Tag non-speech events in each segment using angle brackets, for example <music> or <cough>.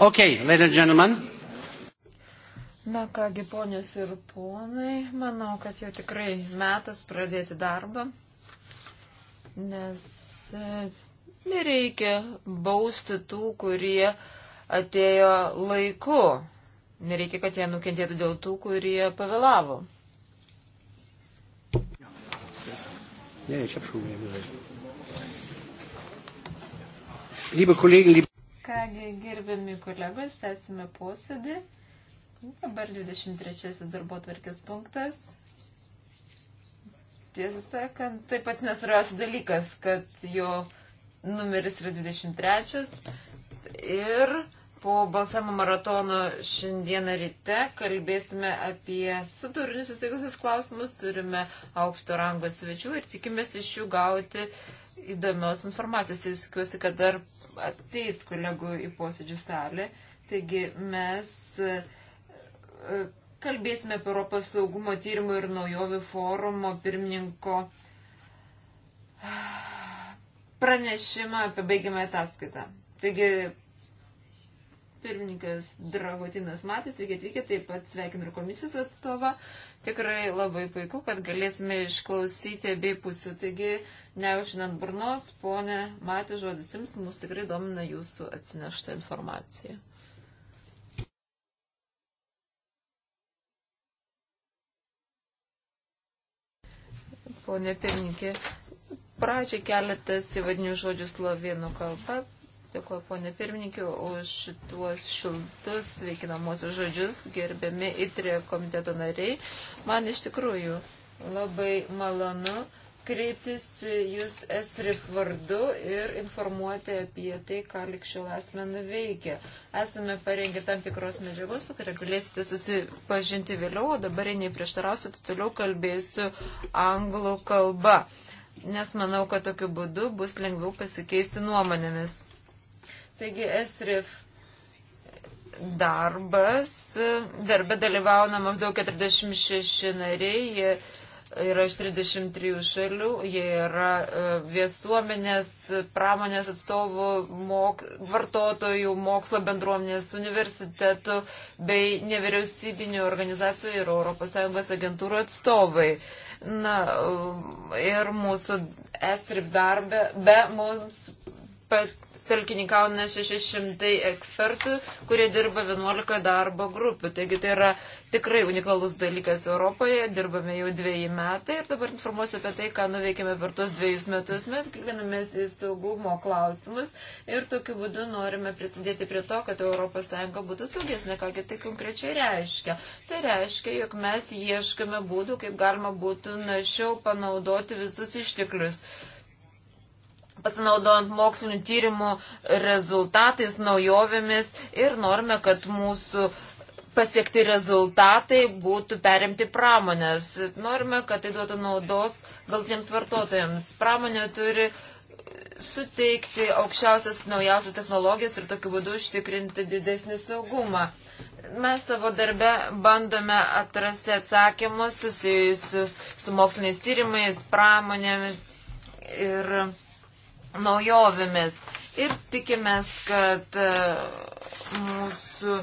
Okay, ladies and gentlemen. Na kągi, ponios ir ponai, manau, kad jau tikrai metas pradėti darbą, nes e, nereikia bausti tų, kurie atėjo laiku. Nereikia, kad jie nukentėtų dėl tų, kurie pavėlavo. Liebe Kollegen, liebe Kągi, gerbiami kolegos, tęsime posėdį. Dabar 23 darbo tvarkės punktas. Tiesą sakant, tai pats nesvarbiausias dalykas, kad jo numeris yra 23. Ir po balsavimo maratono šiandieną ryte kalbėsime apie su turiniu susigusius klausimus. Turime aukšto rango svečių ir tikimės iš jų gauti uh, įdomios informacijos ir tikiuosi, kad dar ateis kolegų į posėdžių salę. Taigi mes e, kalbėsime apie Europos saugumo tyrimų ir naujovių forumo pirmininko <sighs> pranešimą apie baigiamą ataskaitą. Taigi pirmininkas Dragotinas Matis, sveiki atvykę, taip pat sveikinu ir komisijos atstovą. Tikrai labai puiku, kad galėsime išklausyti abie pusių. Taigi, neužinant burnos, ponė Matė, žodis jums, mus tikrai domina jūsų atsinešta informacija. Pone pirmininkė, pradžiai keletas įvadinių žodžių slovėnų kalba, Dėkuoju, ponė pirmininkė, už tuos šiltus sveikinamosius žodžius, gerbiami įtrė komiteto nariai. Man iš tikrųjų labai malonu kreiptis jūs esrif vardu ir informuoti apie tai, ką likščiau esame nuveikę. Esame parengę tam tikros medžiagos, su kuria galėsite susipažinti vėliau, o dabar jei neprieštarausite, toliau kalbėsiu anglų kalba, nes manau, kad tokiu būdu bus lengviau pasikeisti nuomonėmis. Taigi SRIF darbas, darbe dalyvauna maždaug 46 nariai, jie yra iš 33 šalių, jie yra e, visuomenės, pramonės atstovų, mok, vartotojų, mokslo bendruomenės, universitetų bei nevyriausybinių organizacijų ir ES agentūrų atstovai. Na, e, ir mūsų esrif darbe, be mums pat talkininkauna 600 ekspertų, kurie dirba 11 darbo grupių. Taigi tai yra tikrai unikalus dalykas Europoje, dirbame jau dviejį metai ir dabar informuosiu apie tai, ką nuveikėme per tuos dviejus metus. Mes gilinamės į saugumo klausimus ir tokiu būdu norime prisidėti prie to, kad ES būtų saugesnė, kągi tai konkrečiai reiškia. Tai reiškia, jog mes ieškame būdų, kaip galima būtų našiau panaudoti visus išteklius pasinaudojant mokslinių tyrimų rezultatais, naujovėmis ir norime, kad mūsų pasiekti rezultatai būtų perimti pramonės. Norime, kad tai duotų naudos galtiniams vartotojams. Pramonė turi suteikti aukščiausias naujausias technologijas ir tokiu būdu užtikrinti didesnį saugumą. Mes savo darbe bandome atrasti atsakymus susijusius su moksliniais tyrimais, pramonėmis ir naujovėmis. Ir tikimės, kad e, mūsų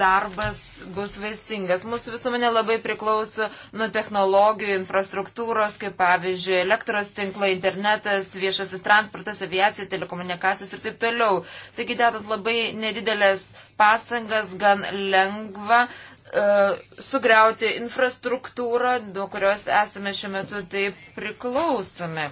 darbas bus vaisingas. Mūsų visuomenė labai priklauso nuo technologijų, infrastruktūros, kaip pavyzdžiui, elektros tinklai, internetas, viešasis transportas, aviacija, telekomunikacijos ir taip toliau. Taigi, dedant labai nedidelės pastangas, gan lengva uh, sugriauti infrastruktūrą, nuo kurios esame šiuo metu taip priklausomi.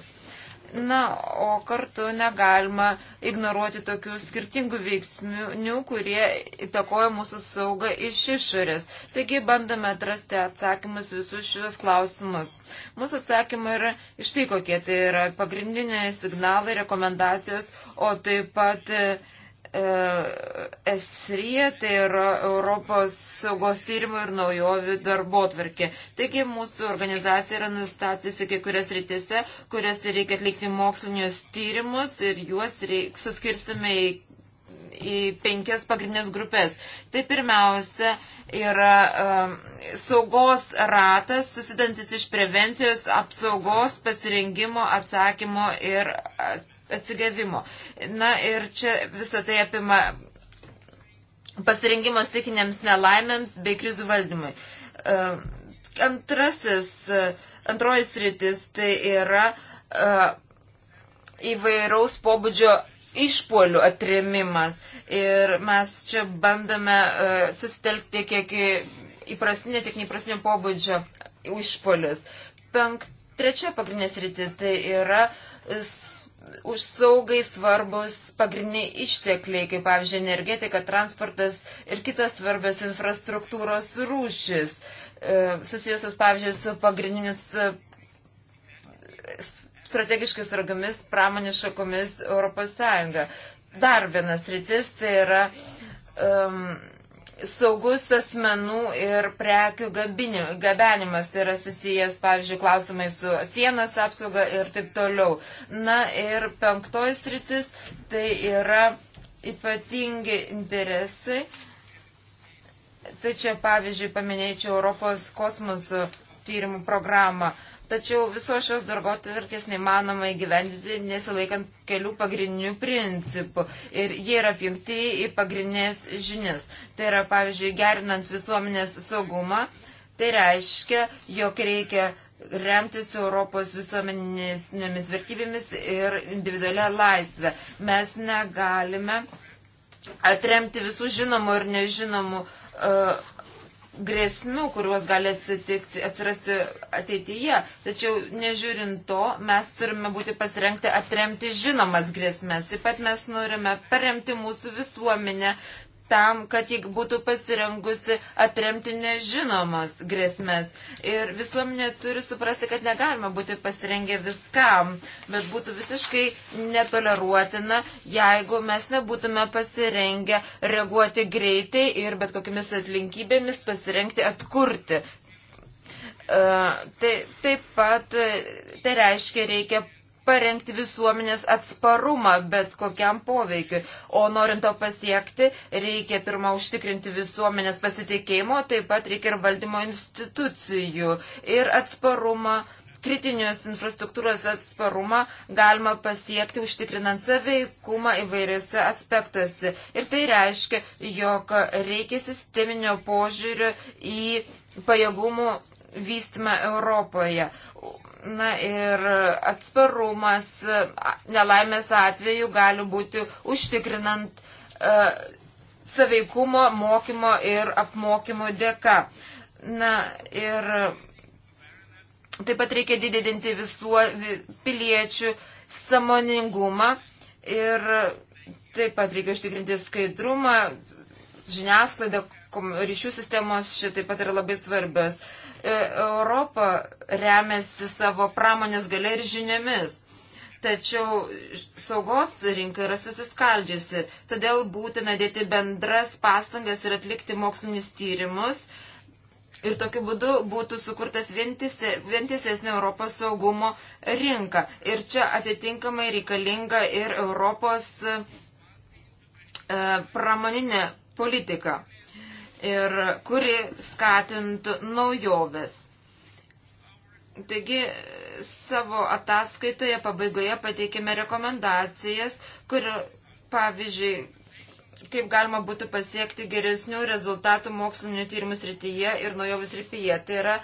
Na, o kartu negalima ignoruoti tokių skirtingų veiksmių, kurie įtakoja mūsų saugą iš išorės. Taigi bandome atrasti atsakymus visus šios klausimus. Mūsų atsakymai yra iš tai kokie tai yra pagrindiniai signalai, rekomendacijos, o taip pat. E, esrie, e, tai yra Europos saugos tyrimų ir naujovių darbo atvarkė. Taigi mūsų organizacija yra nustatysi kai kurias rytise, kuriuose reikia atlikti mokslinius tyrimus ir juos reik, suskirstame į, į penkias pagrindinės grupės. Tai pirmiausia, yra um, saugos ratas, susidantis iš prevencijos, apsaugos, pasirengimo, atsakymo ir atsigavimo. Na ir čia visą tai apima pasirinkimo stikiniams nelaimėms bei krizų valdymui. E, antrasis, e, antroji sritis tai yra e, įvairaus pobūdžio išpolių atremimas. Ir mes čia bandome susitelkti kiek į įprastinio, tiek neįprastinio pobūdžio išpolius. Penk, trečia pagrindinė sritė tai yra už saugai svarbus pagrindiniai ištekliai, kaip pavyzdžiui energetika, transportas ir kitos svarbios infrastruktūros rūšis, e, susijusios pavyzdžiui su pagrindinis e, strategiškai svarbiamis pramonės šakomis Europos Sąjunga. Dar vienas rytis tai yra um, saugus asmenų ir prekių gabenimas, tai yra susijęs, pavyzdžiui, klausimai su sienos apsauga ir taip toliau. Na ir penktoji sritis, tai yra ypatingi interesai. Tai čia, pavyzdžiui, paminėčiau Europos kosmoso tyrimų programą tačiau visos šios darbotvarkės neįmanoma įgyvendinti nesilaikant kelių pagrindinių principų ir jie yra apjungti į pagrindinės žinias. Tai yra, pavyzdžiui, gerinant visuomenės saugumą, tai reiškia, jog reikia remtis Europos visuomeninėmis vertybėmis ir individualią laisvę. Mes negalime atremti visų žinomų ir nežinomų uh, grėsmių, kuriuos gali atsitikti, atsirasti ateityje. Tačiau nežiūrint to, mes turime būti pasirengti atremti žinomas grėsmės. Taip pat mes norime paremti mūsų visuomenę, tam, kad ji būtų pasirengusi atremti nežinomas grėsmės. Ir visuomenė turi suprasti, kad negalima būti pasirengę viskam, bet būtų visiškai netoleruotina, jeigu mes nebūtume pasirengę reaguoti greitai ir bet kokiamis atlinkybėmis pasirengti atkurti. E, tai taip pat, e, tai reiškia, reikia parengti visuomenės atsparumą bet kokiam poveikiu. O norint to pasiekti, reikia pirmą užtikrinti visuomenės pasitikėjimo, taip pat reikia ir valdymo institucijų ir atsparumą. Kritinius infrastruktūros atsparumą galima pasiekti užtikrinant saveikumą įvairiose aspektuose. Ir tai reiškia, jog reikia sisteminio požiūrio į pajėgumų vystymą Europoje na ir atsparumas nelaimės atveju gali būti užtikrinant uh, saveikumo, mokymo ir apmokymo dėka. Na ir taip pat reikia didinti visų piliečių samoningumą ir taip pat reikia užtikrinti skaidrumą, žiniasklaidą, ryšių sistemos šitaip pat yra labai svarbios. Uh, E, Europa remiasi savo pramonės galia ir žiniomis. Tačiau saugos rinka yra susiskaldžiusi, todėl būtina dėti bendras pastangas ir atlikti mokslinis tyrimus. Ir tokiu būdu būtų sukurtas vientisesnė Europos saugumo rinka. Ir čia atitinkamai reikalinga ir Europos e, pramoninė politika ir kuri skatintų naujoves. Taigi savo ataskaitoje pabaigoje pateikėme rekomendacijas, kur, pavyzdžiui, kaip galima būtų pasiekti geresnių rezultatų mokslinio tyrimų srityje ir naujovių srityje. Tai yra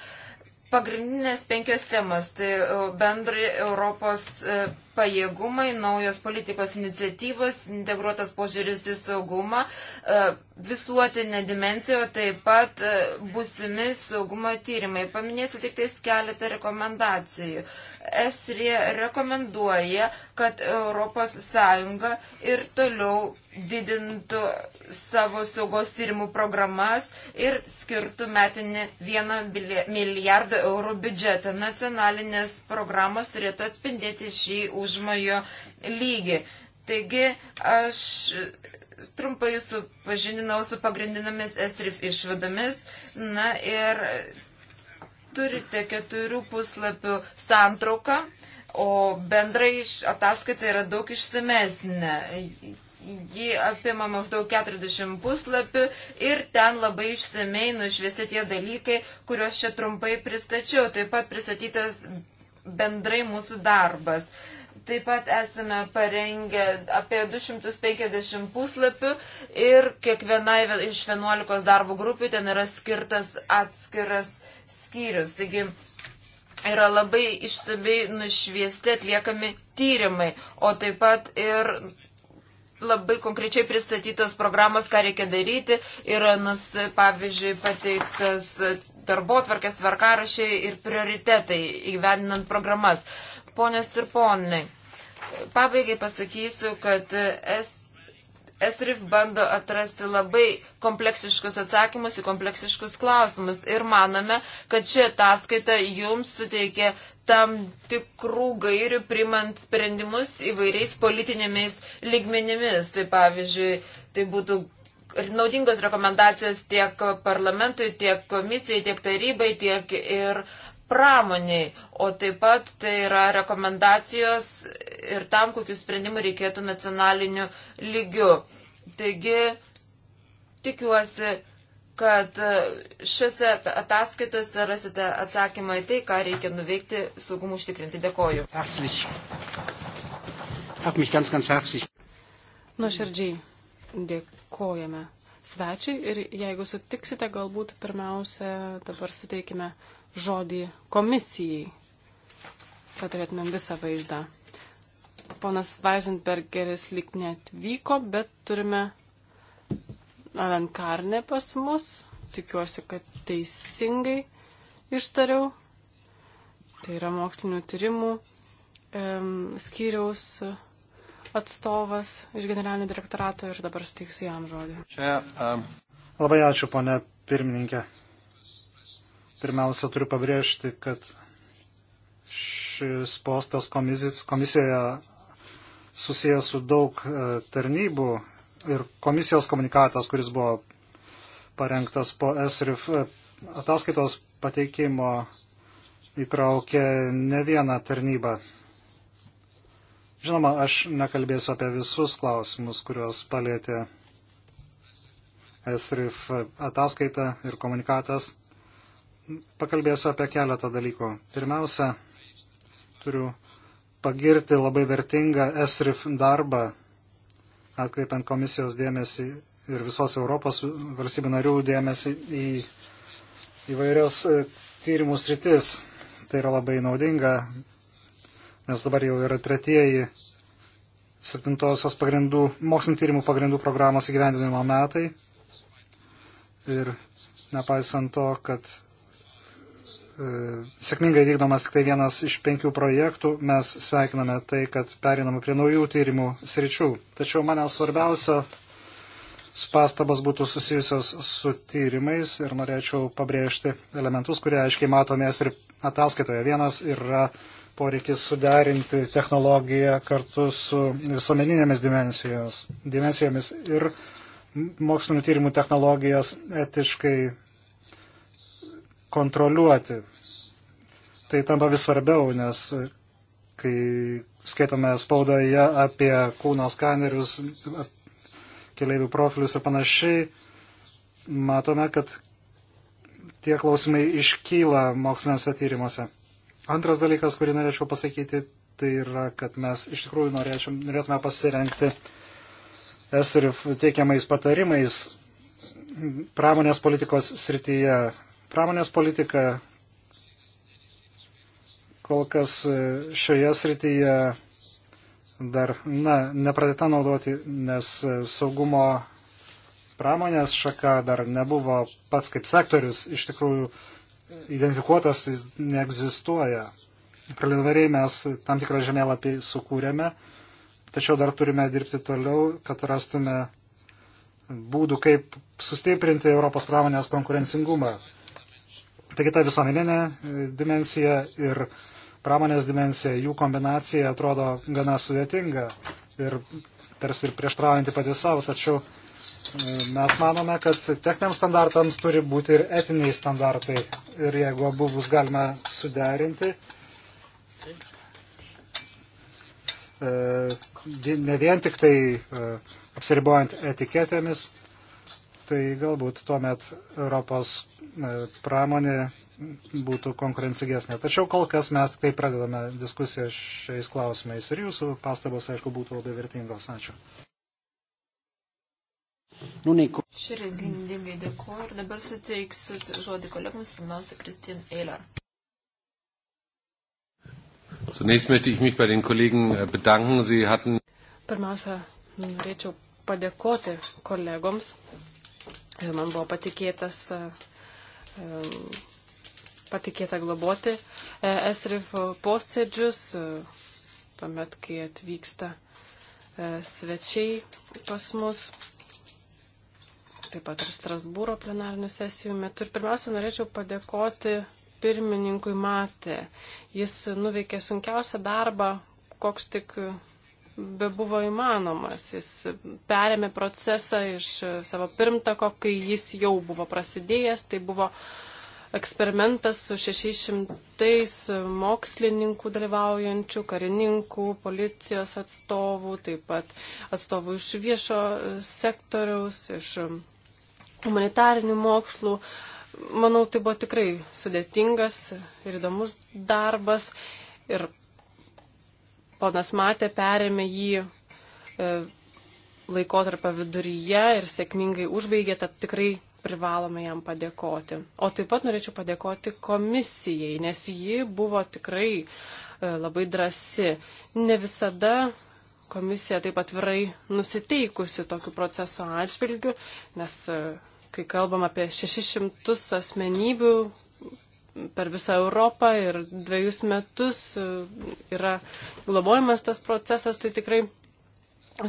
Pagrindinės penkios temos tai e, - bendrai Europos e, pajėgumai, naujos politikos iniciatyvos, integruotas požiūris į saugumą, e, visuotinė dimencija, taip pat busimi saugumo tyrimai. Paminėsiu tik tais keletą rekomendacijų. Esrė rekomenduoja, kad ES ir toliau didintų savo saugos tyrimų programas ir skirtų metinį 1 milijardo eurų biudžetą. Nacionalinės programos turėtų atspindėti šį užmojo lygį. Taigi aš trumpai supažininau su pagrindinomis SRIF išvadomis. Na ir turite keturių puslapių santrauką, o bendrai ataskaita yra daug išsamesnė. Ji apima maždaug 40 puslapių ir ten labai išsamei nušviesti tie dalykai, kuriuos čia trumpai pristačiau. Taip pat pristatytas bendrai mūsų darbas. Taip pat esame parengę apie 250 puslapių ir kiekvienai iš 11 darbo grupių ten yra skirtas atskiras uh, skyrius. Taigi yra labai išsabiai nušviesti atliekami tyrimai, o taip pat ir labai konkrečiai pristatytos programos, ką reikia daryti, yra, nus, pavyzdžiui, pateiktas darbo tvarkės tvarkarašiai ir prioritetai įgyvendinant programas. Ponios ir ponai, pabaigai pasakysiu, kad es Esrif bando atrasti labai kompleksiškus atsakymus į kompleksiškus klausimus ir manome, kad ši ataskaita jums suteikė tam tikrų gairių primant sprendimus įvairiais politinėmis lygmenimis. Tai pavyzdžiui, tai būtų naudingos rekomendacijos tiek parlamentui, tiek komisijai, tiek tarybai, tiek ir pramoniai, o taip pat tai yra rekomendacijos ir tam, kokius sprendimų reikėtų nacionaliniu lygiu. Taigi, tikiuosi, kad šiuose ataskaitose rasite atsakymą į tai, ką reikia nuveikti saugumų užtikrinti. Dėkoju. Nuoširdžiai dėkojame svečiai ir jeigu sutiksite, galbūt pirmiausia dabar suteikime žodį komisijai, kad turėtumėm visą vaizdą. Ponas Weisenbergeris lik netvyko, bet turime Alan Karne pas mus. Tikiuosi, kad teisingai ištariau. Tai yra mokslinių tyrimų um, skyriaus atstovas iš generalinio direktorato ir dabar steiksiu jam žodį. Čia, um... Labai ačiū, ponė pirmininkė. Pirmiausia, turiu pabrėžti, kad šis postas komisijoje susijęs su daug e, tarnybų ir komisijos komunikatas, kuris buvo parengtas po SRIF e, ataskaitos pateikimo, įtraukė ne vieną tarnybą. Žinoma, aš nekalbėsiu apie visus klausimus, kuriuos palėtė SRIF ataskaita ir komunikatas pakalbėsiu apie keletą dalykų. Pirmiausia, turiu pagirti labai vertingą ESRIF darbą, atkreipiant komisijos dėmesį ir visos Europos valstybių narių dėmesį į įvairios e, tyrimų sritis. Tai yra labai naudinga, nes dabar jau yra tretieji septintosios pagrindų, mokslinio tyrimų pagrindų programos įgyvendinimo metai. Ir nepaisant to, kad E, sėkmingai vykdomas tik tai vienas iš penkių projektų, mes sveikiname tai, kad periname prie naujų tyrimų sričių. Tačiau mane svarbiausia pastabas būtų susijusios su tyrimais ir norėčiau pabrėžti elementus, kurie aiškiai matomės ir ataskaitoje. Vienas yra poreikis suderinti technologiją kartu su visuomeninėmis dimensijomis ir mokslinių tyrimų technologijas etiškai kontroliuoti. Tai tampa vis svarbiau, nes kai skaitome spaudoje apie kūno skanerius, keliaivių profilius ir panašiai, matome, kad tie klausimai iškyla moksliniuose tyrimuose. Antras dalykas, kurį norėčiau pasakyti, tai yra, kad mes iš tikrųjų norėčiau, norėtume pasirenkti SRF teikiamais patarimais pramonės politikos srityje Pramonės politika kol kas e, šioje srityje dar na, nepradėta naudoti, nes e, saugumo pramonės šaka dar nebuvo pats kaip sektorius iš tikrųjų identifikuotas, jis neegzistuoja. Preliminariai mes tam tikrą žemėlapį sukūrėme, tačiau dar turime dirbti toliau, kad rastume būdų, kaip sustiprinti Europos pramonės konkurencingumą. Taigi ta visuomeninė e, dimensija ir pramonės dimensija, jų kombinacija atrodo gana sudėtinga ir tarsi ir prieštraujanti pati savo, tačiau e, mes manome, kad techniniams standartams turi būti ir etiniai standartai ir jeigu abu bus galima suderinti, e, ne vien tik tai apsiribojant etiketėmis, tai galbūt tuomet Europos E, pramonė būtų konkurencingesnė. Tačiau kol kas mes tai pradedame diskusiją šiais klausimais ir jūsų pastabos, aišku, būtų labai vertingos. Ačiū. Nu, Širdingai dėkuoju ir dabar suteiksiu žodį kolegams, pirmiausia, Kristin Eiler. Zunächst möchte ich mich bei den Kollegen äh, bedanken. Sie hatten. Pirmiausia, norėčiau padėkoti kolegoms. Man buvo patikėtas uh, patikėta globoti ESRIF posėdžius, e, tuomet, kai atvyksta e, svečiai pas mus, taip pat ir Strasbūro plenarinių sesijų metu. Ir pirmiausia, norėčiau padėkoti pirmininkui Matė. Jis nuveikė sunkiausią darbą, koks tik bebuvo įmanomas. Jis perėmė procesą iš savo pirmtako, kai jis jau buvo prasidėjęs. Tai buvo eksperimentas su 600 mokslininkų dalyvaujančių, karininkų, policijos atstovų, taip pat atstovų iš viešo sektoriaus, iš humanitarinių mokslų. Manau, tai buvo tikrai sudėtingas ir įdomus darbas. Ir Ponas Matė perėmė jį e, laikotarpio viduryje ir sėkmingai užbaigė, tad tikrai privalome jam padėkoti. O taip pat norėčiau padėkoti komisijai, nes ji buvo tikrai e, labai drasi. Ne visada komisija taip atvirai nusiteikusi tokių procesų atžvilgių, nes e, kai kalbam apie 600 asmenybių, per visą Europą ir dviejus metus e, yra globojamas tas procesas, tai tikrai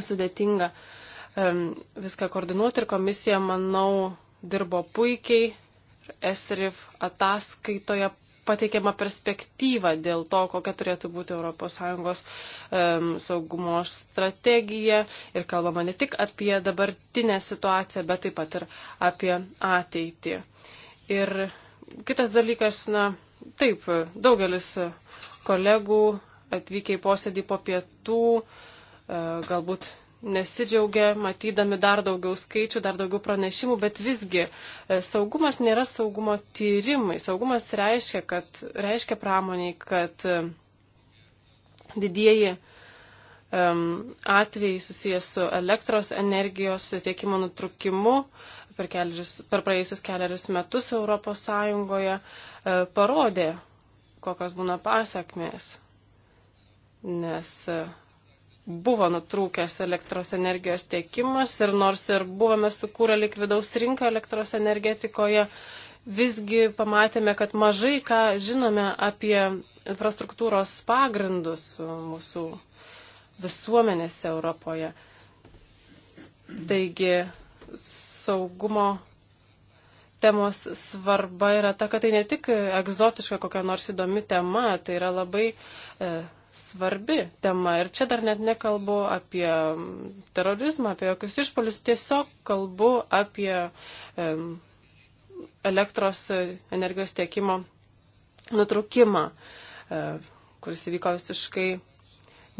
sudėtinga viską koordinuoti ir komisija, manau, dirbo puikiai. Esrif ataskaitoje pateikiama perspektyva dėl to, kokia turėtų būti ES um, saugumo strategija ir kalbama ne tik apie dabartinę situaciją, bet taip pat ir apie ateitį. Ir Kitas dalykas, na, taip, daugelis kolegų atvykę į posėdį po pietų e, galbūt nesidžiaugia, matydami dar daugiau skaičių, dar daugiau pranešimų, bet visgi e, saugumas nėra saugumo tyrimai. Saugumas reiškia, kad, reiškia pramoniai, kad e, didieji um, atvejai susijęs su elektros energijos tiekimo nutrukimu per, kelius, per praėjusius keliarius metus Europos Sąjungoje e, parodė, kokios būna pasakmės. Nes e, buvo nutrūkęs elektros energijos tiekimas ir nors ir buvome sukūrę likvidaus rinką elektros energetikoje, visgi pamatėme, kad mažai ką žinome apie infrastruktūros pagrindus mūsų visuomenėse Europoje. Taigi saugumo temos svarba yra ta, kad tai ne tik egzotiška kokia nors įdomi tema, tai yra labai e, svarbi tema. Ir čia dar net nekalbu apie terorizmą, apie jokius išpolius, tiesiog kalbu apie e, elektros energijos tiekimo nutraukimą, e, kuris įvyko visiškai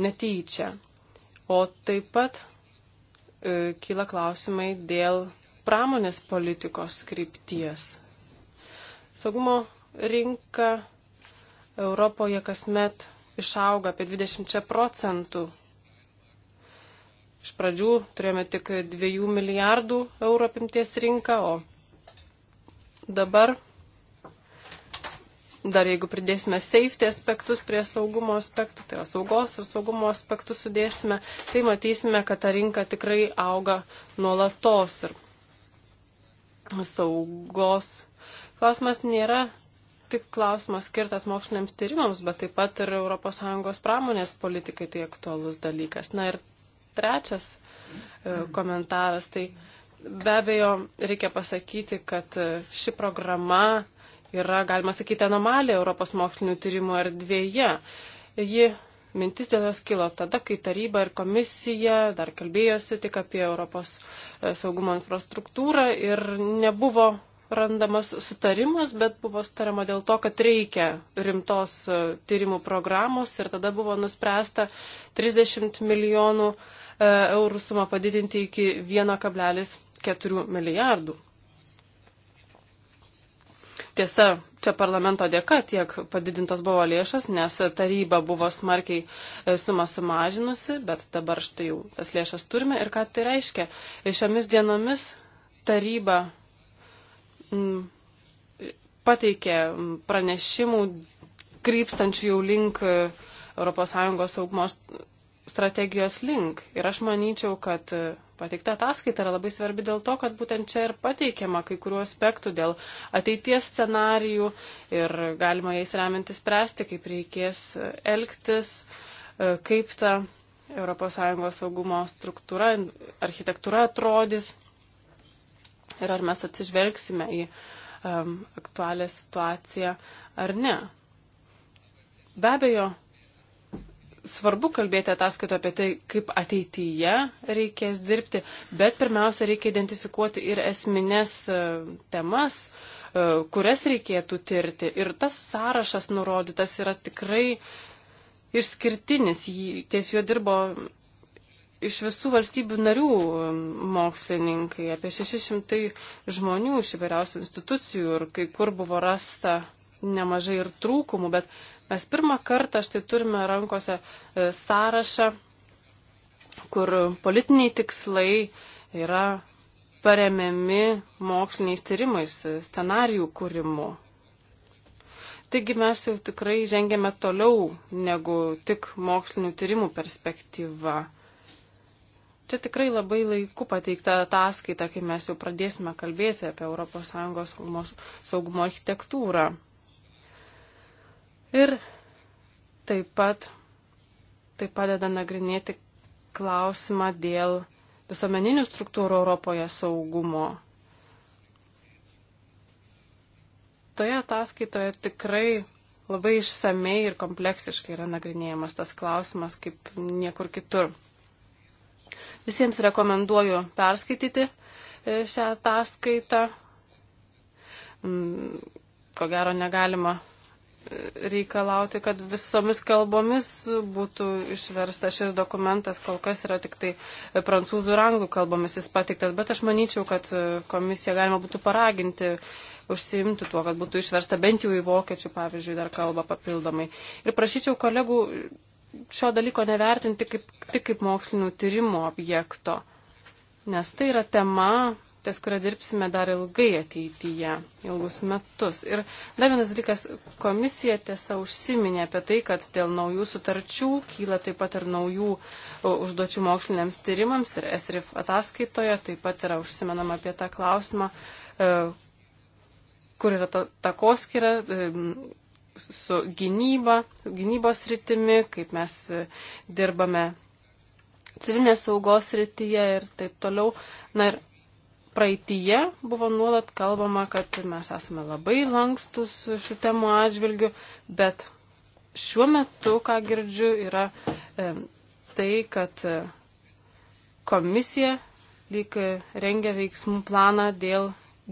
netyčia. O taip pat e, kyla klausimai dėl pramonės politikos krypties. Saugumo rinka Europoje kasmet išauga apie 20 procentų. Iš pradžių turėjome tik 2 milijardų eurų apimties rinką, o dabar dar jeigu pridėsime safety aspektus prie saugumo aspektų, tai yra saugos ir saugumo aspektus sudėsime, tai matysime, kad ta rinka tikrai auga nuolatos. Ir saugos klausimas nėra tik klausimas skirtas moksliniams tyrimams, bet taip pat ir ES pramonės politikai tai aktualus dalykas. Na ir trečias e, komentaras, tai be abejo reikia pasakyti, kad e, ši programa yra, galima sakyti, anomalija Europos mokslinių tyrimų erdvėje. Ji mintis dėl jos kilo tada, kai taryba ir komisija dar kalbėjosi tik apie Europos e, saugumo infrastruktūrą ir nebuvo randamas sutarimas, bet buvo sutarama dėl to, kad reikia rimtos e, tyrimų programos ir tada buvo nuspręsta 30 milijonų e, eurų sumą padidinti iki 1,4 milijardų. Tiesa, čia parlamento dėka tiek padidintos buvo lėšas, nes taryba buvo smarkiai e, sumą sumažinusi, bet dabar štai jau tas lėšas turime. Ir ką tai reiškia? E, šiomis dienomis taryba m, pateikė pranešimų krypstančių jau link ES saugumo strategijos link. Ir aš manyčiau, kad e, pateikta ataskaita yra labai svarbi dėl to, kad būtent čia ir pateikiama kai kuriuo aspektų dėl ateities scenarijų ir galima jais remiantis spręsti, kaip reikės e, elgtis, e, kaip ta ES saugumo struktūra, architektūra atrodys ir ar mes atsižvelgsime į um, aktualią situaciją ar ne. Be abejo, svarbu kalbėti ataskaito apie tai, kaip ateityje reikės dirbti, bet pirmiausia, reikia identifikuoti ir esminės e, temas, e, kurias reikėtų tirti. Ir tas sąrašas nurodytas yra tikrai išskirtinis, jį, ties juo dirbo iš visų valstybių narių e, mokslininkai, apie 600 žmonių iš įvairiausių institucijų ir kai kur buvo rasta nemažai ir trūkumų, bet Mes pirmą kartą štai turime rankose e, sąrašą, kur politiniai tikslai yra paremiami moksliniais tyrimais, e, scenarijų kūrimu. Taigi mes jau tikrai žengėme toliau negu tik mokslinių tyrimų perspektyva. Čia tikrai labai laiku pateikta ataskaita, kai mes jau pradėsime kalbėti apie ES saugumo architektūrą. Ir taip pat tai padeda nagrinėti klausimą dėl visuomeninių struktūrų Europoje saugumo. Toje ataskaitoje tikrai labai išsamei ir kompleksiškai yra nagrinėjamas tas klausimas kaip niekur kitur. Visiems rekomenduoju perskaityti e, šią ataskaitą. Mm, ko gero negalima reikalauti, kad visomis kalbomis būtų išversta šis dokumentas, kol kas yra tik tai prancūzų ir anglų kalbomis jis patiktas, bet aš manyčiau, kad komisiją galima būtų paraginti užsiimti tuo, kad būtų išversta bent jau į vokiečių, pavyzdžiui, dar kalbą papildomai. Ir prašyčiau kolegų šio dalyko nevertinti kaip, tik kaip mokslinių tyrimų objekto, nes tai yra tema, ties kuria dirbsime dar ilgai ateityje, ilgus metus. Ir dar vienas dalykas, komisija tiesa užsiminė apie tai, kad dėl naujų sutarčių kyla taip pat ir naujų užduočių moksliniams tyrimams ir SRIF ataskaitoje taip pat yra užsimenama apie tą klausimą, e, kur yra ta takoskira e, su gynyba, gynybos rytimi, kaip mes e, dirbame civilinės saugos rytyje ir taip toliau. Na ir praeitie buvo nuolat kalbama, kad mes esame labai lankstus šių temų atžvilgių, bet šiuo metu, ką girdžiu, yra e, tai, kad e, komisija lyg rengia veiksmų planą dėl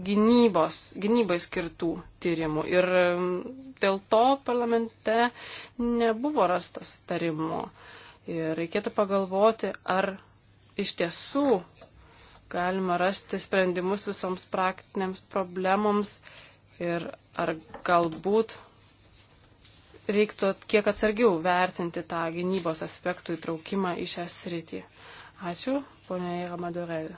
gynybos, gynybai skirtų tyrimų. Ir mm, dėl to parlamente nebuvo rastas tarimo. Ir reikėtų pagalvoti, ar iš tiesų galima rasti sprendimus visoms praktinėms problemoms ir ar galbūt reiktų kiek atsargiau vertinti tą gynybos aspektų įtraukimą į šią sritį. Ačiū, ponia Ramadorel.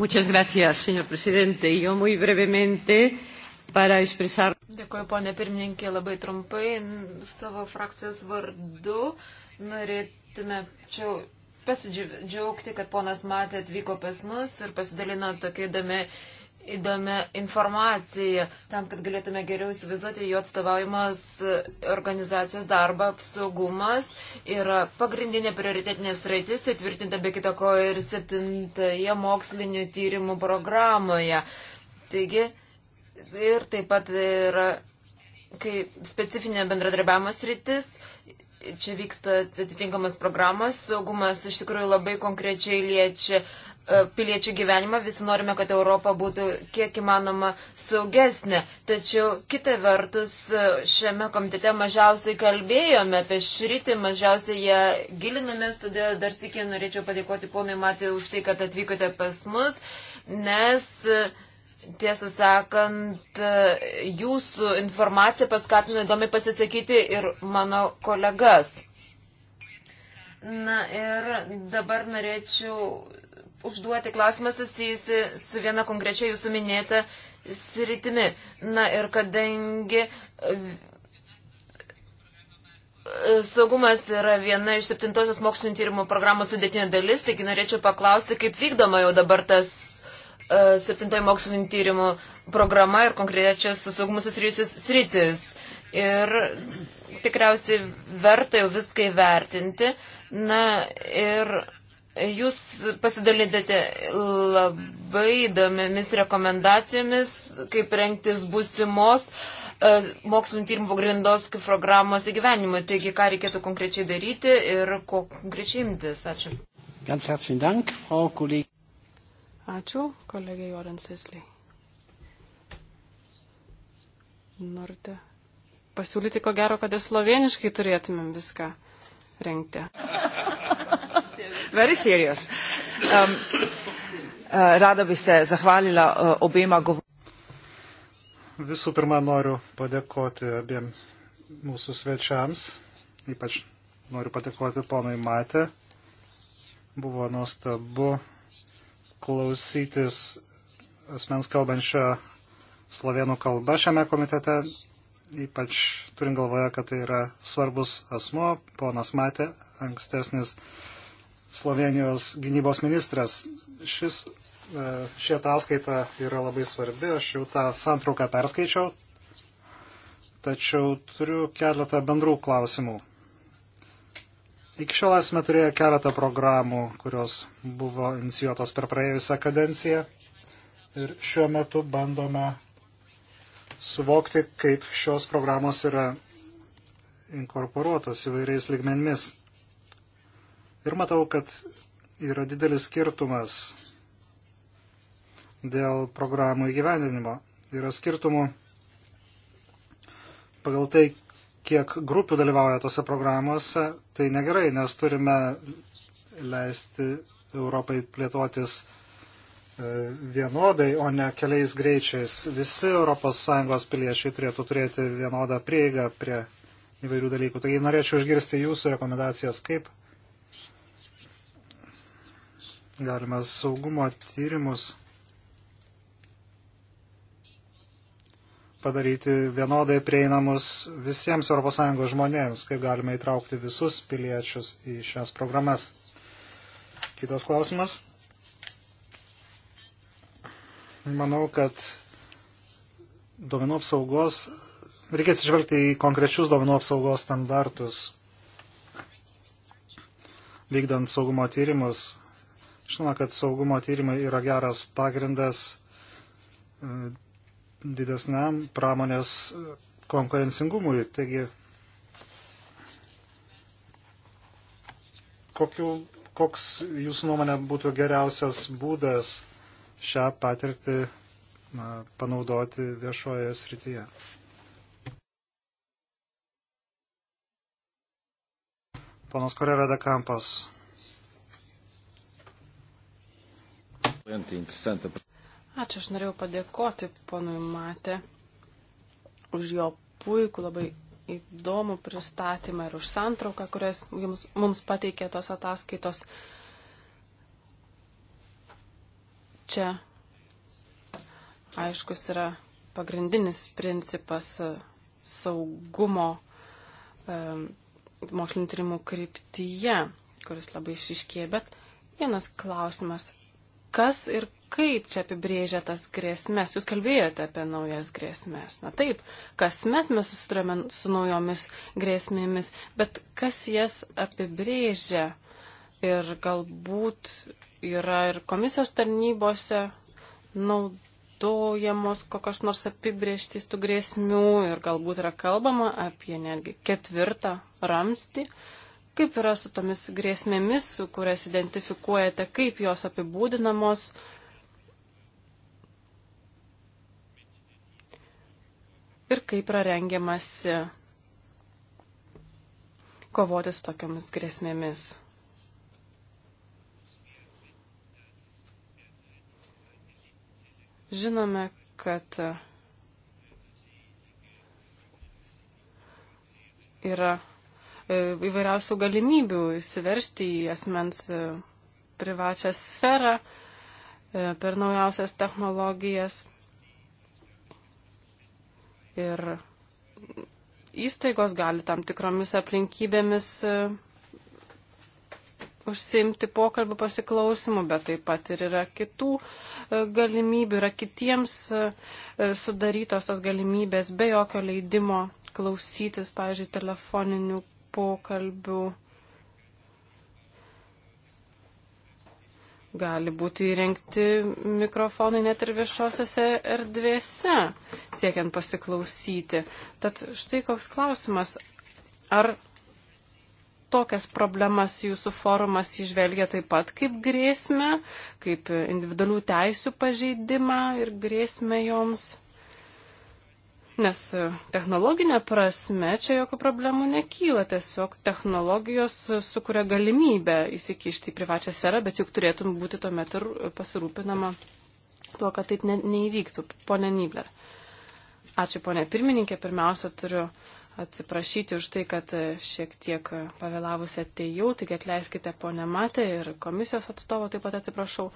Muchas gracias, señor presidente. Yo muy brevemente para expresar. Dėkuoju, ponia pirmininkė, labai trumpai savo frakcijos vardu norėtume čia pasidžiaugti, kad ponas Matė atvyko pas mus ir pasidalino tokia įdomi, įdomi informacija, tam, kad galėtume geriau įsivaizduoti jo atstovaujamas organizacijos darbą, saugumas yra pagrindinė prioritetinė sraitis, įtvirtinta be kitako ir septintoje mokslinių tyrimų programoje. Taigi, ir taip pat yra kaip specifinė bendradarbiavimo sritis čia vyksta atitinkamas programas, saugumas iš tikrųjų labai konkrečiai liečia e, piliečių gyvenimą, visi norime, kad Europa būtų kiek įmanoma saugesnė. Tačiau kita vertus, e, šiame komitete mažiausiai kalbėjome apie šritį, mažiausiai ją gilinomės, todėl dar sėkiai norėčiau padėkoti ponui Matė už tai, kad atvykote pas mus, nes uh, Tiesą sakant, jūsų informacija paskatino įdomiai pasisakyti ir mano kolegas. Na ir dabar norėčiau užduoti klausimą susijusi su viena konkrečia jūsų minėta sritimi. Na ir kadangi saugumas yra viena iš septintosios mokslinio tyrimų programos sudėtinė dalis, taigi norėčiau paklausti, kaip vykdoma jau dabar tas E, septintoji mokslinio tyrimų programa ir konkrečios su saugumu susijusius sritis. Ir tikriausiai verta jau viską įvertinti. Na ir jūs pasidalydate labai įdomiamis rekomendacijomis, kaip rengtis būsimos e, mokslinio tyrimų pagrindos programos įgyvenimui. Taigi, ką reikėtų konkrečiai daryti ir ko konkrečiai imtis. Ačiū. Ganz herzlichen Dank, Frau Kollegin. Ačiū, kolegė Jorans Esliai. Norite pasiūlyti, ko gero, kad ir sloveniškai turėtumėm viską rengti. Very serious. Um, uh, rada bi se zahvalila uh, obema govorima. Visų pirma, noriu padėkoti abiem mūsų svečiams, ypač noriu padėkoti ponui Matė. Buvo nuostabu klausytis asmens kalbančio slovenų kalba šiame komitete, ypač turint galvoje, kad tai yra svarbus asmo, ponas Matė, ankstesnis Slovenijos gynybos ministras. Šis, e, ši ataskaita yra labai svarbi, aš jau tą santrauką perskaičiau, tačiau turiu keletą bendrų klausimų. Iki šiol esame turėję keletą programų, kurios buvo inicijuotos per praėjusią kadenciją. Ir šiuo metu bandome suvokti, kaip šios programos yra inkorporuotos įvairiais ligmenmis. Ir matau, kad yra didelis skirtumas dėl programų įgyvendinimo. Yra skirtumų pagal tai, kiek grupių dalyvauja tose programuose, tai negerai, nes turime leisti Europai plėtotis e, vienodai, o ne keliais greičiais. Visi ES piliečiai turėtų turėti vienodą prieigą prie įvairių dalykų. Taigi norėčiau išgirsti jūsų rekomendacijas, kaip galima saugumo tyrimus padaryti vienodai prieinamus visiems ES žmonėms, kaip galime įtraukti visus piliečius į šias programas. Kitas klausimas. Manau, kad duomenų apsaugos, reikia atsižvelgti į konkrečius duomenų apsaugos standartus, vykdant saugumo tyrimus. Žinoma, kad saugumo tyrimai yra geras pagrindas didesniam pramonės e, konkurencingumui. Taigi, kokiu, koks jūsų nuomonė būtų geriausias būdas šią patirtį na, panaudoti viešoje srityje? Ponas Korera da Campos. Ačiū, aš norėjau padėkoti ponui Matė už jo puikų, labai įdomų pristatymą ir už santrauką, kurias jums, mums pateikė tos ataskaitos. Čia aiškus yra pagrindinis principas e, saugumo e, mokslinio tyrimų kryptyje, kuris labai išiškė, bet vienas klausimas, kas ir kaip čia apibrėžia tas grėsmės? Jūs kalbėjote apie naujas grėsmės. Na taip, kasmet mes susidurėme su naujomis grėsmėmis, bet kas jas apibrėžia? Ir galbūt yra ir komisijos tarnybose naudojamos kokios nors apibrieštys tų grėsmių ir galbūt yra kalbama apie netgi ketvirtą ramstį. Kaip yra su tomis grėsmėmis, kurias identifikuojate, kaip jos apibūdinamos, uh, ir kaip yra rengiamasi kovoti su tokiamis grėsmėmis. Žinome, kad yra e, įvairiausių galimybių įsiveršti į asmens e, privačią sferą e, per naujausias technologijas ir įstaigos gali tam tikromis aplinkybėmis e, užsimti pokalbių pasiklausimų, bet taip pat ir yra kitų e, galimybių, yra kitiems e, sudarytos tos galimybės be jokio leidimo klausytis, pavyzdžiui, telefoninių pokalbių gali būti įrengti mikrofonai net ir viešosiose erdvėse, siekiant pasiklausyti. Tad štai koks klausimas. Ar tokias problemas jūsų forumas išvelgia taip pat kaip grėsmę, kaip individualių teisių pažeidimą ir grėsmę joms? Nes e, technologinė prasme čia jokių problemų nekyla, tiesiog technologijos e, sukuria galimybę įsikišti į privačią sferą, bet juk turėtum būti tuomet ir e, pasirūpinama tuo, kad taip ne, neįvyktų. Pone Nibler. Ačiū, ponė pirmininkė. Pirmiausia, turiu atsiprašyti už tai, kad šiek tiek pavėlavusi atėjau, tik atleiskite ponę Matę ir komisijos atstovo taip pat atsiprašau.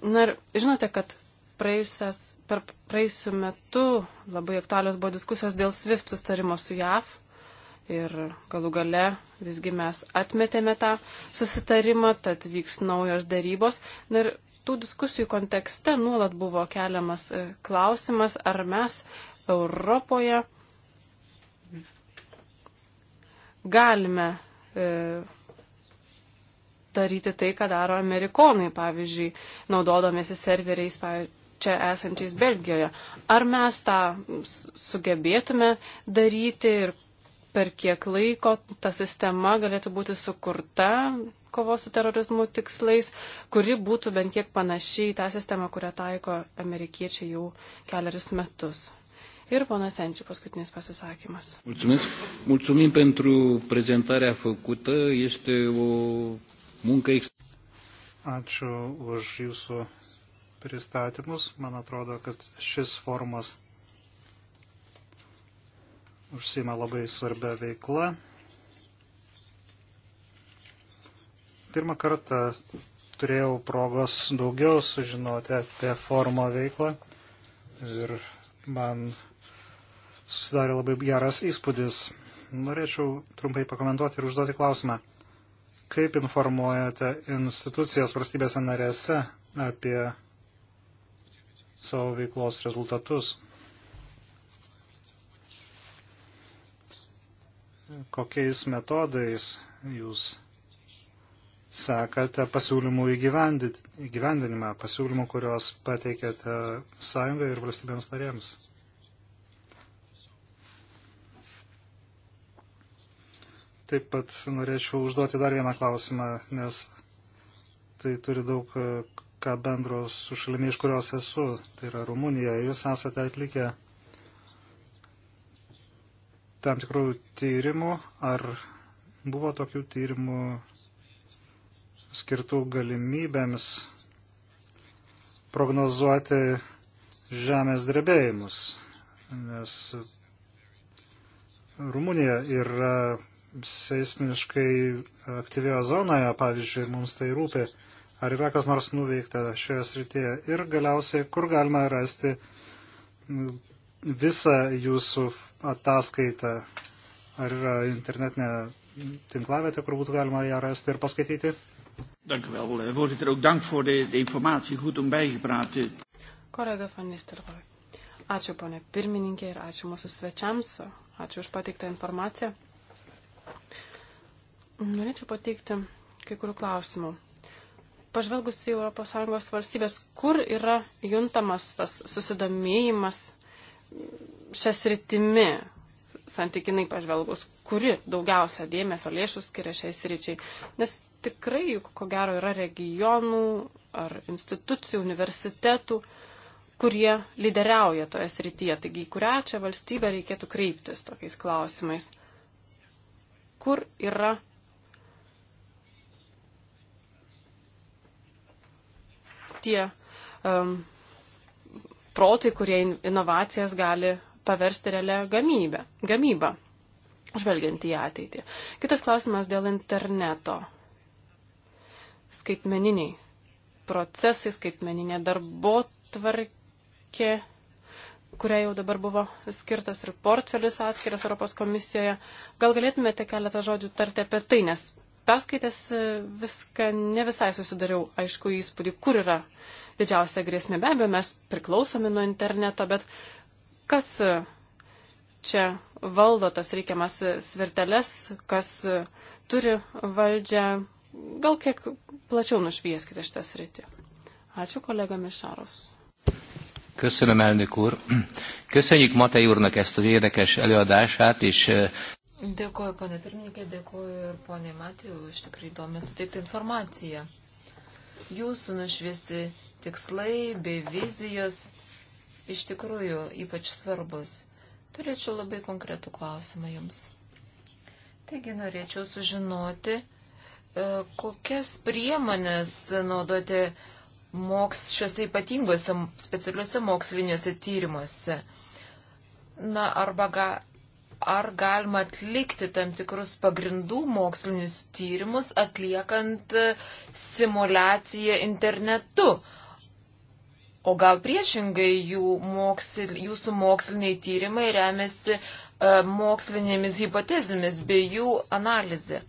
Na ir žinote, kad praėjusias, per praėjusiu metu labai aktualios buvo diskusijos dėl SWIFT sustarimo su JAV ir galų gale visgi mes atmetėme tą susitarimą, tad vyks naujos darybos. Na ir tų diskusijų kontekste nuolat buvo keliamas e, klausimas, ar mes Europoje galime e, daryti tai, ką daro amerikonai, pavyzdžiui, naudodamėsi serveriais, čia esančiais Belgijoje. Ar mes tą sugebėtume daryti ir per kiek laiko ta sistema galėtų būti sukurta kovos su terorizmu tikslais, kuri būtų bent kiek panašiai tą sistemą, kurią taiko amerikiečiai jau keliarius metus. Ir ponas Enčių paskutinis pasisakymas. Mulțumesc. Mulțumim pentru prezentarea făcută. Este o muncă. Ačiū už jūsų pristatymus. Man atrodo, kad šis forumas užsima labai svarbia veikla. Pirmą kartą turėjau progos daugiau sužinoti apie forumo veiklą ir man susidarė labai geras įspūdis. Norėčiau trumpai pakomentuoti ir užduoti klausimą. Kaip informuojate institucijas valstybėse narėse apie savo veiklos rezultatus. Kokiais metodais jūs sekate pasiūlymų įgyvendinimą, pasiūlymų, kuriuos pateikėte sąjungai ir valstybėms narėms? Taip pat norėčiau užduoti dar vieną klausimą, nes tai turi daug ką bendro su šalimi, iš kurios esu, tai yra Rumunija. Jūs esate atlikę tam tikrų tyrimų, ar buvo tokių tyrimų skirtų galimybėms prognozuoti žemės drebėjimus, nes Rumunija yra seismiškai aktyvioje zonoje, pavyzdžiui, mums tai rūpi. Ar yra kas nors nuveikta šioje srityje? Ir galiausiai, kur galima rasti visą jūsų ataskaitą? Ar yra internetinė tinklavietė, kur būtų galima ją rasti ir paskaityti? Dank u wel, eh, voorzitter. Ook dank voor de, de informatie. Goed om bijgepraat. Kolega van Nistelrooy. Ačiū, ponė pirmininkė, ir ačiū mūsų svečiams. Ačiū už pateiktą informaciją. Norėčiau pateikti kai kurių klausimų pažvelgus į ES valstybės, kur yra juntamas tas susidomėjimas šią sritimi, santykinai pažvelgus, kuri daugiausia dėmesio lėšų skiria šiai sričiai. Nes tikrai, juk, ko gero, yra regionų ar institucijų, universitetų, kurie lyderiauja toje srityje. Taigi, į kurią čia valstybę reikėtų kreiptis tokiais klausimais? Kur yra tie um, protai, kurie inovacijas gali paversti realią gamybę, gamybą, žvelgiant į ateitį. Kitas klausimas dėl interneto. Skaitmeniniai procesai, skaitmeninė darbo tvarkė, kuria jau dabar buvo skirtas ir portfelis atskiras Europos komisijoje. Gal galėtumėte keletą žodžių tarti apie tai, nes perskaitęs e, viską ne visai susidariau aišku įspūdį, kur yra didžiausia grėsmė. Be abejo, mes priklausomi nuo interneto, bet kas e, čia valdo tas reikiamas e, svirteles, kas turi valdžią, gal kiek plačiau nušvieskite šitą sritį. Ačiū kolega Mišaros. Köszönöm, elnök úr. Köszönjük Matei úrnak ezt az érdekes előadását, és... Dėkuoju, ponė pirmininkė, dėkuoju ir ponė Matė už tikrai įdomią suteiktą informaciją. Jūsų nušviesi tikslai bei vizijos iš tikrųjų ypač svarbus. Turėčiau labai konkretų klausimą jums. Taigi norėčiau sužinoti, e, kokias priemonės naudoti moks, šiuose ypatingose specialiuose moksliniuose tyrimuose. Na, arba ga, ar galima atlikti tam tikrus pagrindų mokslinius tyrimus atliekant e, simulaciją internetu. O gal priešingai jų moksl, jūsų moksliniai tyrimai remiasi uh, mokslinėmis hipotezėmis bei jų analizė.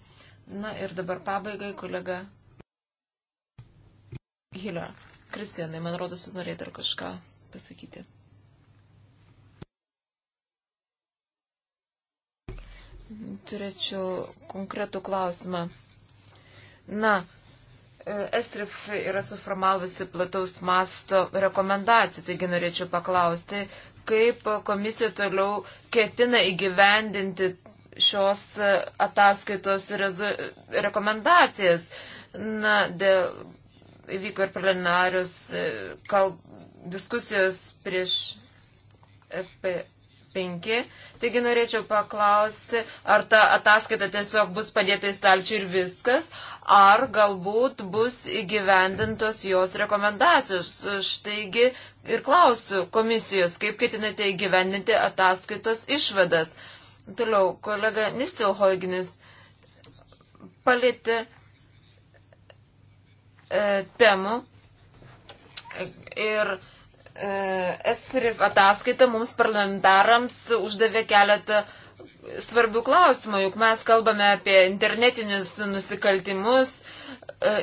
Na ir dabar pabaigai, kolega Hilio. Kristianai, man rodos, norėjai dar kažką pasakyti. turėčiau konkretų klausimą. Na, e, Esrif yra suformalusi plataus masto rekomendacijų, taigi norėčiau paklausti, kaip komisija toliau ketina įgyvendinti šios e, ataskaitos rezu, rekomendacijas. Na, dėl įvyko ir preliminarius e, kal, diskusijos prieš EP 5. Taigi norėčiau paklausti, ar ta ataskaita tiesiog bus padėta į stalčių ir viskas, ar galbūt bus įgyvendintos jos rekomendacijos. Štaigi ir klausiu komisijos, kaip ketinate įgyvendinti ataskaitos išvadas. Toliau, kolega Nistilhoiginis palėtė e, temų ir e, SRIF ataskaita mums parlamentarams uždavė keletą svarbių klausimų, juk mes kalbame apie internetinius nusikaltimus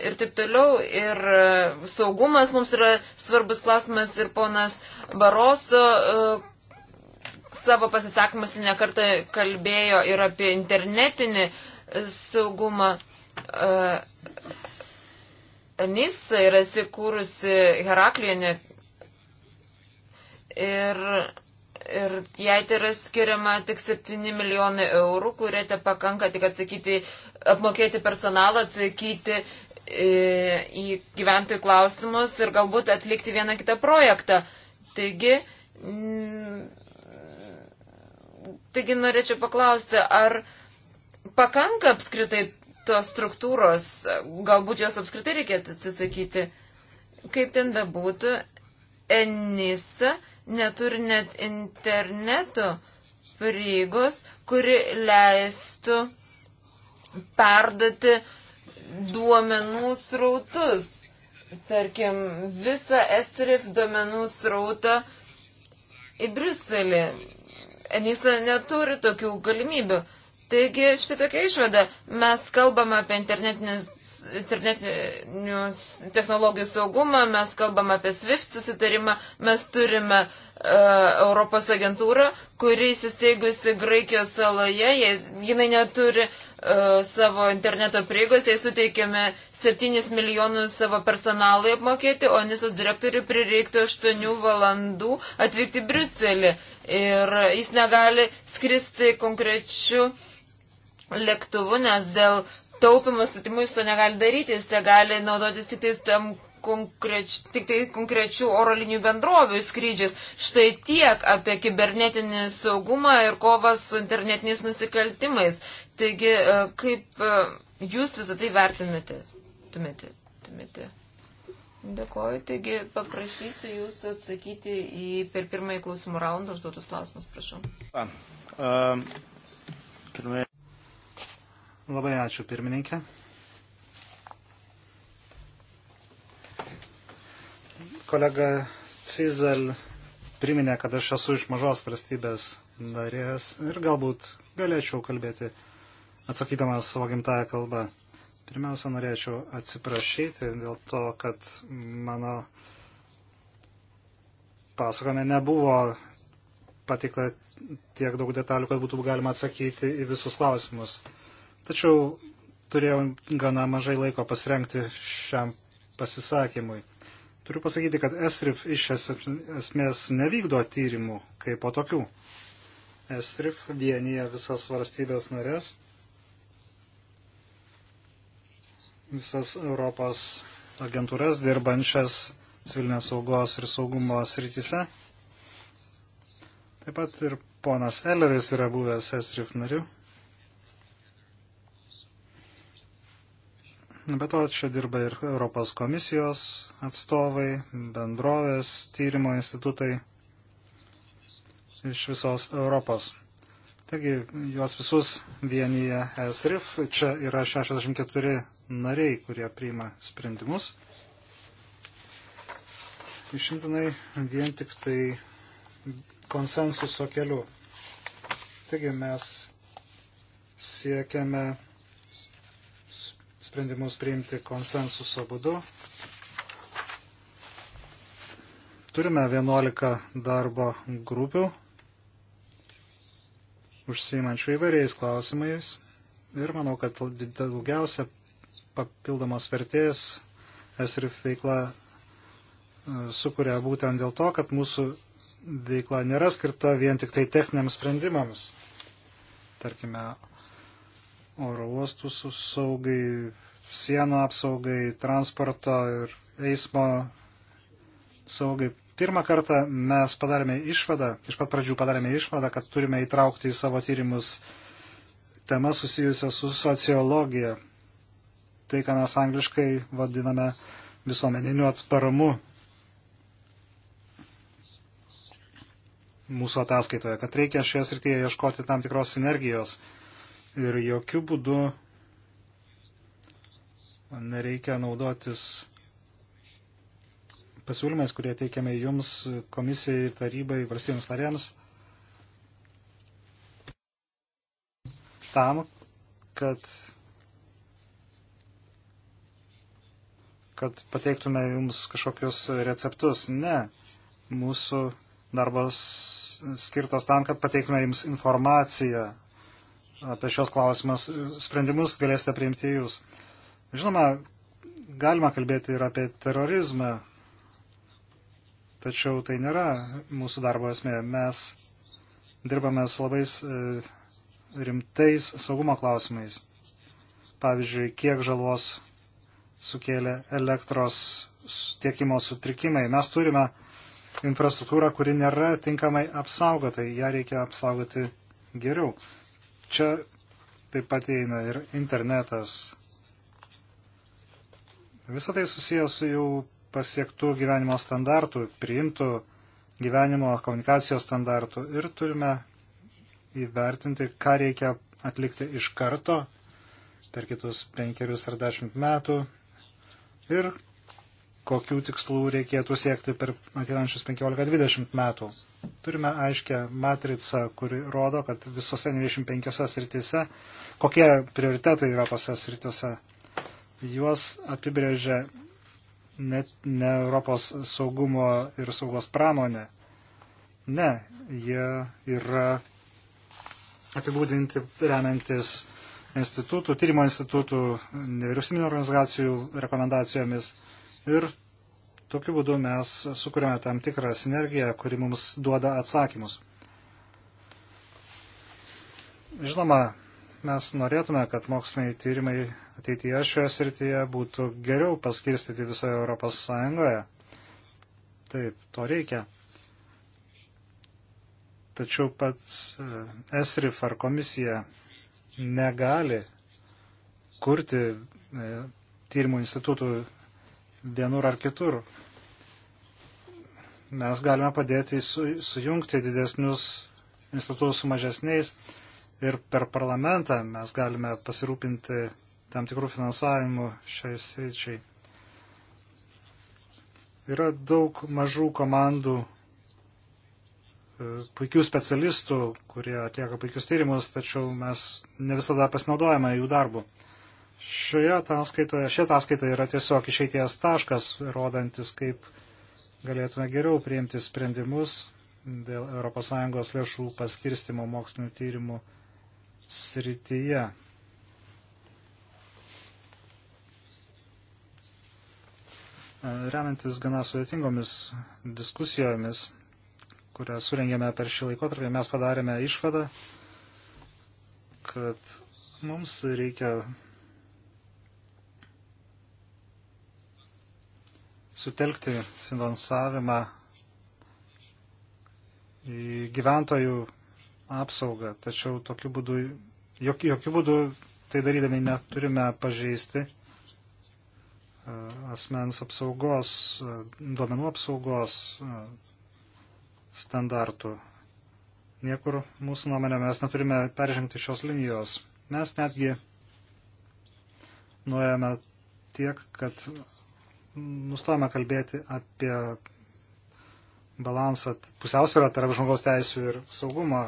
ir taip toliau. Ir saugumas mums yra svarbus klausimas ir ponas Baroso savo pasisakymuose nekartą kalbėjo ir apie internetinį saugumą. Nisa yra įsikūrusi Heraklienė ir, ir jai tai yra skiriama tik 7 milijonai eurų, kurie te pakanka tik atsakyti, apmokėti personalą, atsakyti e, į gyventojų klausimus ir galbūt atlikti vieną kitą projektą. Taigi, taigi norėčiau paklausti, ar pakanka apskritai tos struktūros, galbūt jos apskritai reikėtų atsisakyti. Kaip ten bebūtų, Enisa neturi net interneto prieigos, kuri leistų perduoti duomenų srautus. Tarkim, visą SRIF duomenų srautą į Briuselį. Enisa neturi tokių galimybių. Taigi, štai tokia išvada. Mes kalbame apie internetinės internetinių technologijų saugumą, mes kalbam apie SWIFT susitarimą, mes turime uh, Europos agentūrą, kuri įsisteigusi Graikijos saloje, jie, jinai neturi uh, savo interneto prieigos, jai suteikėme 7 milijonus savo personalui apmokėti, o Nisos direktoriui prireiktų 8 valandų atvykti Briuselį. Ir jis negali skristi konkrečių lėktuvu, nes dėl taupimas sutimus to negali daryti, jis te gali naudotis tik tais tam konkreč, tik tai konkrečių oro linijų bendrovių skrydžiais. Štai tiek apie kibernetinį saugumą ir kovą su internetiniais nusikaltimais. Taigi, e, kaip e, jūs visą tai vertinate? Tumėte, tumėte. Dėkoju, taigi paprašysiu jūsų atsakyti į per pirmąjį klausimų raundą užduotus klausimus, prašau. A, a, um, Labai ačiū pirmininkė. Kolega Cizel priminė, kad aš esu iš mažos valstybės narės ir galbūt galėčiau kalbėti atsakydamas savo gimtają kalbą. Pirmiausia, norėčiau atsiprašyti dėl to, kad mano pasakojame nebuvo patikta tiek daug detalių, kad būtų galima atsakyti į visus klausimus. Tačiau turėjau gana mažai laiko pasirengti šiam pasisakymui. Turiu pasakyti, kad ESRIF iš esmės nevykdo tyrimų kaip po tokių. ESRIF vienyje visas valstybės narės, visas Europos agentūras dirbančias civilinės saugos ir saugumo srityse. Taip pat ir ponas Elleris yra buvęs ESRIF nariu. Be to, čia dirba ir Europos komisijos atstovai, bendrovės, tyrimo institutai iš visos Europos. Taigi, juos visus vienyje SRIF, čia yra 64 nariai, kurie priima sprendimus. Išimtinai vien tik tai konsensuso keliu. Taigi mes siekiame sprendimus priimti konsensuso būdu. Turime 11 darbo grupių užsiimančių įvairiais klausimais ir manau, kad daugiausia papildomos vertės SRF veikla e, sukuria būtent dėl to, kad mūsų veikla nėra skirta vien tik tai techniniams sprendimams. Tarkime, oro uostus saugai, sienų apsaugai, transporto ir eismo saugai. Pirmą kartą mes padarėme išvadą, iš pat pradžių padarėme išvadą, kad turime įtraukti į savo tyrimus temas susijusios su sociologija. Tai, ką mes angliškai vadiname visuomeniniu atsparamu mūsų ataskaitoje, kad reikia šioje srityje ieškoti tam tikros sinergijos ir jokių būdų nereikia naudotis pasiūlymais, kurie teikiame jums, komisijai ir tarybai, valstybėms narėms, tam, kad, kad pateiktume jums kažkokius receptus. Ne, mūsų darbas skirtas tam, kad pateiktume jums informaciją apie šios klausimas sprendimus galėsite priimti jūs. Žinoma, galima kalbėti ir apie terorizmą, tačiau tai nėra mūsų darbo esmė. Mes dirbame su labai e, rimtais saugumo klausimais. Pavyzdžiui, kiek žalos sukėlė elektros tiekimo sutrikimai. Mes turime infrastruktūrą, kuri nėra tinkamai apsaugota, ją reikia apsaugoti geriau. Čia taip pat įeina ir internetas. Visą tai susijęs su jų pasiektų gyvenimo standartų, priimtų gyvenimo komunikacijos standartų ir turime įvertinti, ką reikia atlikti iš karto per kitus penkerius ar dešimt metų ir kokių tikslų reikėtų siekti per ateinančius 15-20 metų. Turime aiškę matricą, kuri rodo, kad visose 25 srityse, kokie prioritetai yra tose srityse, juos apibrėžia net ne Europos saugumo ir saugos pramonė. Ne, jie yra apibūdinti remiantis institutų, tyrimo institutų, nevyriausybinio organizacijų rekomendacijomis Ir tokiu būdu mes sukūrėme tam tikrą sinergiją, kuri mums duoda atsakymus. Žinoma, mes norėtume, kad moksliniai tyrimai ateityje šioje srityje būtų geriau paskirstyti visoje Europos Sąjungoje. Taip, to reikia. Tačiau pats ESRIF ar komisija negali kurti e, tyrimų institutų vienur ar kitur. Mes galime padėti su, sujungti didesnius institutus su mažesniais ir per parlamentą mes galime pasirūpinti tam tikrų finansavimų šiai sričiai. Yra daug mažų komandų, e, puikių specialistų, kurie atlieka puikius tyrimus, tačiau mes ne visada pasinaudojame jų darbu. Šioje ataskaitoje, šie ataskaita yra tiesiog išeities taškas, rodantis, kaip galėtume geriau priimti sprendimus dėl ES lėšų paskirstimo mokslinių tyrimų srityje. Remiantis gana sudėtingomis diskusijomis, kurią surengėme per šį laikotarpį, mes padarėme išvadą, kad mums reikia sutelkti finansavimą į gyventojų apsaugą, tačiau tokiu būdu, jok, jokių būdų tai darydami neturime pažeisti e, asmens apsaugos, e, duomenų apsaugos e, standartų. Niekur mūsų nuomonė mes neturime peržengti šios linijos. Mes netgi nuėjome tiek, kad nustojame kalbėti apie balansą, pusiausvyrą tarp žmogaus teisų ir saugumo.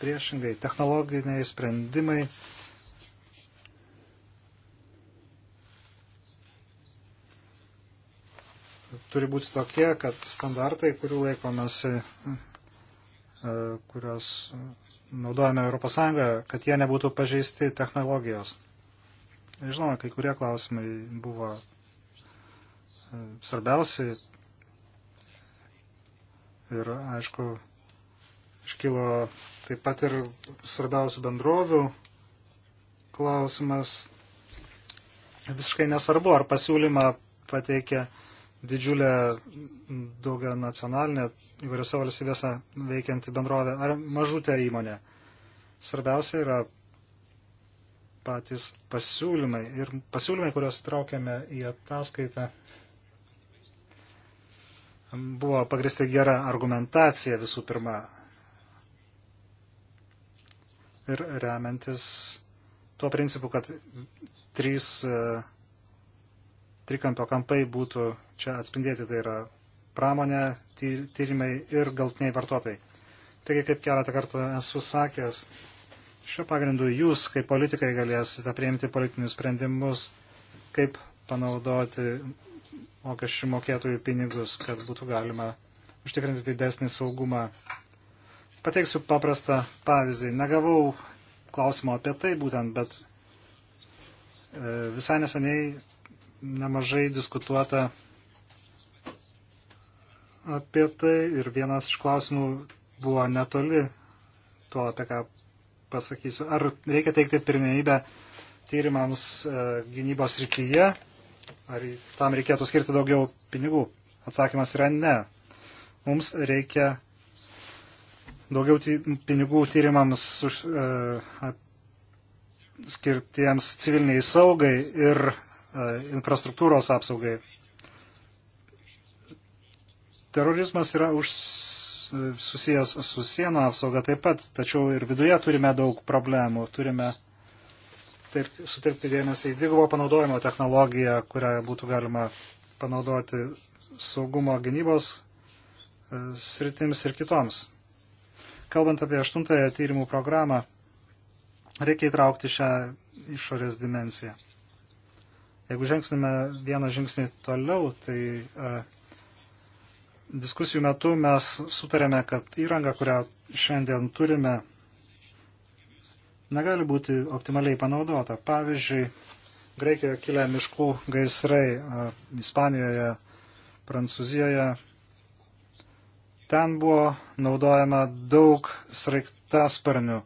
Priešingai, technologiniai sprendimai turi būti tokie, kad standartai, kurių laikomasi, e, kurios naudojame ES, kad jie nebūtų pažeisti technologijos. Žinoma, kai kurie klausimai buvo svarbiausi. Ir, aišku, iškilo taip pat ir svarbiausių bendrovių klausimas. Visiškai nesvarbu, ar pasiūlymą pateikia didžiulė daugia nacionalinė įvairiose valstybėse veikianti bendrovė ar mažutė įmonė. Svarbiausia yra patys pasiūlymai ir pasiūlymai, kuriuos traukiame į ataskaitą, buvo pagristi gera argumentacija visų pirma ir remiantis tuo principu, kad trys e, trikampio kampai būtų čia atspindėti, tai yra pramonė, tyrimai ir galtiniai vartotojai. Taigi, kaip keletą kartų esu sakęs, šiuo pagrindu jūs, kaip politikai, galėsite priimti politinius sprendimus, kaip panaudoti mokesčių mokėtojų pinigus, kad būtų galima užtikrinti didesnį saugumą. Pateiksiu paprastą pavyzdį. Negavau klausimo apie tai būtent, bet e, visai neseniai nemažai diskutuota apie tai ir vienas iš klausimų buvo netoli to, apie ką pasakysiu. Ar reikia teikti pirmenybę tyrimams e, gynybos rytyje Ar tam reikėtų skirti daugiau pinigų? Atsakymas yra ne. Mums reikia daugiau ty pinigų tyrimams už, e, skirtiems civiliniai saugai ir e, infrastruktūros apsaugai. Terorizmas yra už e, susijęs su sienų apsauga taip pat, tačiau ir viduje turime daug problemų. Turime sutirpti dėmesį į dvigubo panaudojimo technologiją, kurią būtų galima panaudoti saugumo gynybos e, sritims ir kitoms. Kalbant apie aštuntąją tyrimų programą, reikia įtraukti šią išorės dimenciją. Jeigu žengsime vieną žingsnį toliau, tai a, e, diskusijų metu mes sutarėme, kad įranga, kurią šiandien turime, negali būti optimaliai panaudota. Pavyzdžiui, Graikijoje kilę miškų gaisrai, Ispanijoje, Prancūzijoje. Ten buvo naudojama daug sraigtasparnių.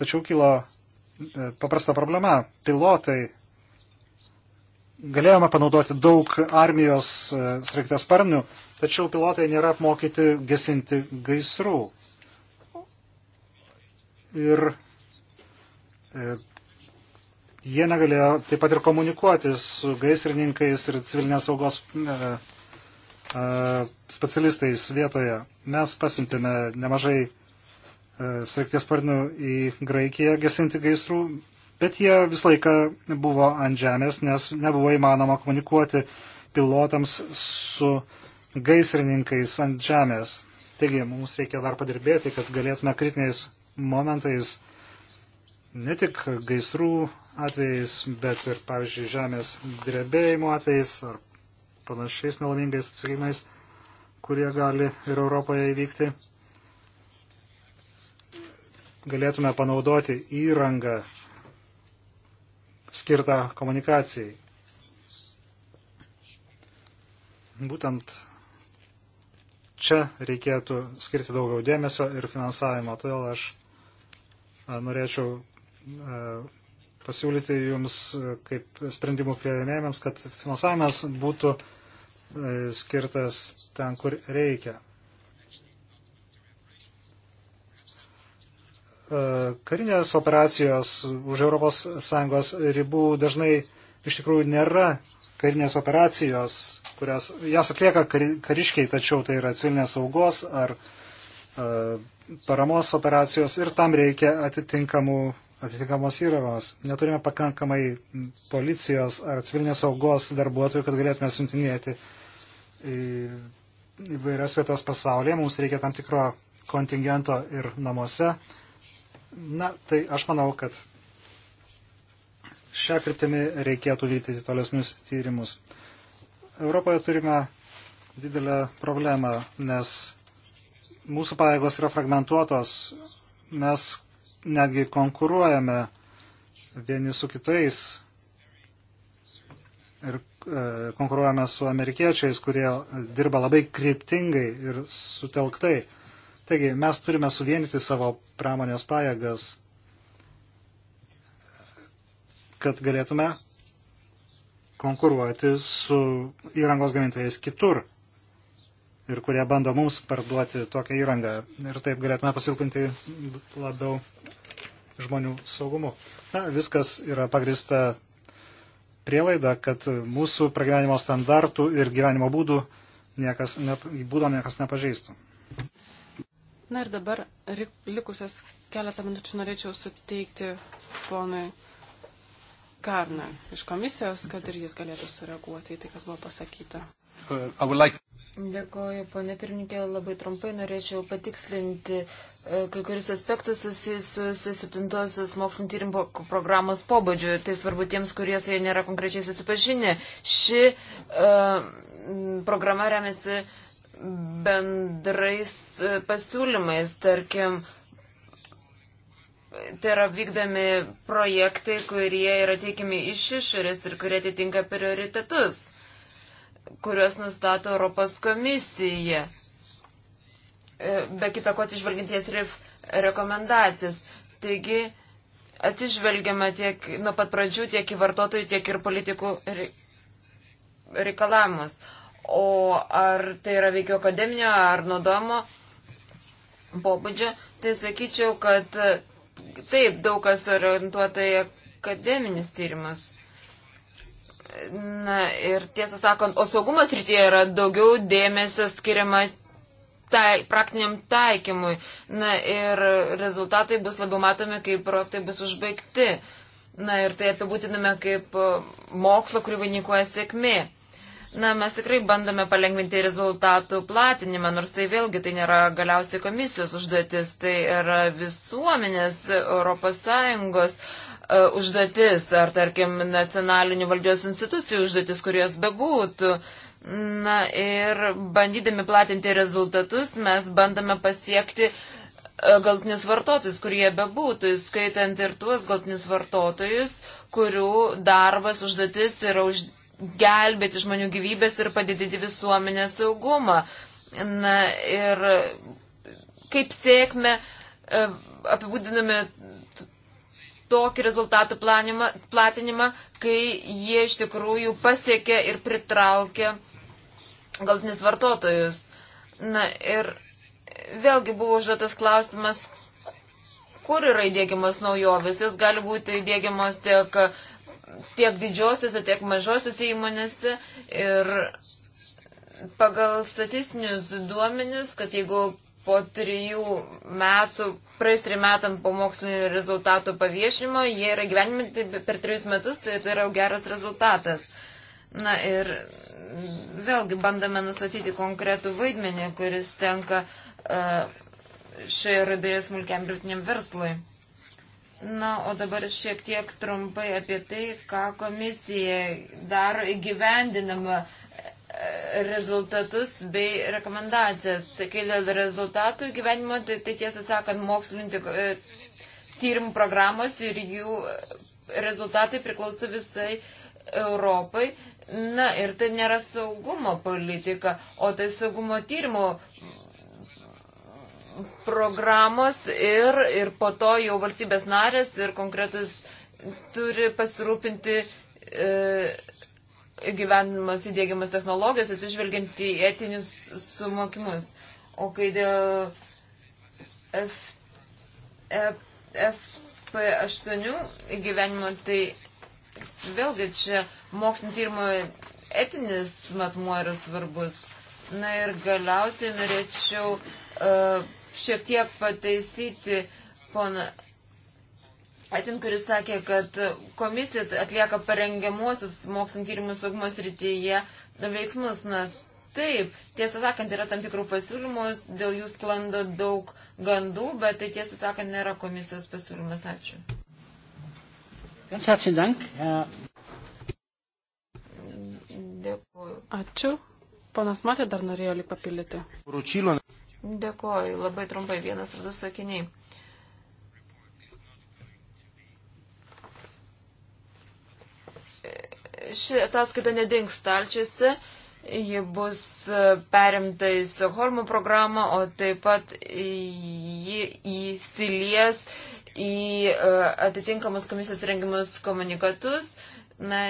Tačiau kilo e, paprasta problema. Pilotai galėjome panaudoti daug armijos e, sraigtasparnių, tačiau pilotai nėra apmokyti gesinti gaisrų ir e, jie negalėjo taip pat ir komunikuoti su gaisrininkais ir civilinės saugos e, e, specialistais vietoje. Mes pasiuntėme nemažai e, sraigties sparnų į Graikiją gesinti gaisrų, bet jie visą laiką buvo ant žemės, nes nebuvo įmanoma komunikuoti pilotams su gaisrininkais ant žemės. Taigi mums reikia dar padirbėti, kad galėtume kritiniais momentais, ne tik gaisrų atvejais, bet ir, pavyzdžiui, žemės drebėjimo atvejais ar panašiais nelaimingais atsikimais, kurie gali ir Europoje įvykti. Galėtume panaudoti įrangą skirtą komunikacijai. Būtent čia reikėtų skirti daugiau dėmesio ir finansavimo. Todėl aš norėčiau pasiūlyti jums kaip sprendimų prieimėjams, kad finansavimas būtų skirtas ten, kur reikia. Karinės operacijos už ES ribų dažnai iš tikrųjų nėra karinės operacijos, kurias jas atlieka kariškiai, tačiau tai yra civilinės saugos ar uh, E, paramos operacijos ir tam reikia atitinkamų, atitinkamos įrangos. Neturime pakankamai policijos ar civilinės saugos darbuotojų, kad galėtume siuntinėti į įvairias vietas pasaulyje. Mums reikia tam tikro kontingento ir namuose. Na, tai aš manau, kad šią kryptimį reikėtų vykdyti tolesnius tyrimus. Europoje turime didelę problemą, nes mūsų pajėgos yra fragmentuotos, mes netgi konkuruojame vieni su kitais ir e, konkuruojame su amerikiečiais, kurie dirba labai kryptingai ir sutelktai. Taigi mes turime suvienyti savo pramonės pajėgas, kad galėtume konkuruoti su įrangos gamintojais kitur ir kurie bando mums parduoti tokią įrangą. Ir taip galėtume pasilpinti labiau žmonių saugumu. Na, viskas yra pagrista prielaida, kad mūsų pragyvenimo standartų ir gyvenimo būdų niekas, ne, būdo niekas nepažeistų. Na ir dabar likusias keletą minučių norėčiau suteikti ponui Karną iš komisijos, kad ir jis galėtų sureaguoti į tai, kas buvo pasakyta. Uh, like... Dėkoju, ponė pirmininkė, labai trumpai norėčiau patikslinti uh, kai kuris aspektus susijusius su septintosios mokslinio tyrimo programos pobūdžiu. Tai svarbu tiems, kurie su jie nėra konkrečiai susipažinę. Ši uh, programa remiasi bendrais uh, pasiūlymais, tarkim, tai yra vykdami projektai, kurie yra teikiami iš išorės ir kurie atitinka prioritetus kuriuos nustato Europos komisija. E, be kita ko atsižvelgiant jas RIF rekomendacijas. Taigi atsižvelgiama tiek nuo pat pradžių, tiek į vartotojų, tiek ir politikų reikalavimus. O ar tai yra veikio akademinio ar naudojimo pobūdžio, tai sakyčiau, kad e, taip, daug kas orientuota į akademinius tyrimus. Na ir tiesą sakant, o saugumas rytyje yra daugiau dėmesio skiriama tai, praktiniam taikymui. Na ir rezultatai bus labiau matomi, kai projektai bus užbaigti. Na ir tai apibūtiname kaip mokslo, kurį vainikuoja sėkmė. Na, mes tikrai bandome palengvinti rezultatų platinimą, nors tai vėlgi tai nėra galiausiai komisijos užduotis, tai yra visuomenės, ES E, užduotis, ar tarkim nacionalinių valdžios institucijų užduotis, kurios bebūtų. Na ir bandydami platinti rezultatus, mes bandome pasiekti e, galtinius vartotojus, kurie bebūtų, skaitant ir tuos galtinius vartotojus, kurių darbas užduotis yra už... gelbėti žmonių gyvybės ir padidinti visuomenės saugumą. Na ir kaip sėkmę e, apibūdiname tokį rezultatų planimą, platinimą, kai jie iš tikrųjų pasiekia ir pritraukia galtinis vartotojus. Na ir vėlgi buvo užduotas klausimas, kur yra įdėgiamas naujovis. Jis gali būti įdėgiamas tiek, tiek didžiosiuose, tiek mažosiuose įmonėse. Ir pagal statistinius duomenis, kad jeigu po trijų metų, praeis trijų metam po mokslinio rezultato paviešinimo, jie yra gyvenimai per trijus metus, tai tai yra geras rezultatas. Na ir vėlgi bandome nustatyti konkretų vaidmenį, kuris tenka e, šioje raidoje smulkiam briutiniam verslui. Na, o dabar šiek tiek trumpai apie tai, ką komisija daro įgyvendinama uh, rezultatus bei rekomendacijas. Tai kai dėl rezultatų gyvenimo, tai, tai tiesą sakant, mokslinių e, tyrimų programos ir jų rezultatai priklauso visai Europai. Na ir tai nėra saugumo politika, o tai saugumo tyrimo programos ir, ir po to jau valstybės narės ir konkretus turi pasirūpinti e, gyvenimas įdėgiamas technologijas, atsižvelgiant į etinius sumokimus. O kai dėl F, F, FP8 gyvenimo, tai vėlgi čia mokslinio tyrimo etinis matmuo yra svarbus. Na ir galiausiai norėčiau uh, šiek tiek pataisyti poną Atin, kuris sakė, kad komisija atlieka parengiamuosius mokslinio tyrimų saugumo srityje veiksmus. Na, taip, tiesą sakant, yra tam tikrų pasiūlymų, dėl jų sklando daug gandų, bet tai tiesą sakant nėra komisijos pasiūlymas. Ačiū. Dėkuoju. Ačiū. Ponas Matė dar norėjo lik papildyti. Dėkuoju. Labai trumpai vienas ar du sakiniai. ši ataskaita nedings stalčiuose, ji bus e, perimta į Stokholmo programą, o taip pat ji įsilies į e, atitinkamus komisijos rengimus komunikatus. Na,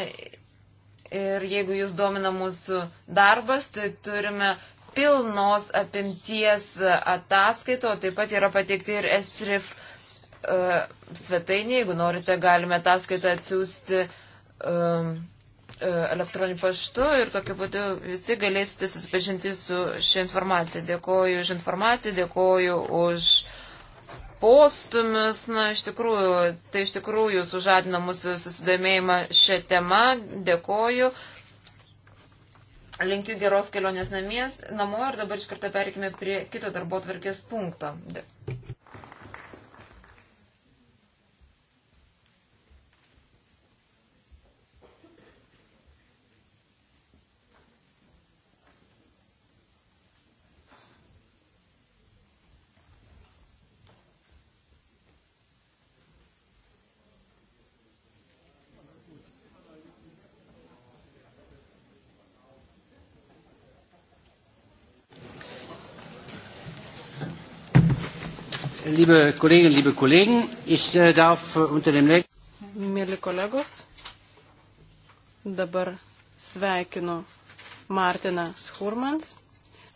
ir jeigu jūs domina mūsų darbas, tai turime pilnos apimties ataskaito, taip pat yra pateikti ir esrif uh, e, svetainė, jeigu norite, galime ataskaitą atsiųsti um, E, elektroniniu paštu ir tokiu būdu visi galėsite susipažinti su šią informaciją. Dėkoju už informaciją, dėkoju už postumius. Na, iš tikrųjų, tai iš tikrųjų sužadina mūsų susidomėjimą šią temą. Dėkoju. Linkiu geros kelionės namies, namo ir dabar iš karto perikime prie kito darbo tvarkės punkto. Dėkoju. liebe Kolleginnen, liebe Kollegen, ich äh, darf äh, unter dem Mėly kolegos, dabar sveikinu Martiną Schurmans,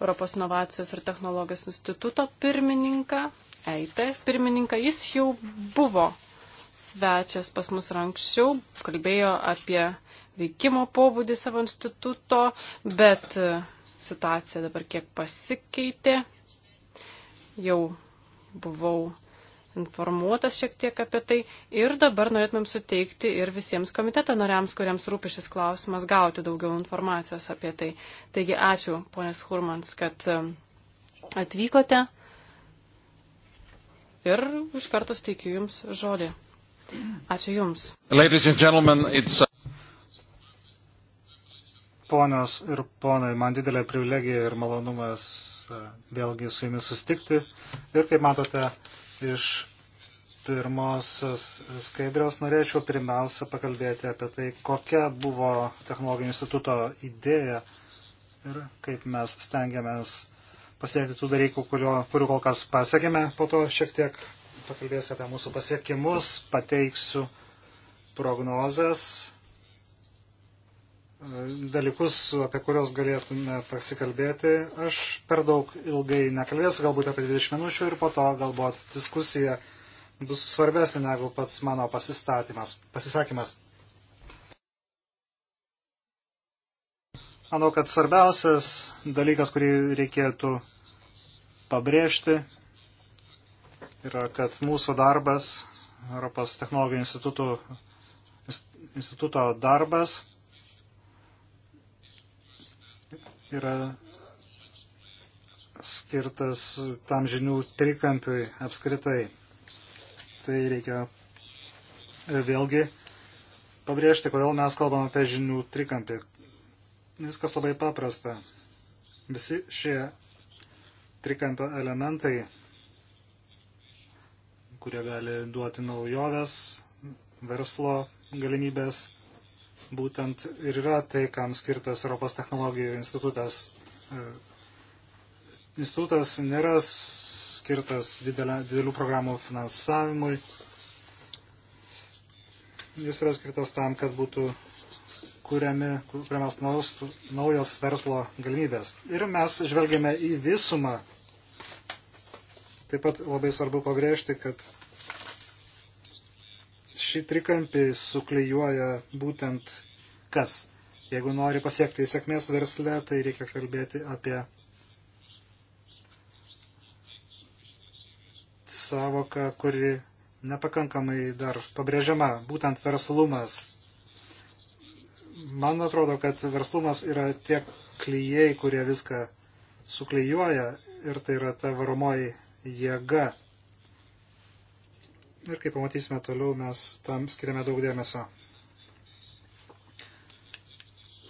Europos inovacijos ir technologijos instituto pirmininką, EIT pirmininką. Jis jau buvo svečias pas mus anksčiau, kalbėjo apie veikimo pobūdį savo instituto, bet e, situacija dabar kiek pasikeitė. Jau buvau informuotas šiek tiek apie tai ir dabar norėtumėm suteikti ir visiems komiteto nariams, kuriems rūpi šis klausimas, gauti daugiau informacijos apie tai. Taigi ačiū, ponės Hurmans, kad um, atvykote ir iš karto steikiu Jums žodį. Ačiū Jums. Ponios ir ponai, man didelė privilegija ir malonumas vėlgi su jumis sustikti. Ir kaip matote, iš pirmosios skaidrios norėčiau pirmiausia pakalbėti apie tai, kokia buvo technologijų instituto idėja ir kaip mes stengiamės pasiekti tų dalykų, kurio, kurių kol kas pasiekėme. Po to šiek tiek pakalbėsiu apie mūsų pasiekimus, pateiksiu prognozes dalykus, apie kuriuos galėtume pasikalbėti. Aš per daug ilgai nekalbėsiu, galbūt apie 20 minučių ir po to galbūt diskusija bus svarbesnė negu pats mano pasisakymas. Manau, kad svarbiausias dalykas, kurį reikėtų pabrėžti, yra, kad mūsų darbas, Europos technologijų institutų, instituto darbas, yra skirtas tam žinių trikampiui apskritai. Tai reikia e, vėlgi pabrėžti, kodėl mes kalbam apie žinių trikampį. Viskas labai paprasta. Visi šie trikampio elementai, kurie gali duoti naujoves, verslo galimybės, būtent ir yra tai, kam skirtas Europos technologijų institutas. E, institutas nėra skirtas didelė, didelių programų finansavimui. Jis yra skirtas tam, kad būtų kuriami, kuriamas naus, naujos verslo galimybės. Ir mes žvelgiame į visumą. Taip pat labai svarbu pabrėžti, kad šį trikampį suklyjuoja būtent kas. Jeigu nori pasiekti sėkmės versle, tai reikia kalbėti apie savoką, kuri nepakankamai dar pabrėžiama, būtent verslumas. Man atrodo, kad verslumas yra tie klyjei, kurie viską suklyjuoja ir tai yra ta varomoji jėga ir kaip pamatysime toliau, mes tam skiriame daug dėmesio.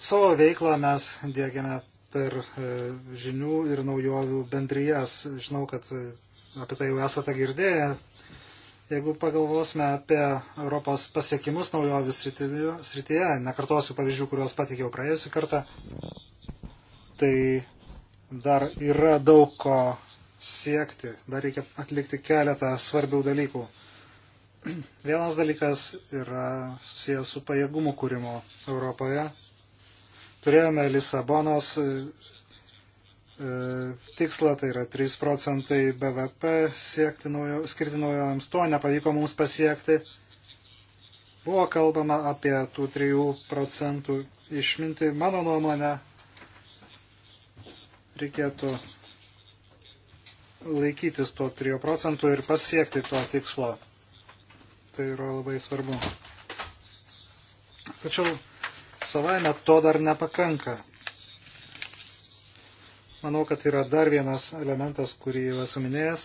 Savo veiklą mes dėgiame per e, žinių ir naujovių bendrijas. Žinau, kad e, apie tai jau esate girdėję. Jeigu pagalvosime apie Europos pasiekimus naujovių srityje, nekartosiu pavyzdžių, kuriuos pateikiau praėjusią kartą, tai dar yra daug ko siekti, dar reikia atlikti keletą svarbių dalykų. Vienas dalykas yra susijęs su pajėgumų kūrimo Europoje. Turėjome Lisabonos e, e, tikslą, tai yra 3 procentai BVP siekti naujo, skirti naujojams, to nepavyko mums pasiekti. Buvo kalbama apie tų 3 procentų išminti. Mano nuomonė, reikėtų laikytis to 3 procentų ir pasiekti to tikslo tai yra labai svarbu. Tačiau savaime to dar nepakanka. Manau, kad yra dar vienas elementas, kurį jau esu minėjęs.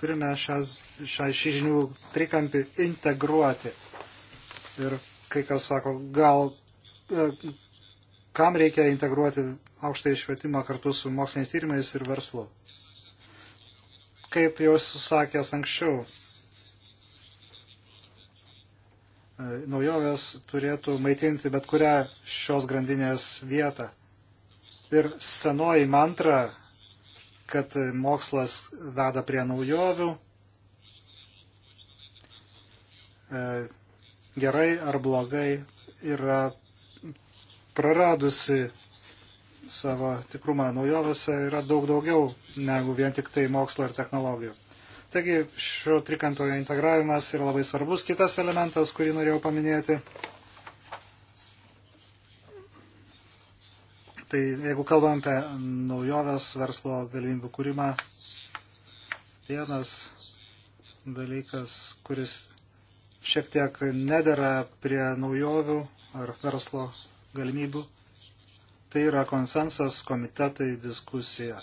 Turime šias, šią, šį žinių trikampį integruoti. Ir kai kas sako, gal e, kam reikia integruoti aukštąjį švietimą kartu su moksliniais tyrimais ir verslu. Kaip jau esu sakęs anksčiau, E, naujovės turėtų maitinti bet kurią šios grandinės vietą. Ir senoji mantra, kad mokslas veda prie naujovių, e, gerai ar blogai, yra praradusi savo tikrumą naujovėse, yra daug daugiau negu vien tik tai mokslo ir technologijų. Taigi šio trikanto integravimas yra labai svarbus. Kitas elementas, kurį norėjau paminėti, tai jeigu kalbam apie naujoves verslo galimybių kūrimą, vienas dalykas, kuris šiek tiek nedėra prie naujovių ar verslo galimybių, tai yra konsensas komitetai diskusija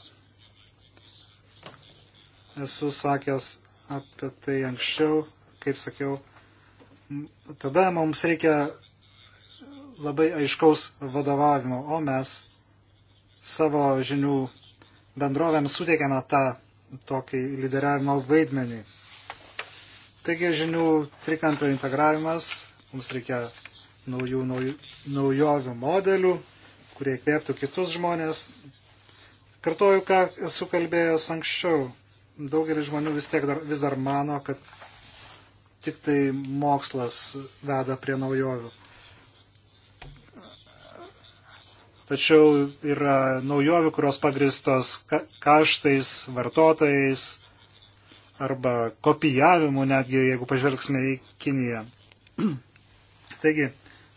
esu sakęs apie tai anksčiau, kaip sakiau, tada mums reikia labai aiškaus vadovavimo, o mes savo žinių bendrovėms suteikiame tą tokį lyderiavimo vaidmenį. Taigi žinių trikampio integravimas, mums reikia naujų, naujų naujovių modelių, kurie įkvėptų kitus žmonės. Kartoju, ką esu kalbėjęs anksčiau daugelis žmonių vis, tiek dar, vis dar mano, kad tik tai mokslas veda prie naujovių. Tačiau yra naujovių, kurios pagristos kaštais, vartotojais arba kopijavimu, netgi jeigu pažvelgsime į Kiniją. <clears throat> Taigi,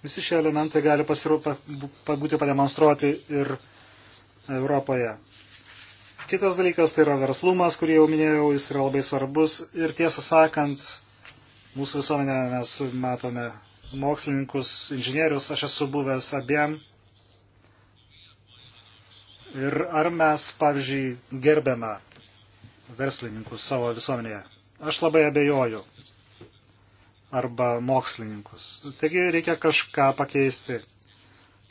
visi šie elementai gali pasirūpa, būti pademonstruoti ir Europoje. Kitas dalykas tai yra verslumas, kurį jau minėjau, jis yra labai svarbus ir tiesą sakant, mūsų visuomenė mes matome mokslininkus, inžinierius, aš esu buvęs abiem. Ir ar mes, pavyzdžiui, gerbėme verslininkus savo visuomenėje? Aš labai abejoju. Arba mokslininkus. Taigi reikia kažką pakeisti.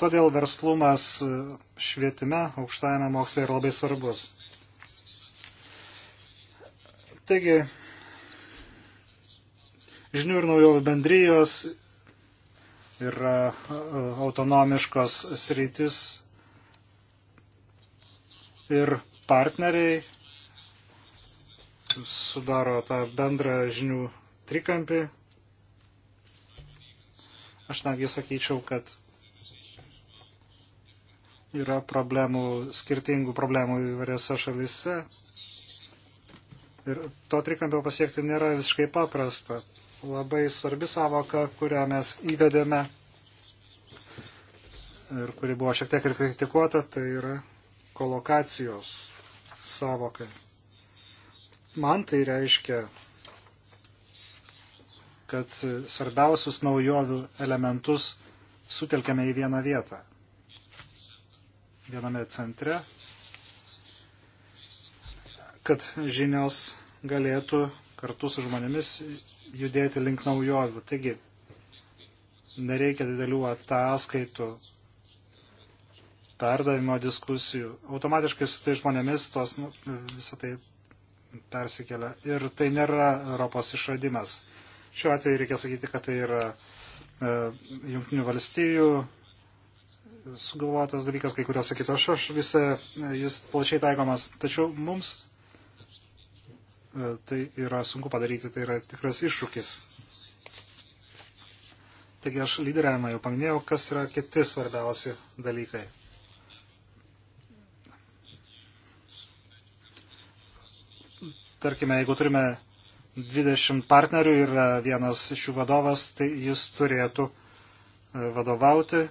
Todėl verslumas švietime, aukštajame moksle yra labai svarbus. Taigi, žinių ir naujovių bendrijos yra autonomiškos sritis ir partneriai sudaro tą bendrą žinių trikampį. Aš netgi sakyčiau, kad yra problemų, skirtingų problemų įvairiose šalise. Ir to trikampio pasiekti nėra visiškai paprasta. Labai svarbi savoka, kurią mes įvedėme ir kuri buvo šiek tiek ir kritikuota, tai yra kolokacijos savokai. Man tai reiškia, kad svarbiausius naujovių elementus sutelkiame į vieną vietą. Viename centre kad žinios galėtų kartu su žmonėmis judėti link naujovių. Taigi, nereikia didelių ataskaitų, perdavimo diskusijų. Automatiškai su tai žmonėmis tos nu, visą tai persikelia. Ir tai nėra Europos išradimas. Šiuo atveju reikia sakyti, kad tai yra e, jungtinių valstijų sugalvotas dalykas, kai kuriuose kitose šalyse e, jis plačiai taikomas. Tačiau mums E, tai yra sunku padaryti, tai yra tikras iššūkis. Taigi aš lyderiavimą jau paminėjau, kas yra kiti svarbiausi dalykai. Tarkime, jeigu turime 20 partnerių ir vienas iš jų vadovas, tai jis turėtų e, vadovauti e,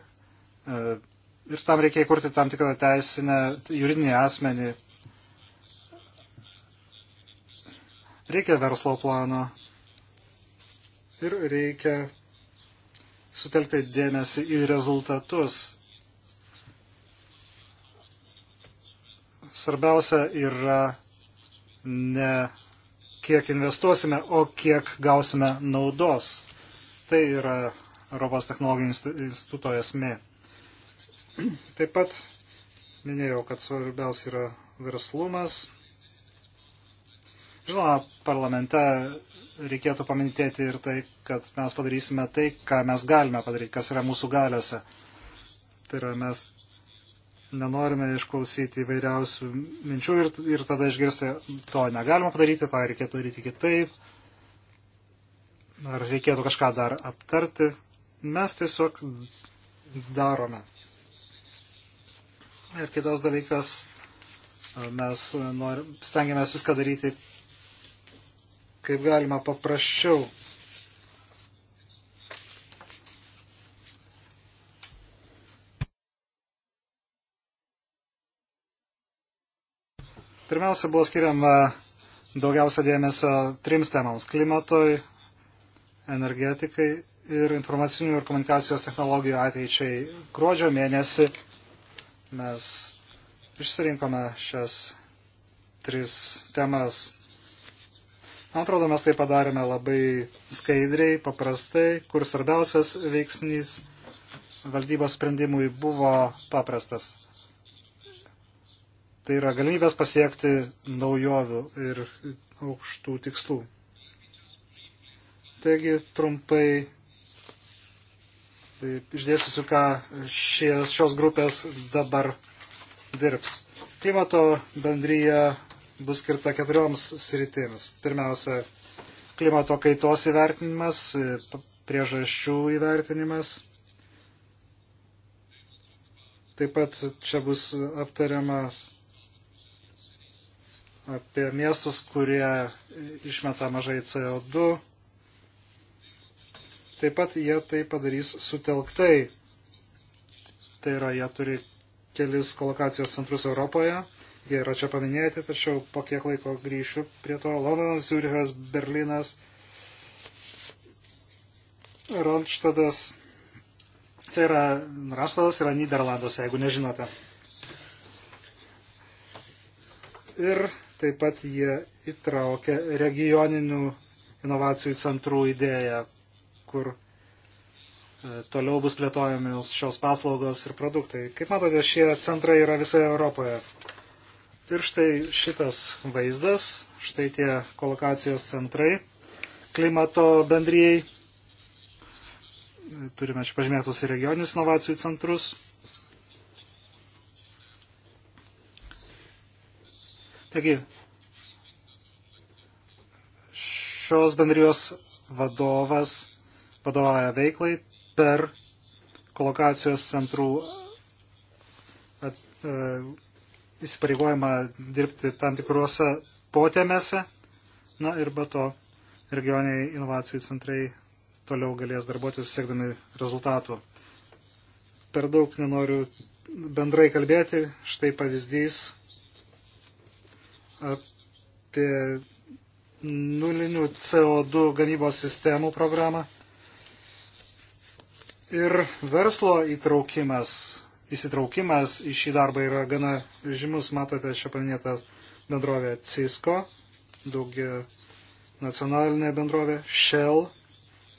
ir tam reikia įkurti tam tikrą teisinę juridinį asmenį Reikia verslo plano ir reikia sutelkti dėmesį į rezultatus. Svarbiausia yra ne kiek investuosime, o kiek gausime naudos. Tai yra Europos technologijų instituto esmė. Taip pat minėjau, kad svarbiausia yra verslumas, Žinoma, parlamente reikėtų paminėti ir tai, kad mes padarysime tai, ką mes galime padaryti, kas yra mūsų galiuose. Tai yra, mes nenorime išklausyti įvairiausių minčių ir, ir tada išgirsti, to negalima padaryti, tą reikėtų daryti kitaip, ar reikėtų kažką dar aptarti. Mes tiesiog darome. Ir kitas dalykas, mes norim, stengiamės viską daryti kaip galima paprasčiau. Pirmiausia, buvo skiriama daugiausia dėmesio trims temams - klimatoj, energetikai ir informacinių ir komunikacijos technologijų ateičiai. Gruodžio mėnesį mes išsirinkome šias tris temas Man atrodo, mes tai padarėme labai skaidriai, paprastai, kur svarbiausias veiksnys valdybos sprendimui buvo paprastas. Tai yra galimybės pasiekti naujovių ir aukštų tikslų. Taigi trumpai tai išdėsiu, ką šies, šios grupės dabar dirbs. Klimato bendryje bus skirta keturioms sritims. Pirmiausia, klimato kaitos įvertinimas, e, priežasčių įvertinimas. Taip pat čia bus aptariamas apie miestus, kurie išmeta mažai CO2. Taip pat jie tai padarys sutelktai. Tai yra, jie turi kelis kolokacijos centrus Europoje jie yra čia paminėti, tačiau po kiek laiko grįšiu prie to. Londonas, Zürichas, Berlinas, Ronštadas. Tai yra, Ronštadas yra Niderlanduose, jeigu nežinote. Ir taip pat jie įtraukia regioninių inovacijų centrų idėją, kur e, toliau bus plėtojami šios paslaugos ir produktai. Kaip matote, šie centrai yra visoje Europoje. Ir štai šitas vaizdas, štai tie kolokacijos centrai, klimato bendrijai, turime čia pažymėtus ir regionius inovacijų centrus. Taigi, šios bendrijos vadovas vadovauja veiklai per kolokacijos centrų at, e, įsipareigojimą dirbti tam tikrose potėmėse. Na ir be to regioniai inovacijų centrai toliau galės darbuotis siekdami rezultatų. Per daug nenoriu bendrai kalbėti. Štai pavyzdys apie nulinių CO2 gamybos sistemų programą. Ir verslo įtraukimas įsitraukimas į šį darbą yra gana žymus. Matote, čia paminėta bendrovė Cisco, daugia nacionalinė bendrovė Shell,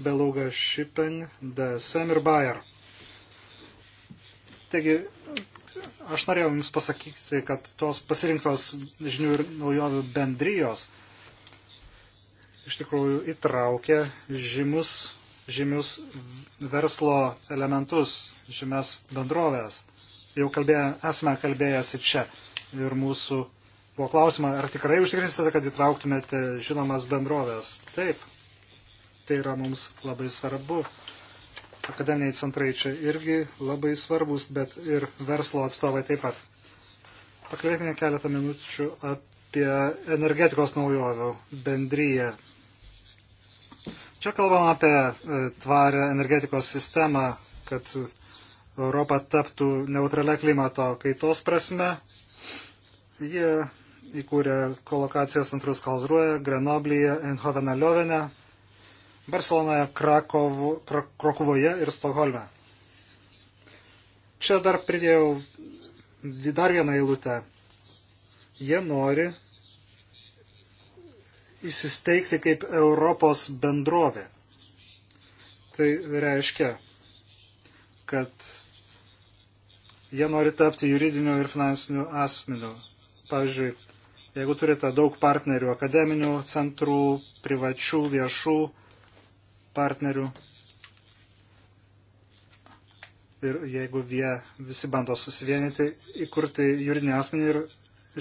Beluga Shipping, DSM ir Bayer. Taigi, aš norėjau Jums pasakyti, kad tos pasirinktos žinių ir naujovių bendrijos iš tikrųjų įtraukia žymus žymius verslo elementus, žymias bendrovės. Jau kalbėję, esame kalbėjęs ir čia. Ir mūsų buvo klausima, ar tikrai užtikrinsite, kad įtrauktumėte žinomas bendrovės. Taip, tai yra mums labai svarbu. Akademiniai centrai čia irgi labai svarbus, bet ir verslo atstovai taip pat. Pakalbėkime keletą minučių apie energetikos naujovių bendryje Čia kalbam apie e, tvarę energetikos sistemą, kad Europa taptų neutralia klimato kaitos prasme. Jie įkūrė kolokacijos centrus Kalzruoje, Grenoblyje, Eindhovene, Liovene, Barcelonoje, Krakovu, Krokuvoje ir Stokholme. Čia dar pridėjau dar vieną eilutę. Jie nori įsisteigti kaip Europos bendrovė. Tai reiškia, kad jie nori tapti juridiniu ir finansiniu asmeniu. Pavyzdžiui, jeigu turite daug partnerių, akademinių centrų, privačių, viešų partnerių, ir jeigu jie visi bando susivienyti, įkurti juridinį asmenį ir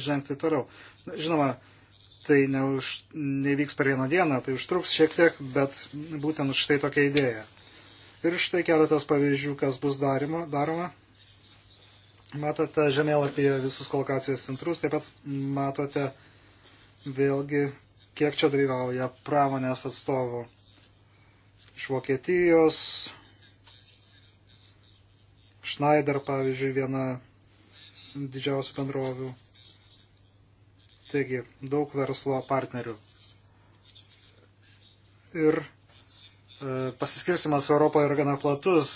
žengti toliau. Žinoma, tai neuž, nevyks per vieną dieną, tai užtruks šiek tiek, bet būtent štai tokia idėja. Ir štai keletas pavyzdžių, kas bus darima, daroma. Matote žemėlapyje visus kolokacijos centrus, taip pat matote vėlgi, kiek čia dalyvauja pramonės atstovų iš Vokietijos. Schneider, pavyzdžiui, viena didžiausių bendrovių Taigi, daug verslo partnerių. Ir e, pasiskirsimas Europoje yra gana platus,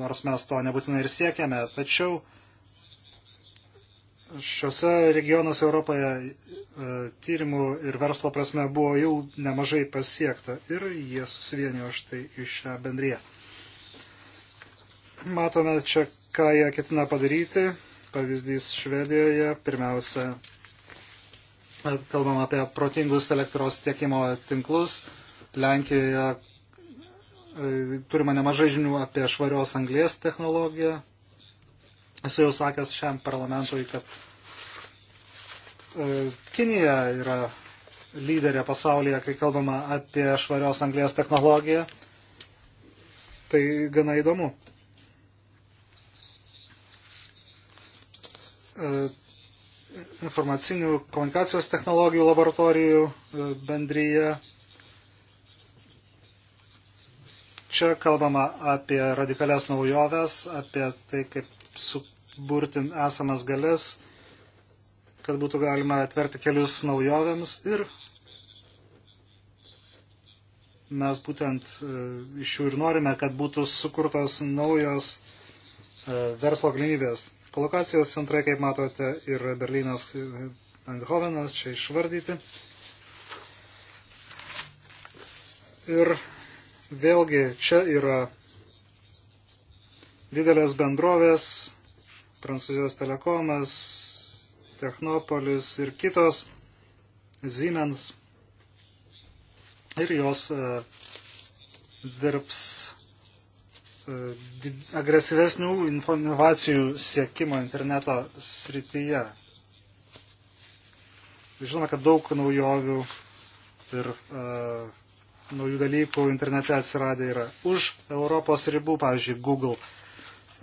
nors mes to nebūtinai ir siekiame, tačiau šiuose regionuose Europoje e, tyrimų ir verslo prasme buvo jau nemažai pasiekta ir jie susivienijo štai iš šią bendriją. Matome čia, ką jie ketina padaryti. Pavyzdys Švedijoje pirmiausia kalbam apie protingus elektros tiekimo tinklus. Lenkijoje e, turime nemažai žinių apie švarios anglės technologiją. Esu jau sakęs šiam parlamentui, kad e, Kinija yra lyderė pasaulyje, kai kalbama apie švarios anglės technologiją. Tai gana įdomu. E, informacinių komunikacijos technologijų laboratorijų e, bendryje. Čia kalbama apie radikalias naujoves, apie tai, kaip suburti esamas galės, kad būtų galima atverti kelius naujovėms ir mes būtent e, iš jų ir norime, kad būtų sukurtos naujos e, verslo galimybės. Lokacijos centrai, kaip matote, yra Berlynas Eindhovenas, čia išvardyti. Ir vėlgi čia yra didelės bendrovės, Prancūzijos telekomas, Technopolis ir kitos, Siemens. Ir jos e, dirbs E, agresyvesnių inovacijų siekimo interneto srityje. Žinoma, kad daug naujovių ir uh, naujų dalykų internete atsiradė yra už Europos ribų, pavyzdžiui, Google.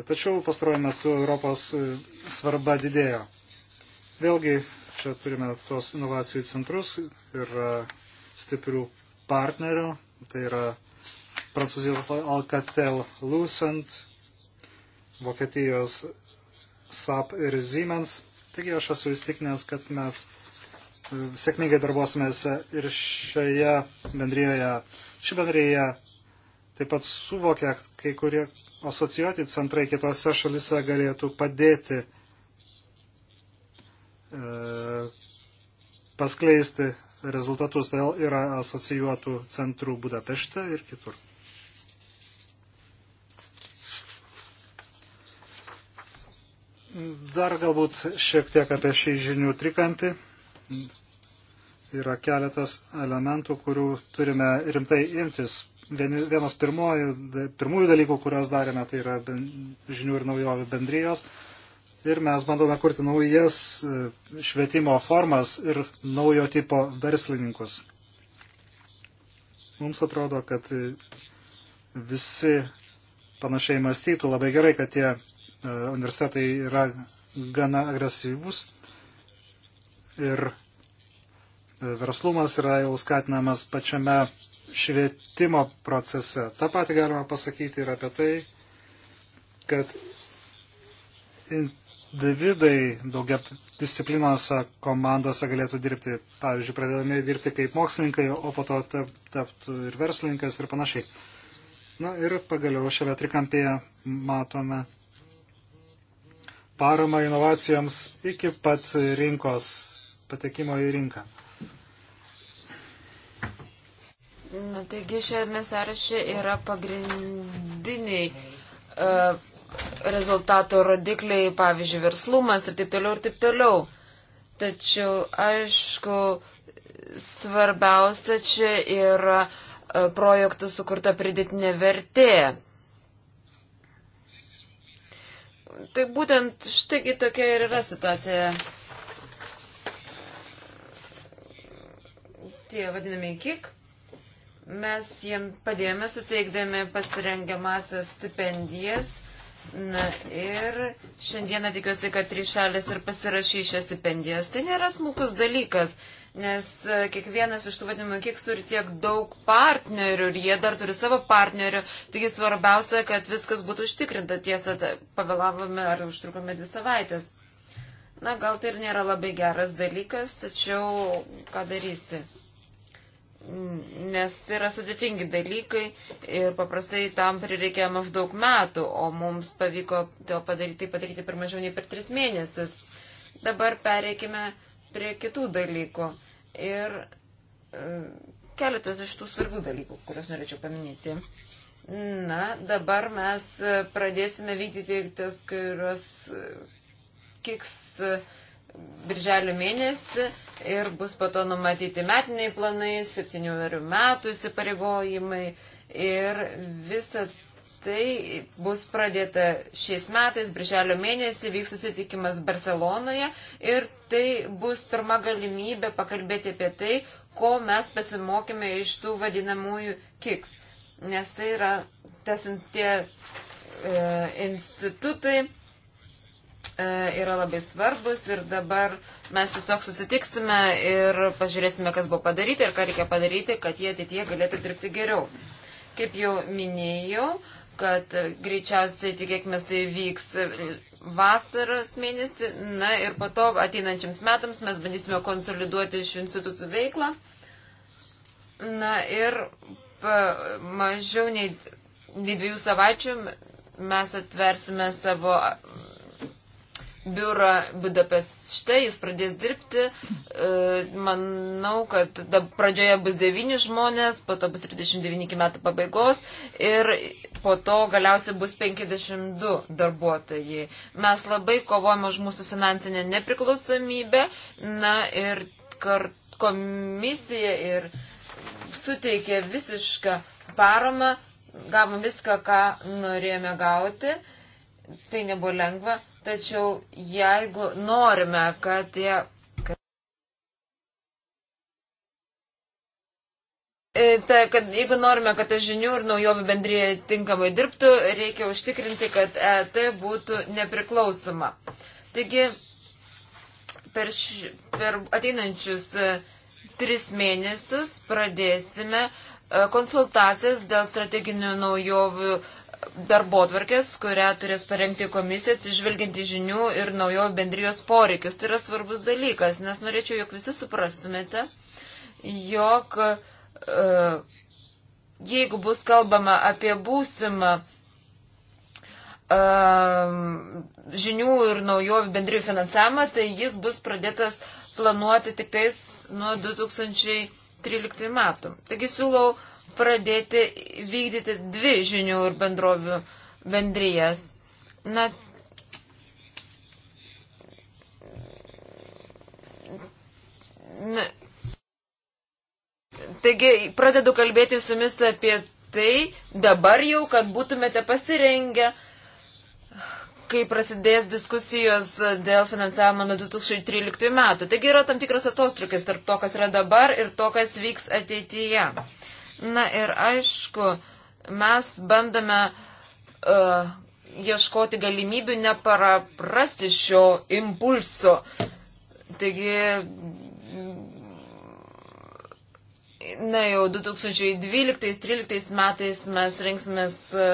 Tačiau pastaruoju metu Europos e, svarba didėjo. Vėlgi, čia turime tos inovacijų centrus ir uh, stiprių partnerių, tai yra uh, Prancūzijos Alcatel Lucent, Vokietijos SAP ir Siemens. Taigi aš esu įstikinęs, kad mes e, sėkmingai darbuosimės ir šioje bendryje. Ši bendryje taip pat suvokia, kai kurie asocijuoti centrai kitose šalise galėtų padėti e, paskleisti rezultatus. Todėl tai yra asocijuotų centrų Budapešte ir kitur. Dar galbūt šiek tiek apie šį žinių trikampį. Yra keletas elementų, kurių turime rimtai imtis. Vienas pirmojų, pirmųjų dalykų, kuriuos darėme, tai yra žinių ir naujovių bendrijos. Ir mes bandome kurti naujas e, švietimo formas ir naujo tipo verslininkus. Mums atrodo, kad e, visi panašiai mąstytų labai gerai, kad tie E, universitetai yra gana agresyvus ir e, verslumas yra jau skatinamas pačiame švietimo procese. Ta pati galima pasakyti ir apie tai, kad individai daugia disciplinose, komandose galėtų dirbti, pavyzdžiui, pradedami dirbti kaip mokslininkai, o po to taptų ir verslininkas ir panašiai. Na ir pagaliau šiame trikampėje matome paramą inovacijoms iki pat rinkos patekimo į rinką. Na, taigi šiame sąraše yra pagrindiniai uh, rezultato rodikliai, pavyzdžiui, verslumas ir taip toliau ir taip toliau. Tačiau, aišku, svarbiausia čia yra e, projektų sukurta pridėtinė vertė. Tai būtent štai tokia ir yra situacija. Tie vadinami kik. Mes jiems padėjome suteikdami pasirengiamasias stipendijas. Na ir šiandieną tikiuosi, kad trys šalis ir pasirašys šias stipendijas. Tai nėra smulkus dalykas nes e, kiekvienas iš tų vadinamų kiks turi tiek daug partnerių ir jie dar turi savo partnerių. Taigi svarbiausia, kad viskas būtų užtikrinta. Tiesa, pavėlavome ar užtrukome dvi savaitės. Na, gal tai ir nėra labai geras dalykas, tačiau ką darysi? Nes tai yra sudėtingi dalykai ir paprastai tam prireikia maždaug metų, o mums pavyko tai padaryti, padaryti per mažiau nei per tris mėnesius. Dabar pereikime prie kitų dalykų. Ir e, keletas iš tų svarbių dalykų, kuriuos norėčiau paminėti. Na, dabar mes pradėsime vykdyti tos, kurios e, kiks e, birželio mėnesį ir bus po to numatyti metiniai planai, septynių metų įsipareigojimai ir visa tai bus pradėta šiais metais, birželio mėnesį vyks susitikimas Barcelonoje ir tai bus pirma galimybė pakalbėti apie tai, ko mes pasimokime iš tų vadinamųjų kiks. Nes tai yra tas, tie e, institutai e, yra labai svarbus ir dabar mes tiesiog susitiksime ir pažiūrėsime, kas buvo padaryta ir ką reikia padaryti, kad jie ateitie galėtų dirbti geriau. Kaip jau minėjau, e, kad greičiausiai, tikėkime, tai vyks vasaros mėnesį. Na ir po to ateinančiams metams mes bandysime konsoliduoti šių institutų veiklą. Na ir mažiau nei, nei dviejų savaičių mes atversime savo biurą Budapešte, jis pradės dirbti. E, manau, kad pradžioje bus 9 žmonės, po to bus 39 iki metų pabaigos ir po to galiausiai bus 52 darbuotojai. Mes labai kovojame už mūsų finansinę nepriklausomybę. Na ir kart komisija ir suteikė visišką paramą, gavom viską, ką norėjome gauti. Tai nebuvo lengva. Tačiau jeigu norime, kad tie. E, ta, kad jeigu norime, kad žinių ir naujovių bendryje tinkamai dirbtų, reikia užtikrinti, kad ET būtų nepriklausoma. Taigi, per, š, per ateinančius e, tris mėnesius pradėsime e, konsultacijas dėl strateginių naujovių uh, darbo atvarkės, kurią turės parengti komisija, atsižvelginti žinių ir naujo bendrijos poreikius. Tai yra svarbus dalykas, nes norėčiau, jog visi suprastumėte, jog e, jeigu bus kalbama apie būsimą e, žinių ir naujovių bendrijų finansavimą, tai jis bus pradėtas planuoti tik tais nuo 2013 metų. Taigi siūlau uh, pradėti vykdyti dvi žinių ir bendrovių bendrijas. Na, na, taigi pradedu kalbėti su jumis apie tai dabar jau, kad būtumėte pasirengę, kai prasidės diskusijos dėl finansavimo nuo 2013 metų. Taigi yra tam tikras atostrukis tarp to, kas yra dabar ir to, kas vyks ateityje. Na ir aišku, mes bandome uh, ieškoti galimybių neparaprasti šio impulso. Taigi, na jau 2012-2013 metais mes rinksimės e,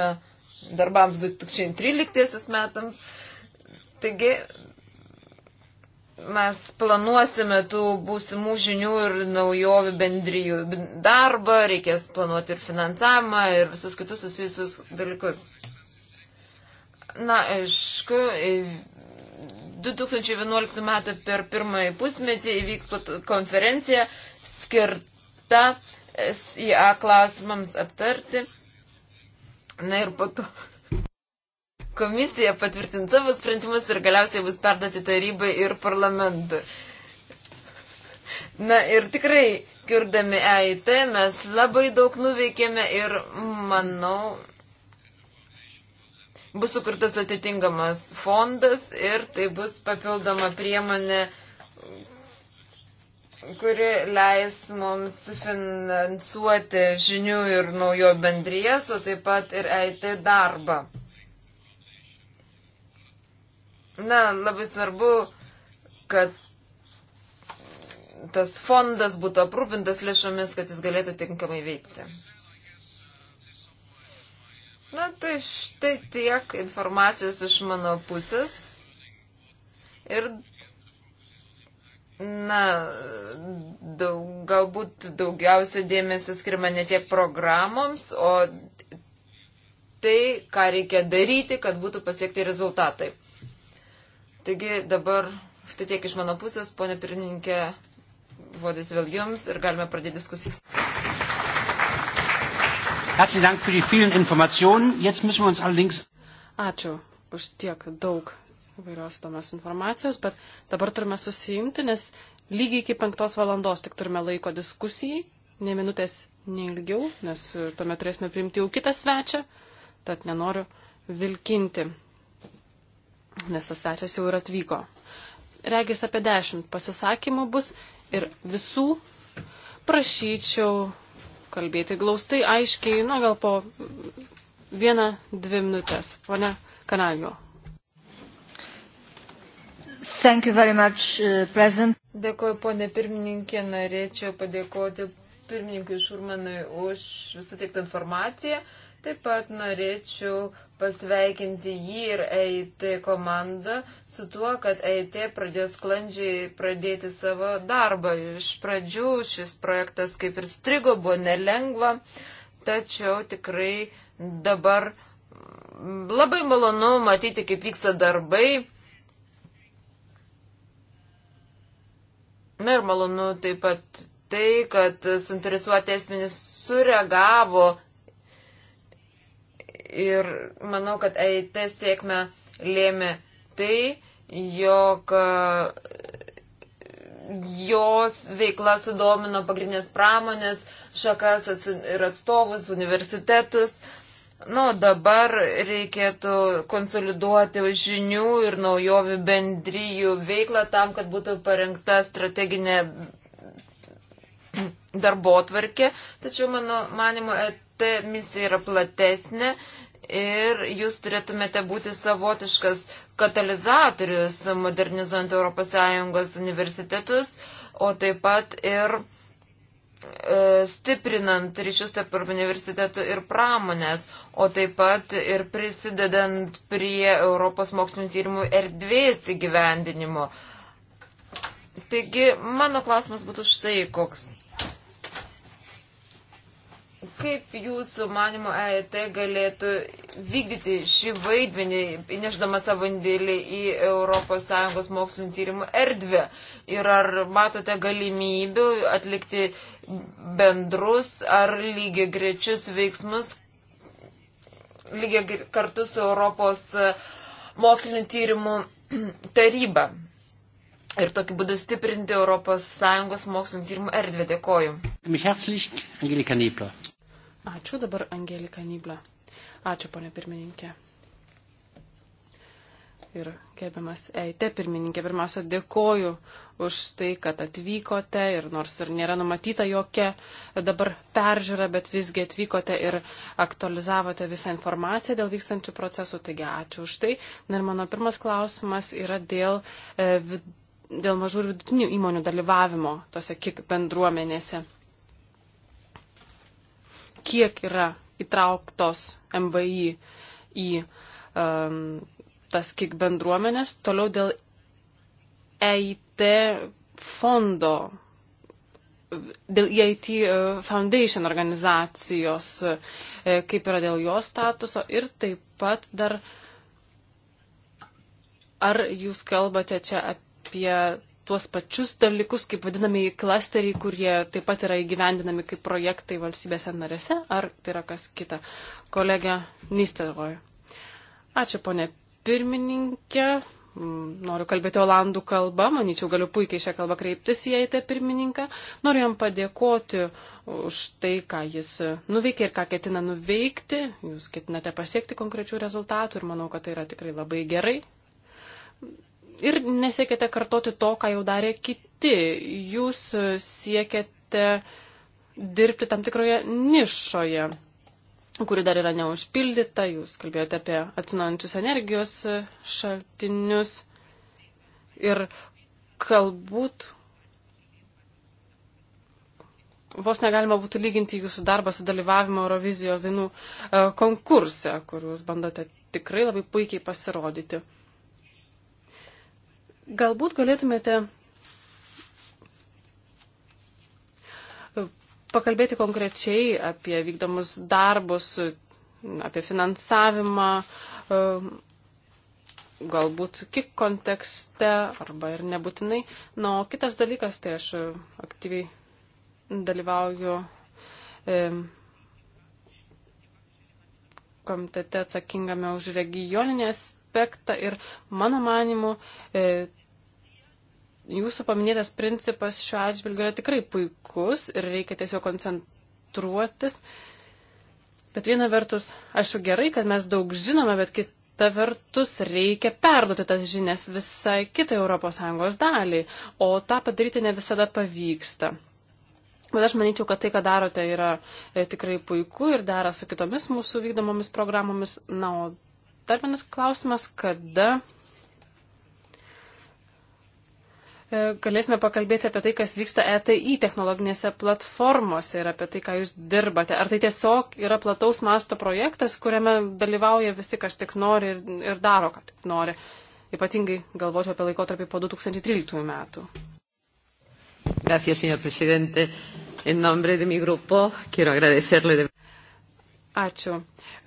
darbams 2013 metams. Taigi, mes planuosime tų būsimų žinių ir naujovių bendryjų darbą, reikės planuoti ir finansavimą ir visus kitus susijusius dalykus. Na, aišku, 2011 metų per pirmąjį pusmetį įvyks konferencija skirta SIA klausimams aptarti. Na ir po to komisija patvirtins savo sprendimus ir galiausiai bus perduoti tarybai ir parlamentui. Na ir tikrai, kirdami EIT, mes labai daug nuveikėme ir, manau, bus sukurtas atitinkamas fondas ir tai bus papildoma priemonė, kuri leis mums finansuoti žinių ir naujo bendrijas, o taip pat ir EIT darbą. Na, labai svarbu, kad tas fondas būtų aprūpintas lėšomis, kad jis galėtų tinkamai veikti. Na, tai štai tiek informacijos iš mano pusės. Ir, na, daug, galbūt daugiausia dėmesio skirma ne tiek programoms, o tai, ką reikia daryti, kad būtų pasiekti rezultatai. Taigi dabar štai tiek iš mano pusės, ponė pirmininkė, vodis vėl jums ir galime pradėti diskusijas. Ačiū už tiek daug įvairios įdomios informacijos, bet dabar turime susijimti, nes lygiai iki penktos valandos tik turime laiko diskusijai, ne minutės neilgiau, nes tuomet turėsime priimti jau kitą svečią, tad nenoriu vilkinti nes tas svečias jau ir atvyko. Regis apie dešimt pasisakymų bus ir visų prašyčiau kalbėti glaustai, aiškiai, na gal po vieną, dvi minutės. Pone Kanavio. Much, uh, Dėkuoju, ponė pirmininkė, norėčiau padėkoti pirmininkui Šurmanui už suteiktą informaciją. Uh, Taip pat norėčiau pasveikinti jį ir EIT komandą su tuo, kad EIT pradėjo sklandžiai pradėti savo darbą. Iš pradžių šis projektas kaip ir strigo, buvo nelengva, tačiau tikrai dabar labai malonu matyti, kaip vyksta darbai. Na ir malonu taip pat tai, kad suinteresuoti esminis sureagavo Ir manau, kad EIT sėkmę lėmė tai, jog e, jos veikla sudomino pagrindinės pramonės, šakas ir atstovus, universitetus. Nu, dabar reikėtų konsoliduoti žinių ir naujovių bendryjų veiklą tam, kad būtų parengta strateginė darbo tvarkė. Tačiau, mano manimo, e ta misija yra platesnė ir jūs turėtumėte būti savotiškas katalizatorius modernizuojant ES universitetus, o taip pat ir e, stiprinant ryšius tarp universitetų ir pramonės, o taip pat ir prisidedant prie Europos mokslinio tyrimų erdvės įgyvendinimo. Taigi, mano klausimas būtų štai koks. Kaip jūsų manimo EIT galėtų vykdyti šį vaidmenį, įneždama savo indėlį į ES mokslinio tyrimų erdvę? Ir ar matote galimybių atlikti bendrus ar lygiai grečius veiksmus, lygiai kartu su Europos mokslinio tyrimų taryba? ir tokiu būdu stiprinti ES mokslinio tyrimų erdvę. Dėkoju. Ačiū dabar Angelika Nybla. Ačiū, ponė pirmininkė. Ir gerbiamas Eite pirmininkė, pirmiausia, dėkoju už tai, kad atvykote ir nors ir nėra numatyta jokia dabar peržiūra, bet visgi atvykote ir aktualizavote visą informaciją dėl vykstančių procesų, taigi ačiū už tai. Na ir mano pirmas klausimas yra dėl, e, dėl mažų ir vidutinių įmonių dalyvavimo tose kiek bendruomenėse kiek yra įtrauktos MVI į um, tas kiek bendruomenės. Toliau dėl EIT fondo, dėl EIT uh, Foundation organizacijos, uh, kaip yra dėl jos statuso ir taip pat dar, ar jūs kalbate čia apie tuos pačius dalykus, kaip vadinamieji klasteriai, kurie taip pat yra įgyvendinami kaip projektai valstybėse narėse, ar tai yra kas kita. Kolegė Nisteroj. Ačiū, ponė pirmininkė. Noriu kalbėti olandų kalbą, manyčiau, galiu puikiai šią kalbą kreiptis į EIT pirmininką. Noriu jam padėkoti už tai, ką jis nuveikė ir ką ketina nuveikti. Jūs ketinate pasiekti konkrečių rezultatų ir manau, kad tai yra tikrai labai gerai ir nesiekėte kartoti to, ką jau darė kiti. Jūs siekėte dirbti tam tikroje nišoje, kuri dar yra neužpildyta. Jūs kalbėjote apie atsinaujančius energijos šaltinius ir galbūt vos negalima būtų lyginti jūsų darbą su dalyvavimu Eurovizijos dainų e, konkurse, kur jūs bandote tikrai labai puikiai pasirodyti. Galbūt galėtumėte e, pakalbėti konkrečiai apie vykdomus darbus, apie finansavimą, e, galbūt kiek kontekste arba ir nebūtinai. Na, o kitas dalykas, tai aš aktyviai dalyvauju e, komitete atsakingame už regioninį aspektą ir mano manimu jūsų paminėtas principas šiuo atžvilgiu yra tikrai puikus ir reikia tiesiog koncentruotis. Bet viena vertus, aišku, gerai, kad mes daug žinome, bet kita vertus reikia perduoti tas žinias visai kitai ES daliai, o tą padaryti ne visada pavyksta. Bet aš manyčiau, kad tai, ką darote, yra e, tikrai puiku ir dera su kitomis mūsų vykdomomis programomis. Na, o dar vienas klausimas, kada E, galėsime pakalbėti apie tai, kas vyksta ETI technologinėse platformose ir apie tai, ką jūs dirbate. Ar tai tiesiog yra plataus masto projektas, kuriame dalyvauja visi, kas tik nori ir, ir daro, ką tik nori. Ypatingai galvočiau apie laikotarpį po 2013 metų. Gracias, señor presidente. En nombre de mi grupo quiero agradecerle. De... Ačiū.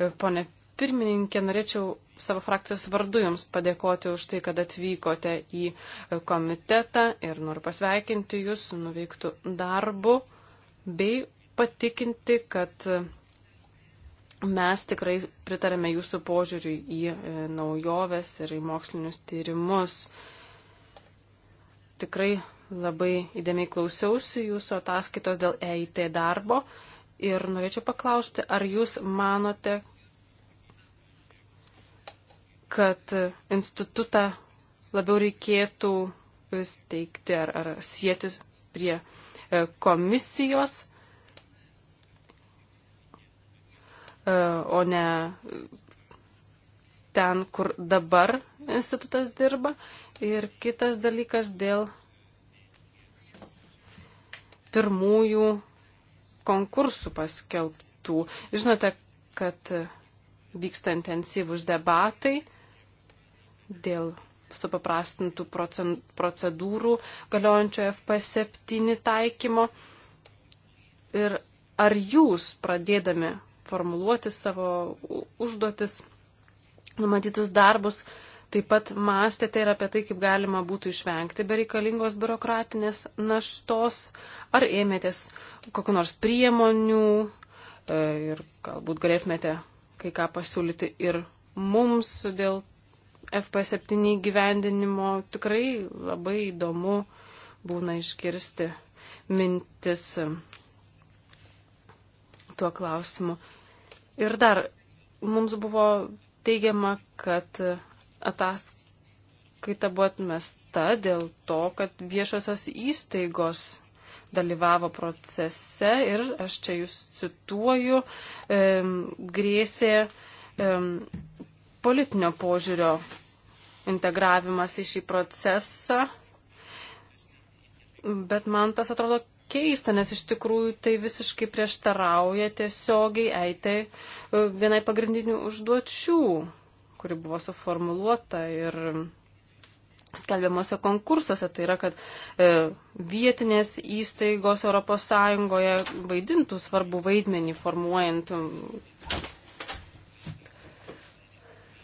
E, pone pirmininkė, norėčiau savo frakcijos vardu Jums padėkoti už tai, kad atvykote į komitetą ir noriu pasveikinti Jūs su nuveiktų darbu bei patikinti, kad mes tikrai pritarėme Jūsų požiūriui į e, naujoves ir į mokslinius tyrimus. Tikrai labai įdėmiai klausiausi Jūsų ataskaitos dėl EIT darbo ir norėčiau paklausti, ar Jūs manote, kad institutą labiau reikėtų steigti ar, ar sieti prie e, komisijos, e, o ne ten, kur dabar institutas dirba. Ir kitas dalykas dėl pirmųjų konkursų paskelbtų. Žinote, kad vyksta intensyvus debatai dėl supaprastintų procedūrų galiojančio FP7 taikymo. Ir ar jūs pradėdami formuluoti savo užduotis, numatytus darbus, taip pat mąstėte ir apie tai, kaip galima būtų išvengti bereikalingos biurokratinės naštos, ar ėmėtės kokiu nors priemonių e, ir galbūt galėtumėte kai ką pasiūlyti ir mums dėl FP7 gyvendinimo tikrai labai įdomu būna išgirsti mintis tuo klausimu. Ir dar mums buvo teigiama, kad ataskaita buvo atmesta dėl to, kad viešosios įstaigos dalyvavo procese ir aš čia jūs cituoju, e, grėsė e, politinio požiūrio integravimas į šį procesą. Bet man tas atrodo keista, nes iš tikrųjų tai visiškai prieštarauja tiesiogiai eitai e, vienai pagrindinių užduočių, kuri buvo suformuluota ir skelbiamuose konkursuose. Tai yra, kad e, vietinės įstaigos ES vaidintų svarbu vaidmenį formuojant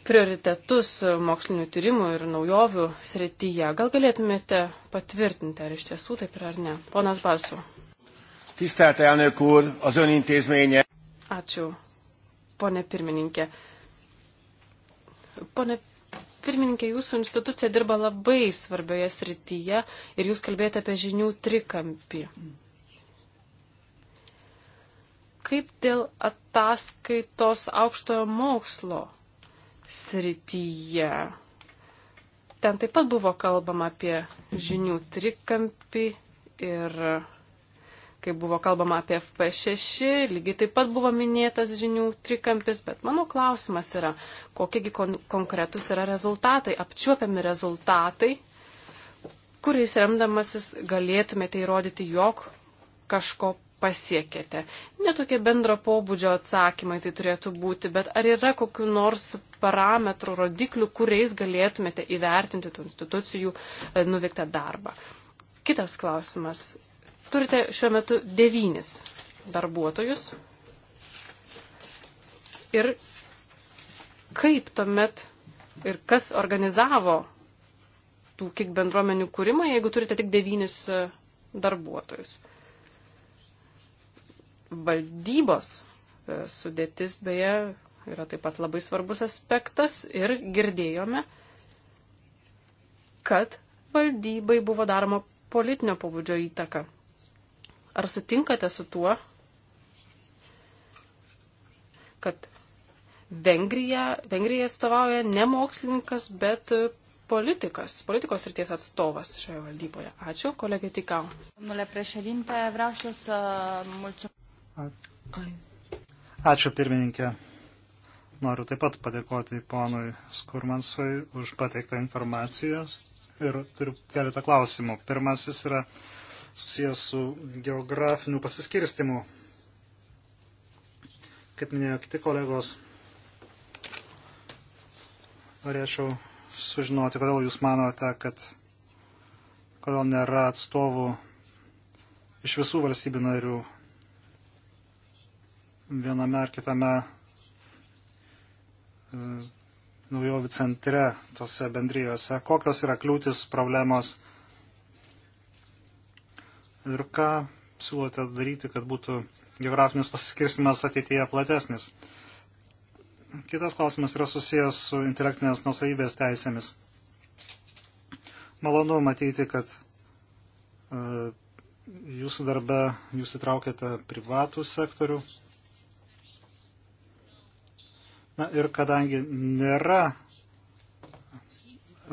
prioritetus mokslinių tyrimų ir naujovių srityje. Gal galėtumėte patvirtinti, ar iš tiesų taip yra ar ne? Ponas Basu. Tisztelt elnök úr, az ön intézménye. Ačiū, ponė pirmininkė. Pone pirmininkė, jūsų institucija dirba labai svarbioje srityje ir jūs kalbėjote apie žinių trikampį. Kaip dėl ataskaitos aukštojo mokslo srityje. Ten taip pat buvo kalbama apie žinių trikampį ir kai buvo kalbama apie FP6, lygiai taip pat buvo minėtas žinių trikampis, bet mano klausimas yra, kokiegi kon konkretus yra rezultatai, apčiuopiami rezultatai, kuriais remdamasis galėtumėte įrodyti, jog kažko pasiekėte. Netokie bendro pobūdžio atsakymai tai turėtų būti, bet ar yra kokiu nors parametrų, rodiklių, kuriais galėtumėte įvertinti tų institucijų e, nuveiktą darbą. Kitas klausimas. Turite šiuo metu devynis darbuotojus. Ir kaip tuomet ir kas organizavo tų kiek bendruomenių kūrimą, jeigu turite tik devynis e, darbuotojus. Valdybos e, sudėtis beje yra taip pat labai svarbus aspektas ir girdėjome, kad valdybai buvo daroma politinio pobūdžio įtaka. Ar sutinkate su tuo, kad Vengrija, Vengrija atstovauja ne mokslininkas, bet politikas, politikos ryties atstovas šioje valdyboje. Ačiū, kolegė Tikau. Ačiū, pirmininkė noriu taip pat padėkoti ponui Skurmansui už pateiktą informaciją ir turiu keletą klausimų. Pirmasis yra susijęs su geografiniu pasiskirstimu. Kaip minėjo kiti kolegos, norėčiau sužinoti, kodėl jūs manote, kad kodėl nėra atstovų iš visų valstybių narių viename ar kitame Mm, naujovių centre tose bendrijose, kokios yra kliūtis problemos ir ką siūlote daryti, kad būtų geografinis pasiskirstimas ateityje platesnis. Kitas klausimas yra susijęs su intelektinės nusavybės teisėmis. Malonu matyti, kad uh, jūsų darbe jūs įtraukėte privatų sektorių. Uh, Na ir kadangi nėra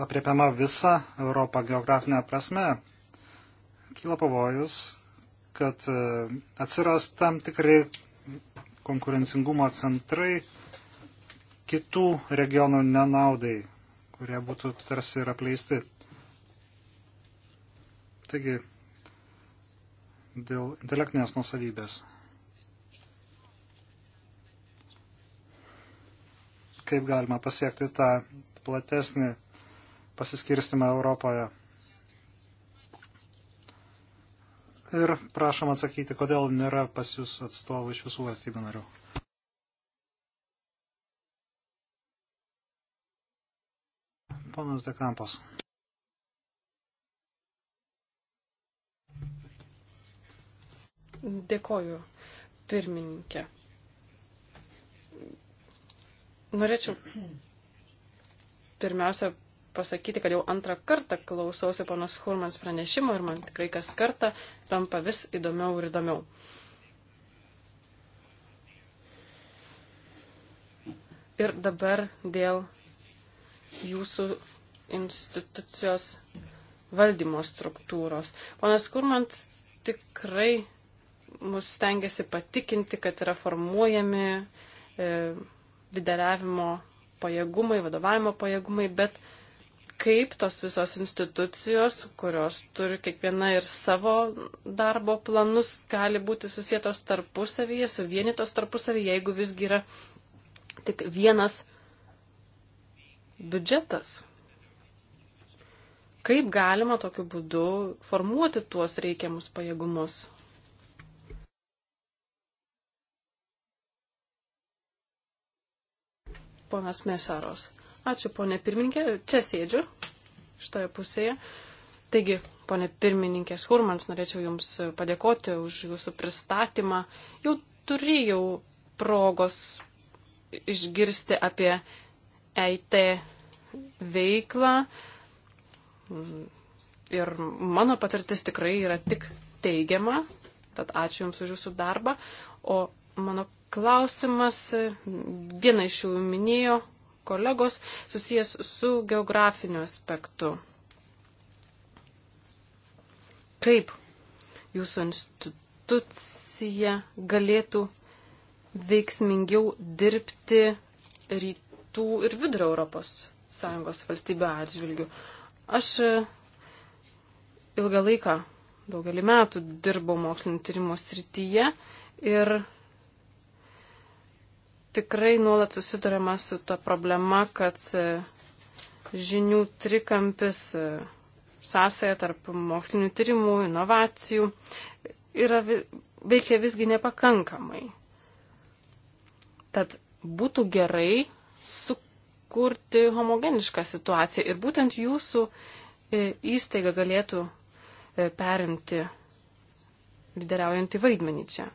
apriepiama visa Europa geografinė prasme, kyla pavojus, kad e, atsiras tam tikri konkurencingumo centrai kitų regionų nenaudai, kurie būtų tarsi ir apleisti. Taigi, dėl intelektinės nusavybės. kaip galima pasiekti tą platesnį pasiskirstimą Europoje. Ir prašom atsakyti, kodėl nėra pas jūs atstovų iš visų valstybių narių. Ponas Dekampos. Dėkoju, pirmininkė. Norėčiau pirmiausia pasakyti, kad jau antrą kartą klausausi panos Hurmans pranešimo ir man tikrai kas kartą tampa vis įdomiau ir įdomiau. Ir dabar dėl jūsų institucijos valdymo struktūros. Ponas Kurmans tikrai mus tengiasi patikinti, kad yra formuojami e, lyderiavimo pajėgumai, vadovavimo pajėgumai, bet kaip tos visos institucijos, kurios turi kiekviena ir savo darbo planus, gali būti susijėtos tarpusavyje, suvienytos tarpusavyje, jeigu visgi yra tik vienas biudžetas. Kaip galima tokiu būdu formuoti tuos reikiamus pajėgumus? ponas Mesaros. Ačiū, ponė pirmininkė. Čia sėdžiu, šitoje pusėje. Taigi, ponė pirmininkė Šurmans, norėčiau Jums padėkoti už Jūsų pristatymą. Jau turėjau progos išgirsti apie EIT veiklą. Ir mano patirtis tikrai yra tik teigiama, tad ačiū Jums už Jūsų darbą. O mano klausimas, viena iš jų minėjo kolegos, susijęs su geografiniu aspektu. Kaip jūsų institucija galėtų veiksmingiau dirbti rytų ir vidurio Europos Sąjungos valstybių atžvilgių. Aš e, ilgą laiką, daugelį metų dirbau mokslinio tyrimo srityje ir tikrai nuolat susidurima su ta problema, kad e, žinių trikampis e, sąsaja tarp mokslinių tyrimų, inovacijų yra, veikia visgi nepakankamai. Tad būtų gerai sukurti homogenišką situaciją ir būtent jūsų e, įstaiga galėtų perimti lyderiaujantį vaidmenį čia.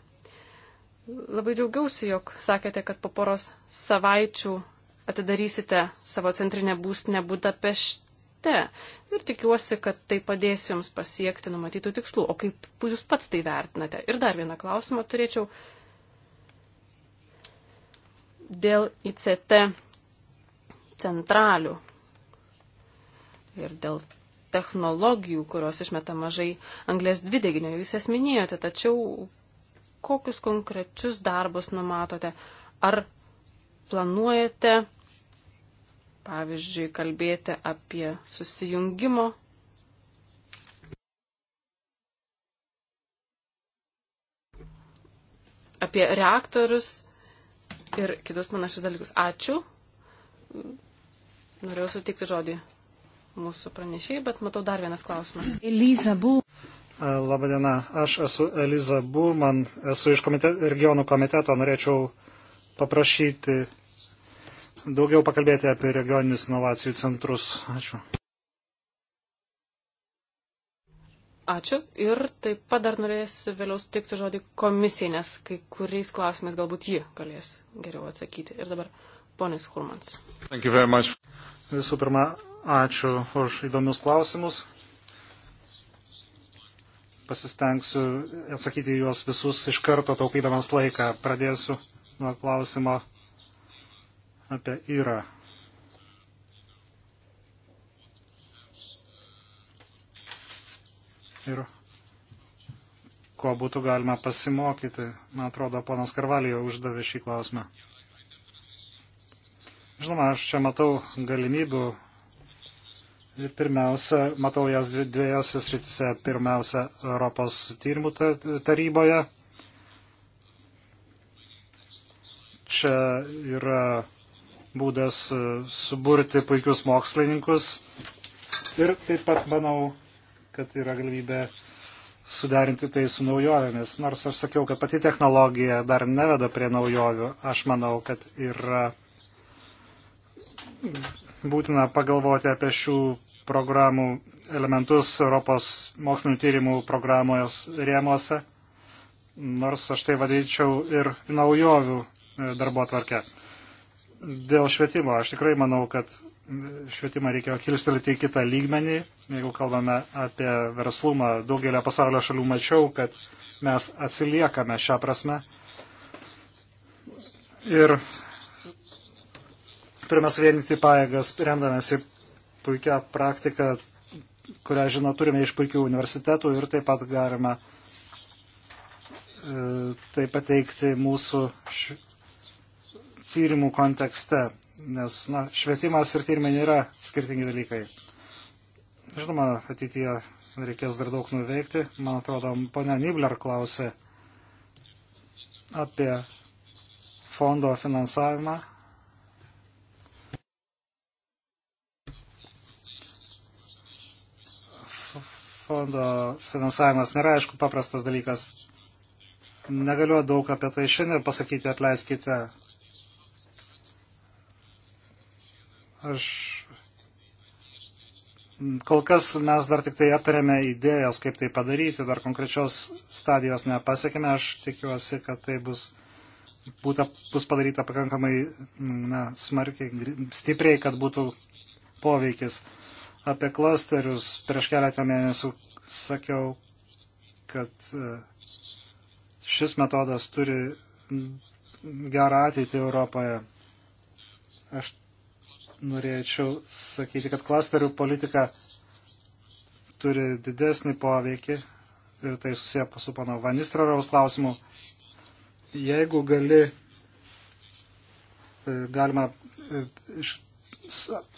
Labai džiaugiausi, jog sakėte, kad po poros savaičių atidarysite savo centrinę būstinę Budapešte. Ir tikiuosi, kad tai padės jums pasiekti numatytų tikslų. O kaip jūs pats tai vertinate? Ir dar vieną klausimą turėčiau dėl ICT centralių ir dėl technologijų, kurios išmeta mažai anglės dvideginio. Jūs jas minėjote, tačiau kokius konkrečius darbus numatote? Ar planuojate, pavyzdžiui, kalbėti apie susijungimo apie reaktorius ir kitus panašius dalykus. Ačiū. Norėjau sutikti žodį mūsų pranešėjai, bet matau dar vienas klausimas. Eliza, buvo. Labadiena, aš esu Eliza Burman, esu iš komite regionų komiteto, norėčiau paprašyti daugiau pakalbėti apie regioninius inovacijų centrus. Ačiū. Ačiū ir taip pat dar norėsiu vėliau sutikti žodį komisijai, nes kai kuriais klausimais galbūt ji galės geriau atsakyti. Ir dabar ponis Hurmans. Visų pirma, ačiū už įdomius klausimus pasistengsiu atsakyti juos visus iš karto, taupydamas laiką. Pradėsiu nuo klausimo apie įrą. Ir ko būtų galima pasimokyti. Man atrodo, ponas Karvalijo uždavė šį klausimą. Žinoma, aš čia matau galimybių Ir pirmiausia, matau jas dviejose sritise. Pirmiausia, Europos tyrimų taryboje. Čia yra būdas e, suburti puikius mokslininkus. Ir taip pat manau, kad yra galimybė suderinti tai su naujovėmis. Nors aš sakiau, kad pati technologija dar neveda prie naujovių. Aš manau, kad yra būtina pagalvoti apie šių programų elementus Europos mokslinių tyrimų programos rėmuose, nors aš tai vadinčiau ir naujovių e, darbo tvarkę. Dėl švietimo aš tikrai manau, kad švietimą reikia kilstelti į kitą lygmenį. Jeigu kalbame apie verslumą, daugelio pasaulio šalių mačiau, kad mes atsiliekame šią prasme. Ir turime suvienyti pajėgas, remdamėsi puikia praktika, kurią, žinau, turime iš puikių universitetų ir taip pat galime tai pateikti mūsų š... tyrimų kontekste, nes na, švietimas ir tyrimai nėra skirtingi dalykai. Žinoma, ateityje reikės dar daug nuveikti. Man atrodo, ponia Nibler klausė apie fondo finansavimą fondo finansavimas nėra, aišku, paprastas dalykas. Negaliu daug apie tai šiandien pasakyti, atleiskite. Aš Kol kas mes dar tik tai aptarėme idėjos, kaip tai padaryti, dar konkrečios stadijos nepasiekime. Aš tikiuosi, kad tai bus, būta, bus padaryta pakankamai na, smarkiai, stipriai, kad būtų poveikis. Apie klasterius prieš keletą mėnesių sakiau, kad e, šis metodas turi gerą ateitį Europoje. Aš norėčiau sakyti, kad klasterių politika turi didesnį poveikį ir tai susiję su pano Vanistraraus klausimu. Jeigu gali, e, galima e,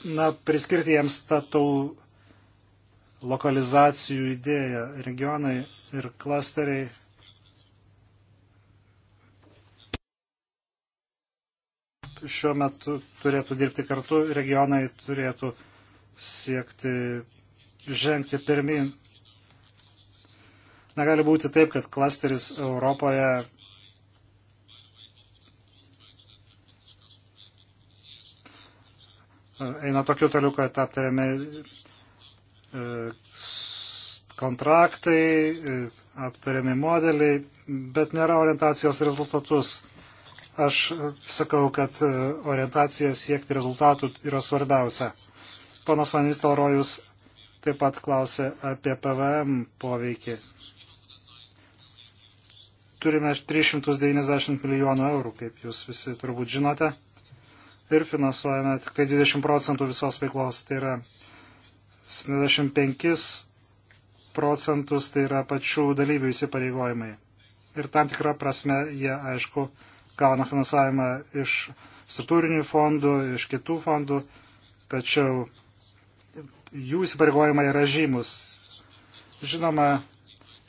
na, priskirti jiems tą tau lokalizacijų idėją, regionai ir klasteriai. Šiuo metu turėtų dirbti kartu, regionai turėtų siekti žengti pirmin. Negali būti taip, kad klasteris Europoje eina tokiu toliu, kad aptariami kontraktai, aptariami modeliai, bet nėra orientacijos rezultatus. Aš sakau, kad orientacija siekti rezultatų yra svarbiausia. Ponas Vanis Talrojus taip pat klausė apie PVM poveikį. Turime 390 milijonų eurų, kaip jūs visi turbūt žinote ir finansuojame tik tai 20 procentų visos veiklos, tai yra 75 procentus, tai yra pačių dalyvių įsipareigojimai. Ir tam tikrą prasme jie, aišku, gauna finansavimą iš struktūrinių fondų, iš kitų fondų, tačiau jų įsipareigojimai yra žymus. Žinoma,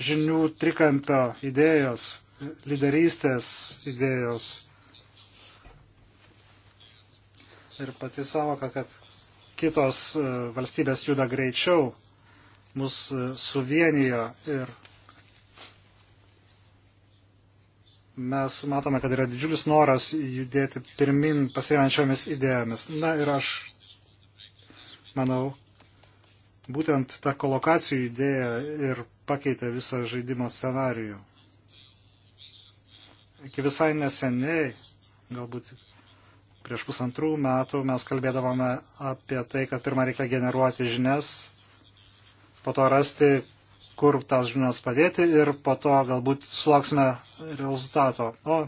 žinių trikampio idėjos, lyderystės idėjos ir pati savoka, kad kitos e, valstybės juda greičiau, mus e, suvienijo ir mes matome, kad yra didžiulis noras judėti pirmin pasiremiančiomis idėjomis. Na ir aš manau, būtent ta kolokacijų idėja ir pakeitė visą žaidimo scenarijų. Iki visai neseniai, galbūt Prieš pusantrų metų mes kalbėdavome apie tai, kad pirmą reikia generuoti žinias, po to rasti, kur tas žinias padėti ir po to galbūt sulauksime rezultato. O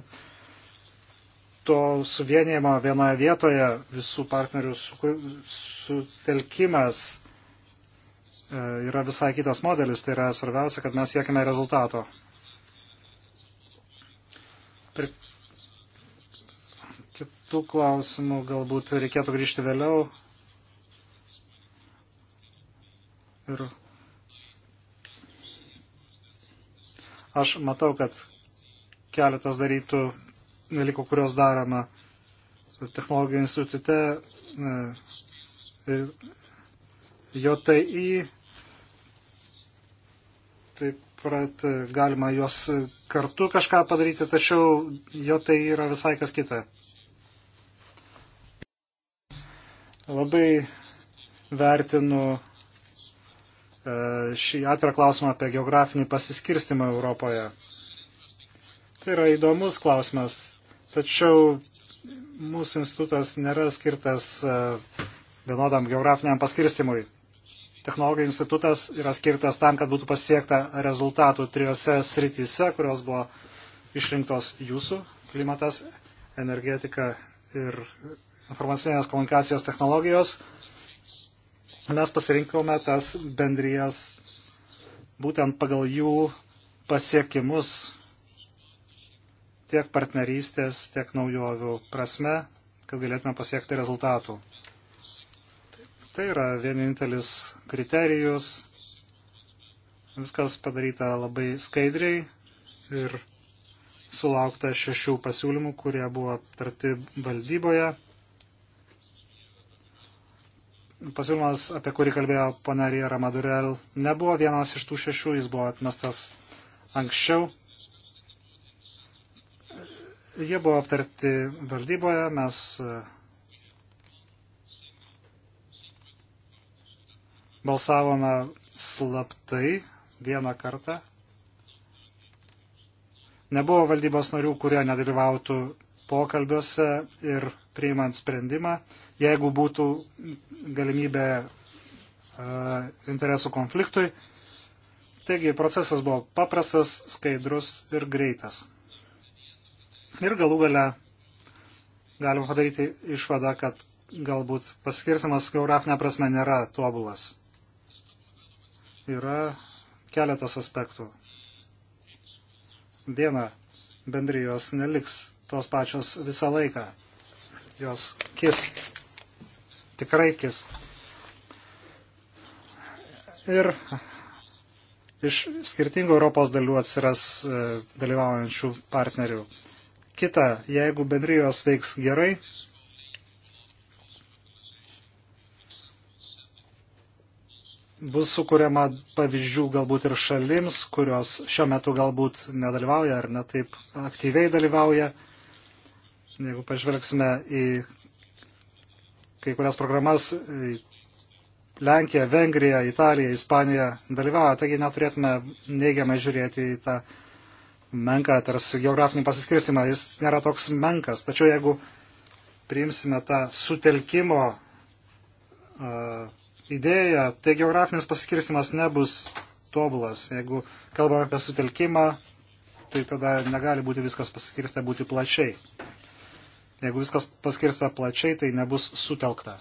to suvienijimo vienoje vietoje visų partnerių sutelkimas e, yra visai kitas modelis. Tai yra svarbiausia, kad mes siekime rezultato kitų klausimų galbūt reikėtų grįžti vėliau. Ir aš matau, kad keletas darytų dalykų, kurios daroma technologijų institute e, ir JTI. Taip pat e, galima juos kartu kažką padaryti, tačiau JTI yra visai kas kita. Labai vertinu e, šį atvirą klausimą apie geografinį pasiskirstimą Europoje. Tai yra įdomus klausimas, tačiau mūsų institutas nėra skirtas e, vienodam geografiniam paskirstimui. Technologijų institutas yra skirtas tam, kad būtų pasiekta rezultatų trijose srityse, kurios buvo išrinktos jūsų - klimatas, energetika ir informacinės komunikacijos technologijos, mes pasirinkome tas bendrijas būtent pagal jų pasiekimus tiek partnerystės, tiek naujovių prasme, kad galėtume pasiekti rezultatų. Tai yra vienintelis kriterijus. Viskas padaryta labai skaidriai ir sulaukta šešių pasiūlymų, kurie buvo aptarti valdyboje pasiūlymas, apie kurį kalbėjo ponarija Ramadurel, nebuvo vienas iš tų šešių, jis buvo atmestas anksčiau. Jie buvo aptarti valdyboje, mes e, balsavome slaptai vieną kartą. Nebuvo valdybos narių, kurie nedalyvautų pokalbiuose ir priimant sprendimą, jeigu būtų galimybę e, interesų konfliktui. Taigi procesas buvo paprastas, skaidrus ir greitas. Ir galų gale galima padaryti išvadą, kad galbūt paskirtimas geografinė prasme nėra tobulas. Yra keletas aspektų. Viena, bendrijos neliks tos pačios visą laiką. Jos kis tikraikis. Ir iš skirtingų Europos dalių atsiras e, dalyvaujančių partnerių. Kita, jeigu bendrijos veiks gerai, bus sukūriama pavyzdžių galbūt ir šalims, kurios šiuo metu galbūt nedalyvauja ar netaip aktyviai dalyvauja. Jeigu pažvelgsime į kai kurias programas e, Lenkija, Vengrija, Italija, Ispanija dalyvavo, taigi neturėtume neigiamai žiūrėti į tą menką tarsi geografinį pasiskirstimą, jis nėra toks menkas. Tačiau jeigu priimsime tą sutelkimo uh, idėją, tai geografinis pasiskirstimas nebus tobulas. Jeigu kalbame apie sutelkimą, tai tada negali būti viskas pasiskirstę būti plačiai. Jeigu viskas paskirsta plačiai, tai nebus sutelkta.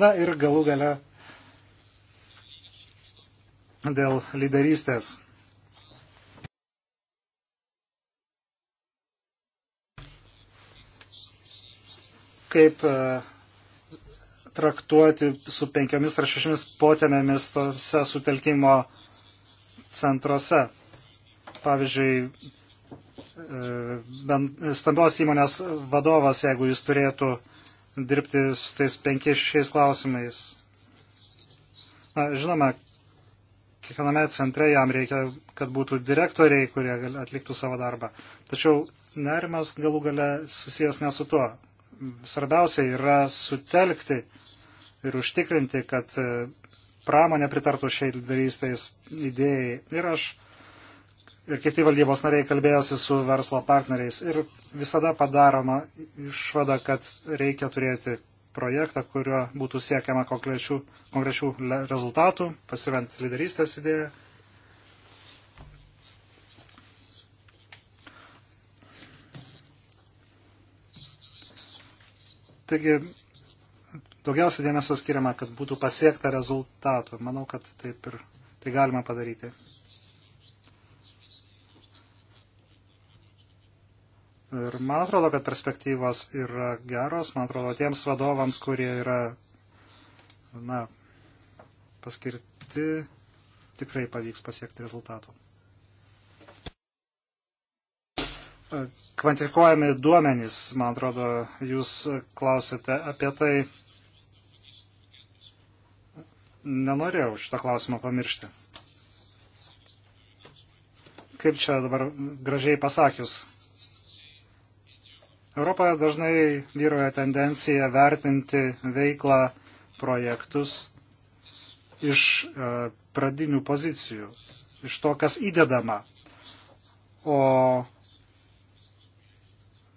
Na ir galų gale dėl lyderystės. Kaip e, traktuoti su penkiomis ar šešimis potėmėmis tose sutelkimo centruose. Pavyzdžiui, stambios įmonės vadovas, jeigu jis turėtų dirbti su tais penkiais šiais klausimais. Na, žinoma, kiekviename centre jam reikia, kad būtų direktoriai, kurie atliktų savo darbą. Tačiau nerimas galų gale susijęs ne su tuo. Svarbiausia yra sutelkti ir užtikrinti, kad e, pramonė pritartų šiai lyderystės idėjai. Ir aš ir kiti valdybos nariai kalbėjosi su verslo partneriais ir visada padaroma išvada, kad reikia turėti projektą, kuriuo būtų siekiama konkrečių, konkrečių rezultatų, pasirant lyderystės idėją. Taigi, daugiausia dėmesio skiriama, kad būtų pasiekta rezultatų. Manau, kad taip ir tai galima padaryti. Ir man atrodo, kad perspektyvos yra geros, man atrodo, tiems vadovams, kurie yra, na, paskirti, tikrai pavyks pasiekti rezultatų. Kvantifikuojami duomenys, man atrodo, jūs klausėte apie tai. Nenorėjau šitą klausimą pamiršti. Kaip čia dabar gražiai pasakius, Europoje dažnai vyroja tendencija vertinti veiklą projektus iš e, pradinių pozicijų, iš to, kas įdedama. O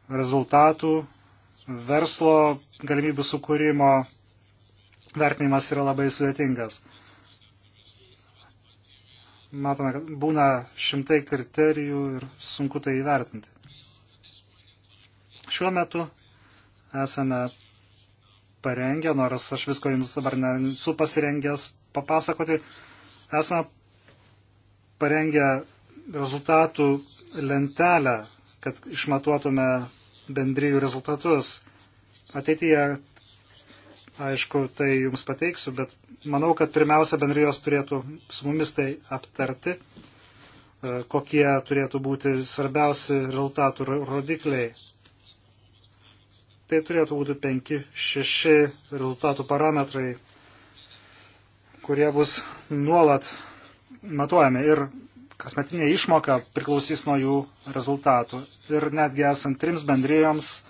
rezultatų, verslo galimybių sukūrimo vertinimas yra labai sudėtingas. Matome, kad būna šimtai kriterijų ir sunku tai įvertinti. Šiuo metu esame parengę, nors aš visko jums dabar nesu pasirengęs papasakoti, esame parengę rezultatų lentelę, kad išmatuotume bendryjų rezultatus. Ateityje, aišku, tai jums pateiksiu, bet manau, kad pirmiausia bendrijos turėtų su mumis tai aptarti, e, kokie turėtų būti svarbiausi rezultatų rodikliai tai turėtų būti 5-6 rezultatų parametrai, kurie bus nuolat matuojami ir kasmetinė išmoka priklausys nuo jų rezultatų. Ir netgi esant trims bendrijoms, e,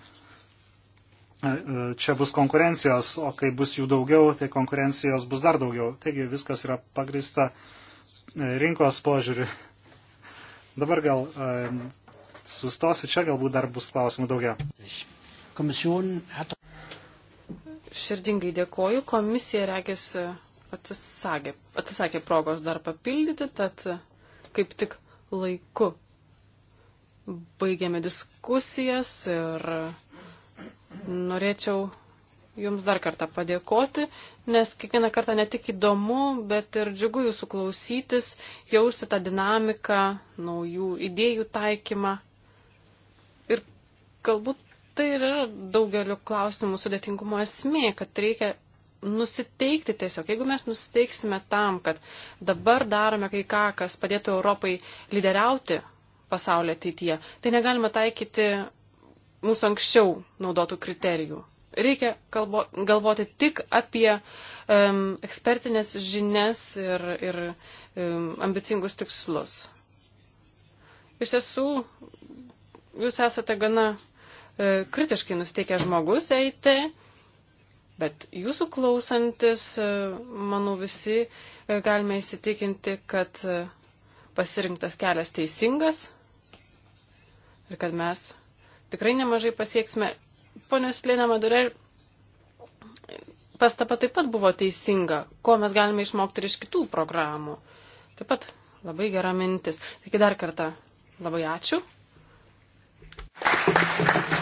e, čia bus konkurencijos, o kai bus jų daugiau, tai konkurencijos bus dar daugiau. Taigi viskas yra pagrista e, rinkos požiūriu. Dabar gal sustosiu čia, galbūt dar bus klausimų daugiau. Širdingai dėkoju. Komisija regis atsisakė, atsisakė progos dar papildyti, tad kaip tik laiku baigėme diskusijas ir norėčiau Jums dar kartą padėkoti, nes kiekvieną kartą ne tik įdomu, bet ir džiugu Jūsų klausytis, jausti tą dinamiką, naujų idėjų taikymą. Ir galbūt tai ir yra daugeliu klausimų sudėtingumo esmė, kad reikia nusiteikti tiesiog. Jeigu mes nusiteiksime tam, kad dabar darome kai ką, kas padėtų Europai lyderiauti pasaulio ateityje, tai negalime taikyti mūsų anksčiau naudotų kriterijų. Reikia kalbo, galvoti tik apie um, ekspertinės žinias ir, ir um, ambicingus tikslus. Iš tiesų, jūs esate gana E, kritiškai nusteikęs žmogus eiti, bet jūsų klausantis, e, manau, visi e, galime įsitikinti, kad pasirinktas kelias teisingas ir kad mes tikrai nemažai pasieksime. Pone Slėna Madurė, pastaba taip pat buvo teisinga, ko mes galime išmokti ir iš kitų programų. Taip pat labai gera mintis. Taigi dar kartą labai ačiū. Thank you.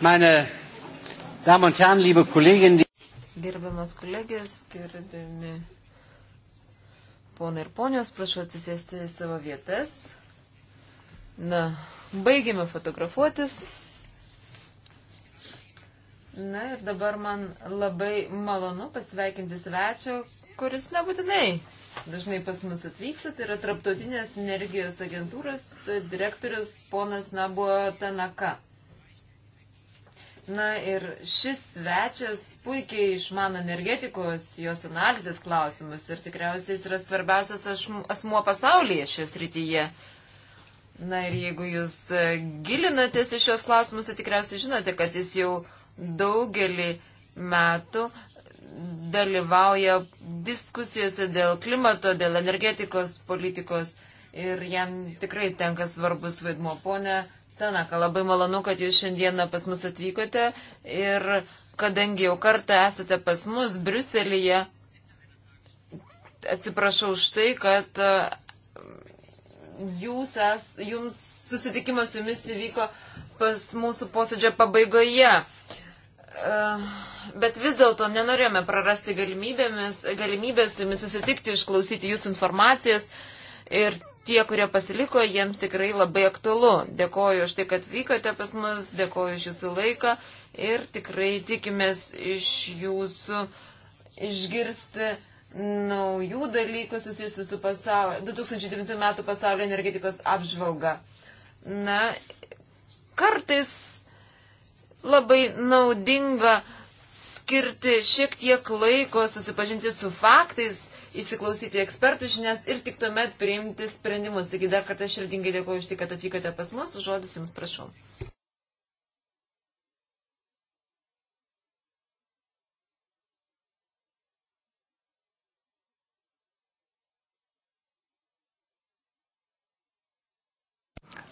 Meine Damen und Herren, liebe Kolleginnen, Gerbiamas kolegės, gerbiami ponai ir ponios, prašau atsisėsti į savo vietas. Na, baigėme fotografuotis. Na ir dabar man labai malonu pasveikinti svečio, kuris nebūtinai dažnai pas mus atvyksta, tai yra Traptautinės energijos agentūros direktorius ponas Nabuo Tanaka. Na ir šis svečias puikiai išmano energetikos, jos analizės klausimus ir tikriausiai jis yra svarbiausias asmuo pasaulyje šios rytyje. Na ir jeigu jūs e, gilinatės į šios klausimus, tai tikriausiai žinote, kad jis jau daugelį metų dalyvauja diskusijose dėl klimato, dėl energetikos politikos ir jam tikrai tenka svarbus vaidmo. Pone Tanaka, labai malonu, kad jūs šiandieną pas mus atvykote ir kadangi jau kartą esate pas mus Briuselėje, atsiprašau už tai, kad e, jūs es, jums susitikimas su jumis įvyko pas mūsų posėdžio pabaigoje. E, bet vis dėlto nenorėjome prarasti galimybės su jumis susitikti, išklausyti jūsų informacijos ir tie, kurie pasiliko, jiems tikrai labai aktualu. Dėkoju už tai, kad vykote pas mus, dėkoju už jūsų laiką ir tikrai tikimės iš jūsų išgirsti naujų dalykų susijusių su pasaulio, 2009 metų pasaulio energetikos apžvalga. Na, kartais labai naudinga skirti šiek tiek laiko susipažinti su faktais, įsiklausyti ekspertų žinias ir tik tuomet priimti sprendimus. Taigi dar kartą širdingai dėkuoju už tai, kad atvykote pas mus. Žodis Jums prašau.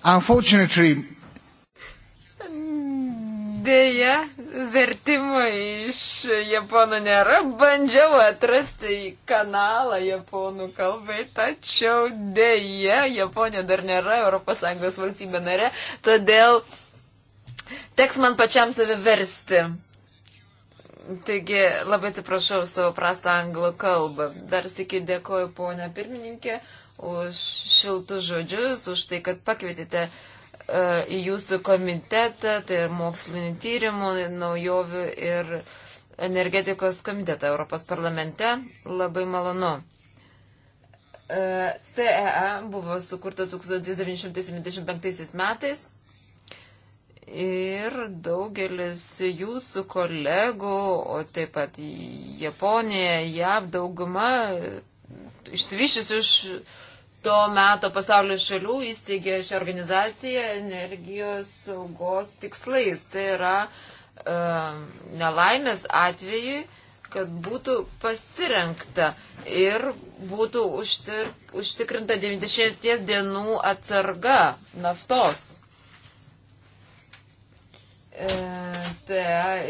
Unfortunately, Deja, vertimo iš japonų nėra. Bandžiau atrasti kanalą japonų kalbai, tačiau deja, Japonija dar nėra ES valstybė narė, todėl teks man pačiam save versti. Taigi, labai atsiprašau už savo prastą anglų kalbą. Dar sėkiai dėkoju ponia pirmininkė už šiltus žodžius, už tai, kad pakvietėte uh, E, į jūsų komitetą, tai ir mokslinių tyrimų, naujovių ir energetikos komitetą Europos parlamente. Labai malonu. E, TEA buvo sukurta 1975 metais ir daugelis jūsų kolegų, o taip pat Japonija, JAV dauguma išsivyščiusių iš to meto pasaulio šalių įsteigė šią organizaciją energijos saugos tikslais. Tai yra e, nelaimės atvejui, kad būtų pasirenkta ir būtų užtir, užtikrinta 90 dienų atsarga naftos. E, tai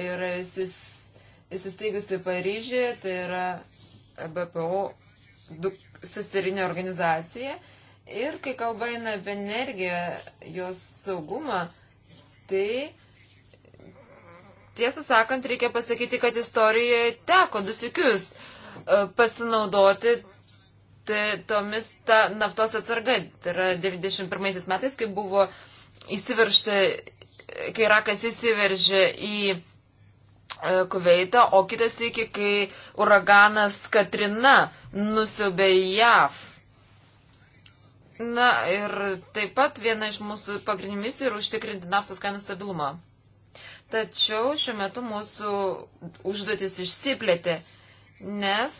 yra įsis, įsisteigusi Paryžiuje, tai yra BPO suserinė organizacija. Ir kai kalba eina apie energiją, jos saugumą, tai tiesą sakant, reikia pasakyti, kad istorijoje teko dusikius e, pasinaudoti tomis ta naftos atsarga. Tai yra 91 metais, kai buvo įsiveržta, kai Irakas įsiveržė į E, Kuveitą, o kitas iki, kai uraganas Katrina nusibė JAV. Na ir taip pat viena iš mūsų pagrindimis ir užtikrinti naftos kainų stabilumą. Tačiau šiuo metu mūsų užduotis išsiplėtė, nes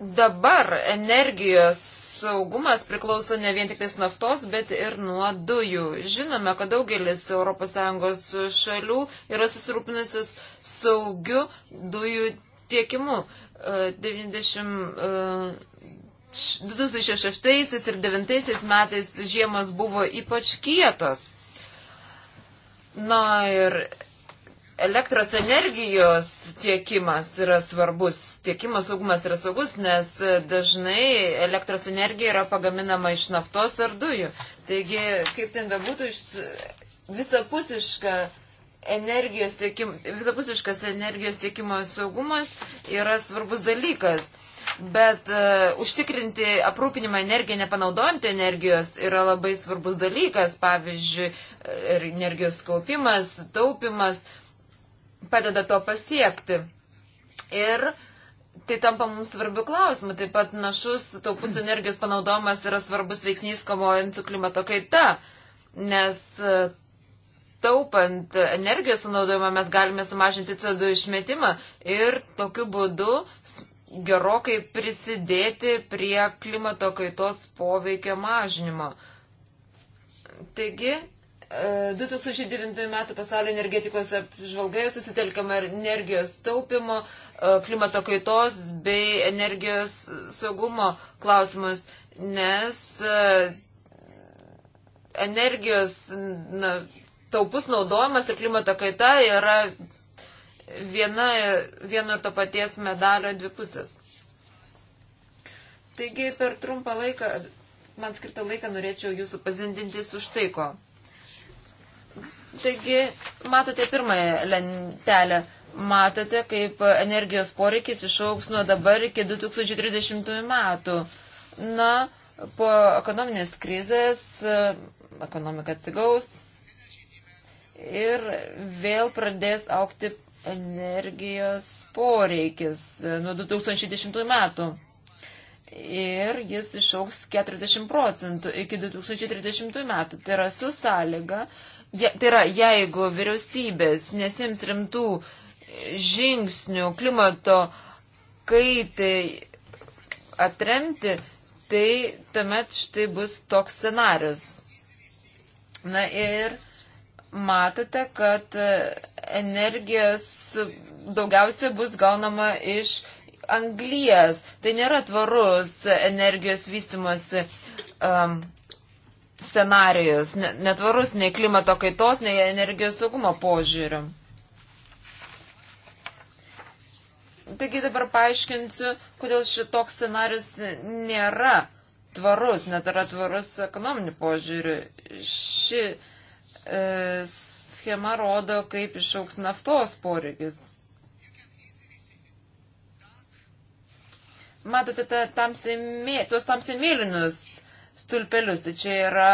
dabar energijos saugumas priklauso ne vien tik tais naftos, bet ir nuo dujų. Žinome, kad daugelis ES šalių yra susirūpinusios saugiu dujų tiekimu. 90, e, 2006 e, ir 2009 metais žiemos buvo ypač kietos. Na ir elektros energijos tiekimas yra svarbus, tiekimo saugumas yra saugus, nes dažnai elektros energija yra pagaminama iš naftos ar dujų. Taigi, kaip ten bebūtų, visapusiška energijos tiekim, visapusiškas energijos tiekimo saugumas yra svarbus dalykas. Bet uh, užtikrinti aprūpinimą energiją, nepanaudojant energijos, yra labai svarbus dalykas, pavyzdžiui, e, energijos kaupimas, taupimas. Uh, padeda to pasiekti. Ir tai tampa mums svarbių klausimų. Taip pat našus taupus energijos panaudojimas yra svarbus veiksnys kovojant su klimato kaita, nes e, taupant energijos sunaudojimą mes galime sumažinti CO2 išmetimą ir tokiu būdu gerokai prisidėti prie klimato kaitos poveikio mažinimo. Taigi, 2009 m. pasaulio energetikos apžvalgoje susitelkama energijos taupimo, e, klimato kaitos bei energijos saugumo klausimus, nes e, energijos na, taupus naudojimas ir klimato kaita yra viena, vieno to paties medalio dvi pusės. Taigi per trumpą laiką, man skirtą laiką norėčiau jūsų pazindinti su štai ko. Taigi, matote pirmąją lentelę. Matote, kaip energijos poreikis išauks nuo dabar iki 2030 metų. Na, po ekonominės krizės ekonomika atsigaus ir vėl pradės aukti energijos poreikis nuo 2010 metų. Ir jis išauks 40 procentų iki 2030 metų. Tai yra su sąlyga, Je, tai yra, jeigu vyriausybės nesims rimtų žingsnių klimato kaitai atremti, tai tuomet štai bus toks scenarius. Na ir matote, kad energijos daugiausia bus gaunama iš anglijas. Tai nėra tvarus energijos vystimosi um, scenarijus, netvarus nei klimato kaitos, nei energijos saugumo požiūrių. Taigi dabar paaiškinsiu, kodėl šitoks scenarius nėra tvarus, net yra tvarus ekonominių požiūrių. Ši e, schema rodo, kaip išauks naftos poreikis. Matote ta, tamsimė, tuos tamsimėlinius stulpelius. Tai čia yra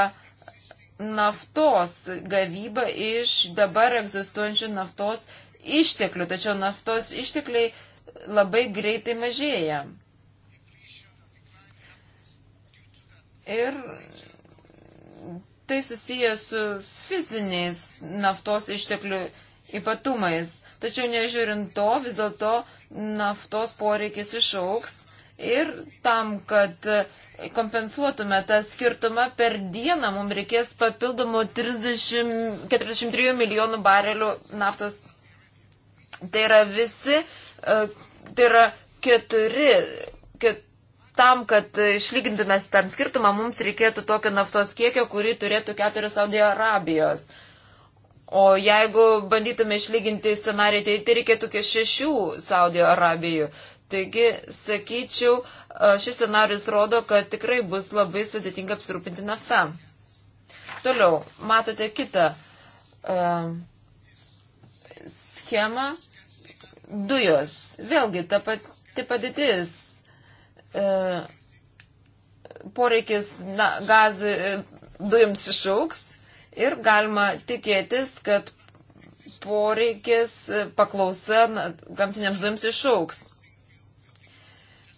naftos gavyba iš dabar egzistuojančių naftos išteklių, tačiau naftos ištekliai labai greitai mažėja. Ir tai susijęs su fiziniais naftos išteklių ypatumais. Tačiau nežiūrint to, vis dėlto naftos poreikis išauks Ir tam, kad kompensuotume tą skirtumą per dieną, mums reikės papildomų 30, 43 milijonų barelių naftos. Tai yra visi, e, tai yra keturi, ket, tam, kad išlygintume tam skirtumą, mums reikėtų tokio naftos kiekio, kurį turėtų keturios Saudio Arabijos. O jeigu bandytume išlyginti scenarijų, tai, tai reikėtų iki šešių Saudio Arabijų. Taigi, sakyčiau, šis scenarius rodo, kad tikrai bus labai sudėtinga apsirūpinti naftą. Toliau, matote kitą uh, schemą. Dujos. Vėlgi, ta pati padėtis. Uh, poreikis na, gazui, e, dujams išauks ir galima tikėtis, kad poreikis e, paklausa na, gamtiniams dujams išauks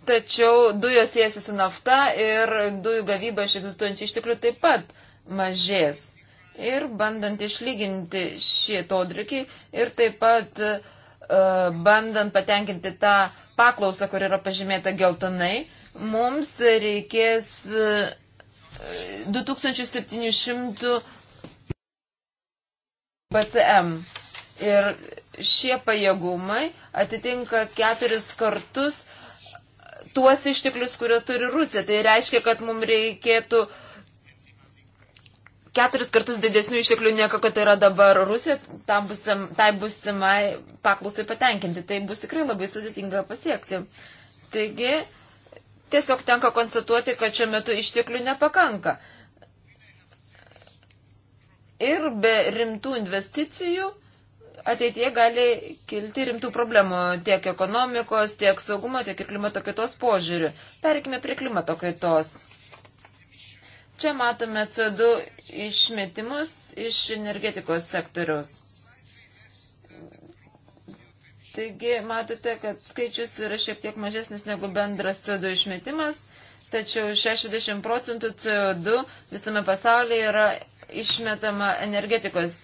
tačiau dujos siejasi su nafta ir dujų gavyba iš egzistuojančių išteklių taip pat mažės. Ir bandant išlyginti šį todrikį ir taip pat uh, bandant patenkinti tą paklausą, kur yra pažymėta geltonai, mums reikės 2700 e, PCM. Ir šie pajėgumai atitinka keturis kartus uh, tuos išteklius, kurio turi Rusija. Tai reiškia, kad mums reikėtų keturis kartus didesnių išteklių, negu kad tai yra dabar Rusija, tam busim, tai busimai paklusai patenkinti. Tai bus tikrai labai sudėtinga pasiekti. Taigi, tiesiog tenka konstatuoti, kad šiuo metu išteklių nepakanka. Ir be rimtų investicijų ateitie gali kilti rimtų problemų tiek ekonomikos, tiek saugumo, tiek ir klimato kaitos požiūrių. Perkime prie klimato kaitos. Čia matome CO2 išmetimus iš energetikos sektoriaus. Taigi matote, kad skaičius yra šiek tiek mažesnis negu bendras CO2 išmetimas, tačiau 60 procentų CO2 visame pasaulyje yra išmetama energetikos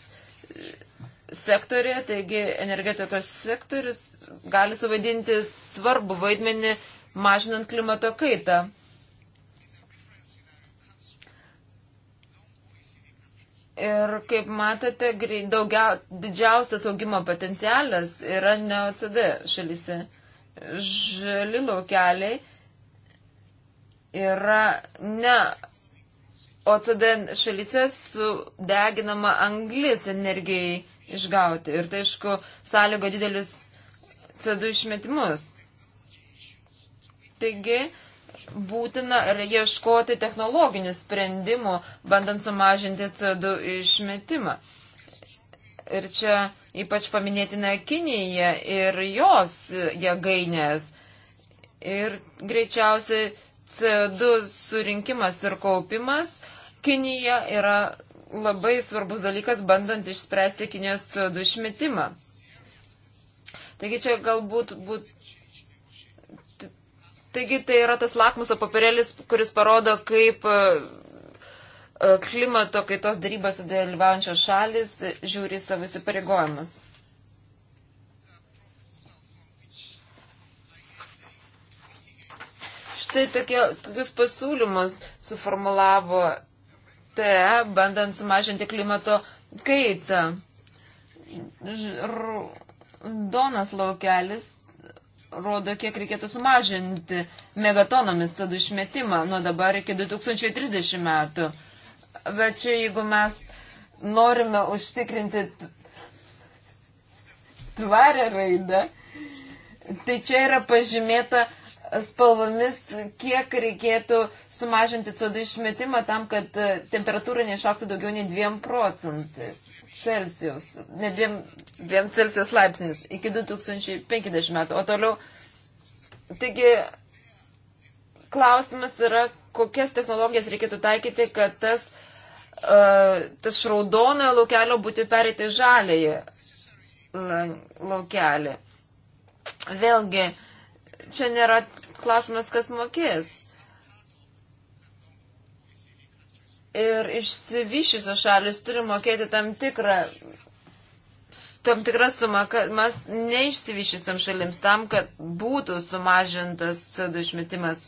sektorėje, taigi energetikos sektorius gali suvaidinti svarbu vaidmenį mažinant klimato kaitą. Ir kaip matote, daugia, didžiausias augimo potencialas yra ne OCD šalyse. Žali laukeliai yra ne OCD šalyse sudeginama anglis energijai išgauti. Ir tai, aišku, sąlygo didelius CO2 išmetimus. Taigi, būtina ieškoti technologinių sprendimų, bandant sumažinti CO2 išmetimą. Ir čia ypač paminėtina Kinija ir jos jėgainės. Ir greičiausiai CO2 surinkimas ir kaupimas Kinija yra labai svarbus dalykas, bandant išspręsti Kinijos CO2 išmetimą. Taigi čia galbūt būtų. Taigi tai yra tas lakmuso papirėlis, kuris parodo, kaip e, e, klimato kaitos darybose dalyvaujančios šalis žiūri savo įsipareigojimus. Štai tokie, tokius pasiūlymus suformulavo STE, bandant sumažinti klimato kaitą. Donas laukelis rodo, kiek reikėtų sumažinti megatonomis CO2 išmetimą nuo dabar iki 2030 metų. Bet čia jeigu mes norime užtikrinti tvarę raidą, tai čia yra pažymėta spalvomis, kiek reikėtų sumažinti CO2 išmetimą tam, kad e, temperatūra neišauktų daugiau nei 2 procentais. Celsius, ne 2, 2 Celsius laipsnis iki 2050 metų. O toliau, taigi, klausimas yra, kokias technologijas reikėtų taikyti, kad tas, uh, tas raudonojo laukelio būtų pereiti žalėje laukelį. Vėlgi, čia nėra klausimas, kas mokės. ir išsivyšusios šalis turi mokėti tam tikrą tam tikrą sumą, kad mes neišsivyšysiam šalims tam, kad būtų sumažintas CO2 išmetimas.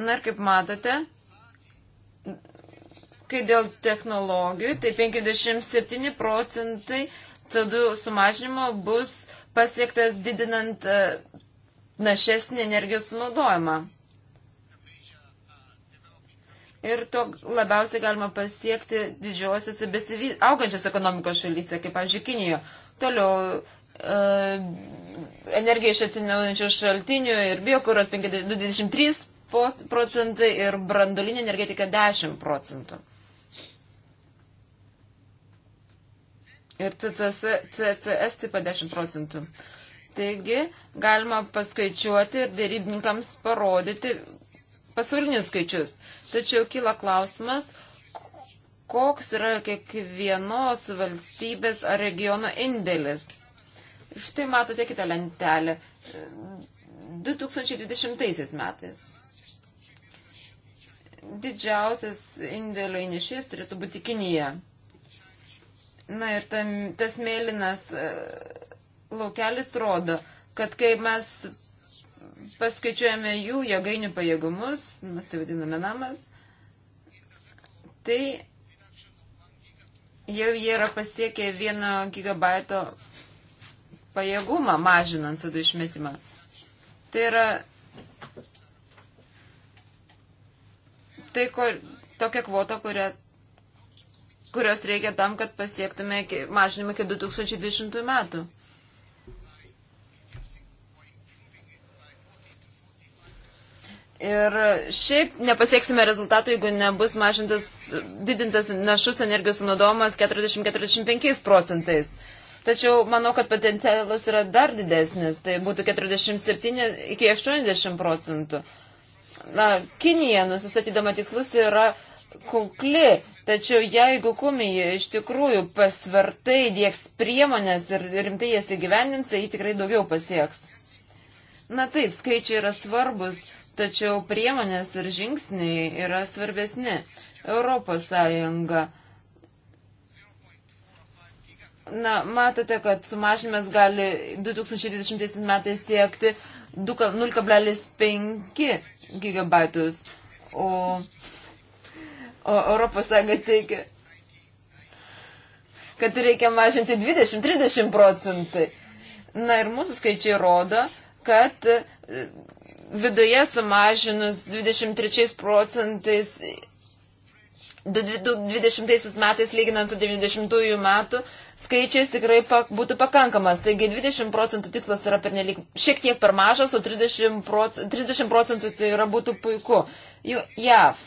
Na ir kaip matote, kai dėl technologijų, tai 57 procentai CO2 sumažinimo bus pasiektas didinant e, našesnį energijos sunaudojimą. Ir to labiausiai galima pasiekti didžiosiuose besivy... augančios ekonomikos šalyse, kaip, pavyzdžiui, Kinijoje. Toliau e, energija iš atsinaujančių šaltinių ir biokuros 23 procentai ir brandolinė energetika 10 procentų. Ir CCS, CCS taip pat 10 procentų. Taigi galima paskaičiuoti ir dėrybininkams parodyti, pasaulinius skaičius. Tačiau kyla klausimas, koks yra kiekvienos valstybės ar regiono indėlis. Štai matote kitą lentelę. 2020 metais. Didžiausias indėlio įnešėjas turėtų būti Kinija. Na ir tam, tas mėlynas e, laukelis rodo, kad kai mes paskaičiuojame jų jėgainių pajėgumus, mes tai vadiname namas, tai jau jie yra pasiekę 1 gigabaito pajėgumą mažinant sudų išmetimą. Tai yra tai, kur, tokia kvota, kuria, kurios reikia tam, kad pasiektume mažinimą iki 2010 metų. Ir šiaip nepasieksime rezultatų, jeigu nebus mažintas, didintas našus energijos sunaudojimas 40-45 procentais. Tačiau manau, kad potencialas yra dar didesnis, tai būtų 47 iki 80 procentų. Na, Kinija, nusistatydama tikslus, yra kukli, tačiau jeigu Kumija iš tikrųjų pasvertai dieks priemonės ir rimtai jas įgyvendins, tai jį tikrai daugiau pasieks. Na taip, skaičiai yra svarbus tačiau priemonės ir žingsniai yra svarbesni. Europos Sąjunga. Na, matote, kad sumažinimas gali 2020 metais siekti 0,5 gigabaitus, o, o Europos Sąjunga teigia, kad reikia mažinti 20-30 procentai. Na ir mūsų skaičiai rodo, kad viduje sumažinus 23 procentais 20 metais lyginant su 90 metų skaičiais tikrai pak, būtų pakankamas. Taigi 20 procentų tikslas yra pernelik šiek tiek per mažas, o 30 procentų, 30 procentų tai yra būtų puiku. Jau, JAV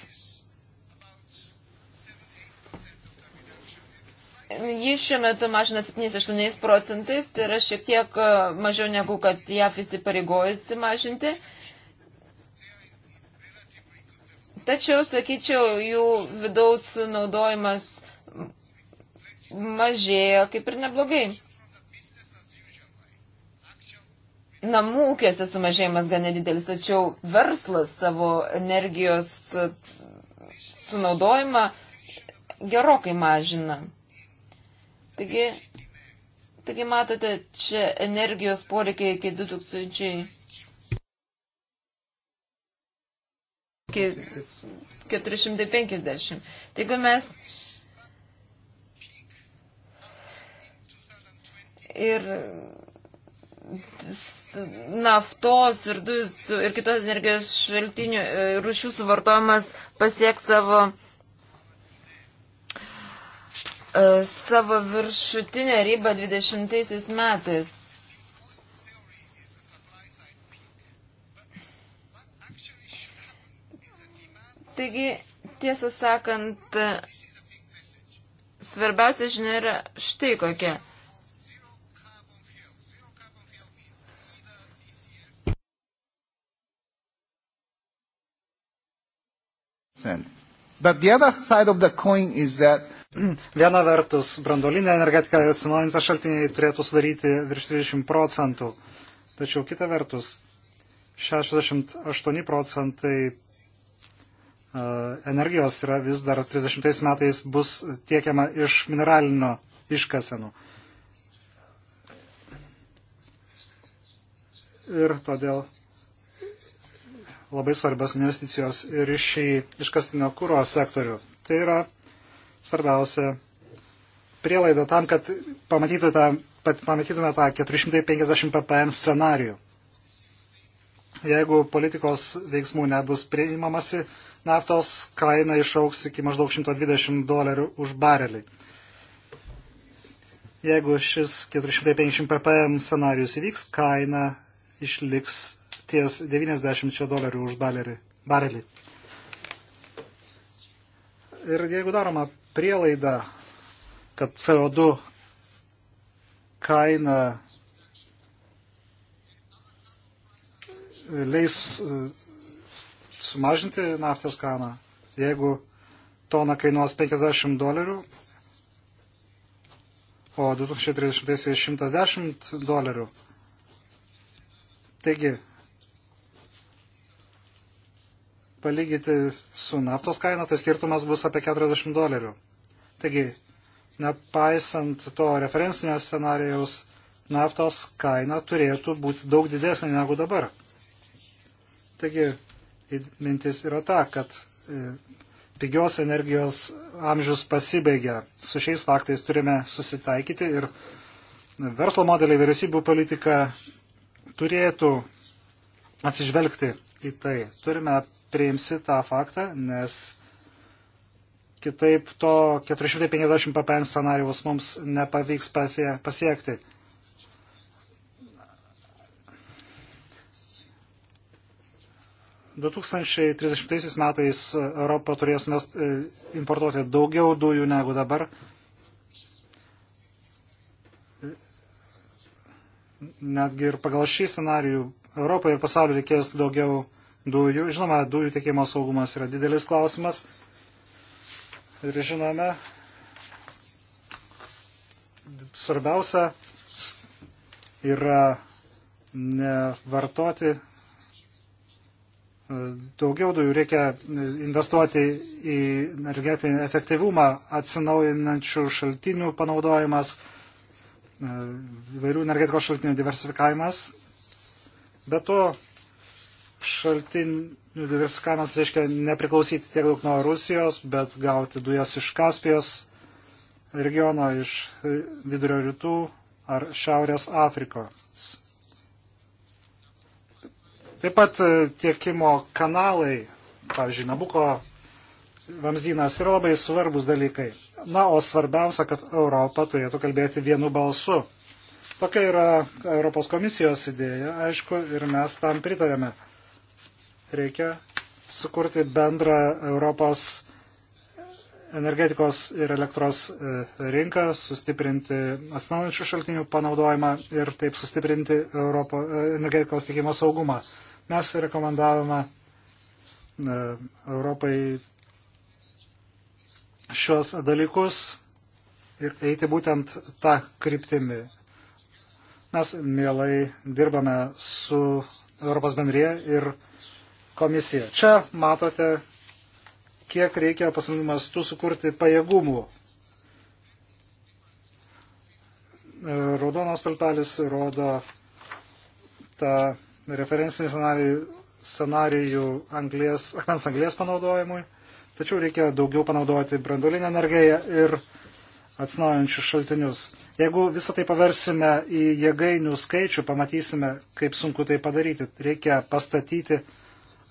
Ji šiuo metu mažina 7-8 procentais, tai yra šiek tiek e, mažiau negu kad JAF įsipareigojusi mažinti. Tačiau, sakyčiau, jų vidaus naudojimas mažėja kaip ir neblogai. Namų ūkėse sumažėjimas gan nedidelis, tačiau verslas savo energijos e, sunaudojimą gerokai mažina. Taigi, taigi matote, čia energijos poreikiai iki 2000. 450. Taigi mes ir naftos ir dujų ir kitos energijos šaltinių e, rūšių suvartojimas pasieks savo E, savo viršutinę ribą 20 metais. Taigi, tiesą sakant, svarbiausia žinia yra štai kokia. But the other side of the coin is that <clears throat> Viena vertus, brandolinė energetika ir atsinaujintas šaltiniai turėtų sudaryti virš 30 procentų. Tačiau kita vertus, 68 procentai e, energijos yra vis dar 30 metais bus tiekiama iš mineralinio iškasenų. Ir todėl labai svarbios investicijos ir iš šį iškastinio kūro sektorių. Tai yra svarbiausia prielaida tam, kad pamatytume tą, pamatytume tą 450 ppm scenarių. Jeigu politikos veiksmų nebus priimamasi, naftos kaina išauks iki maždaug 120 dolerių už barelį. Jeigu šis 450 ppm scenarius įvyks, kaina išliks ties 90 dolerių už barelį. barelį. Ir jeigu daroma prielaida, kad CO2 kaina leis e, sumažinti naftos kainą. Jeigu tona kainuos 50 dolerių, o 2030 110 dolerių. Taigi, palyginti su naftos kaina, tai skirtumas bus apie 40 dolerių. Taigi, nepaisant to referencinio scenarijaus, naftos kaina turėtų būti daug didesnė negu dabar. Taigi, mintis yra ta, kad e, pigios energijos amžius pasibaigia. Su šiais faktais turime susitaikyti ir verslo modeliai, vyriausybių politika turėtų atsižvelgti į tai. Turime priimsi tą faktą, nes kitaip to 450 ppm scenarius mums nepavyks pasiekti. Du 2030 metais Europa turės e, importuoti daugiau dujų negu dabar. Netgi ir pagal šį scenarijų Europoje ir pasaulyje reikės daugiau dujų. Žinoma, dujų tiekimo saugumas yra didelis klausimas. Ir žinome, svarbiausia yra nevartoti e, daugiau dujų, reikia investuoti į energetinį efektyvumą, atsinaujinančių šaltinių panaudojimas, e, vairių energetikos šaltinių diversifikavimas. Be to, šaltinių diversifikavimas reiškia nepriklausyti tiek daug nuo Rusijos, bet gauti dujas iš Kaspijos regiono, iš e, vidurio rytų ar Šiaurės Afrikos. Taip pat e, tiekimo kanalai, pavyzdžiui, Nabuko vamzdynas yra labai svarbus dalykai. Na, o svarbiausia, kad Europa turėtų kalbėti vienu balsu. Tokia yra Europos komisijos idėja, aišku, ir mes tam pritarėme. Reikia sukurti bendrą Europos energetikos ir elektros e, rinką, sustiprinti atsinaujinčių šaltinių panaudojimą ir taip sustiprinti Europo, e, energetikos tikimo saugumą. Mes rekomendavome e, Europai šios dalykus ir eiti būtent tą kryptimį. Mes mielai dirbame su Europos bendrėje ir komisija. Čia matote, kiek reikia pasaulinių mastų sukurti pajėgumų. Raudonos stulpelis rodo tą referencinį scenarijų, scenarijų anglės, akmens anglės panaudojimui, tačiau reikia daugiau panaudoti branduolinę energiją ir atsinaujančius šaltinius. Jeigu visą tai paversime į jėgainių skaičių, pamatysime, kaip sunku tai padaryti. Reikia pastatyti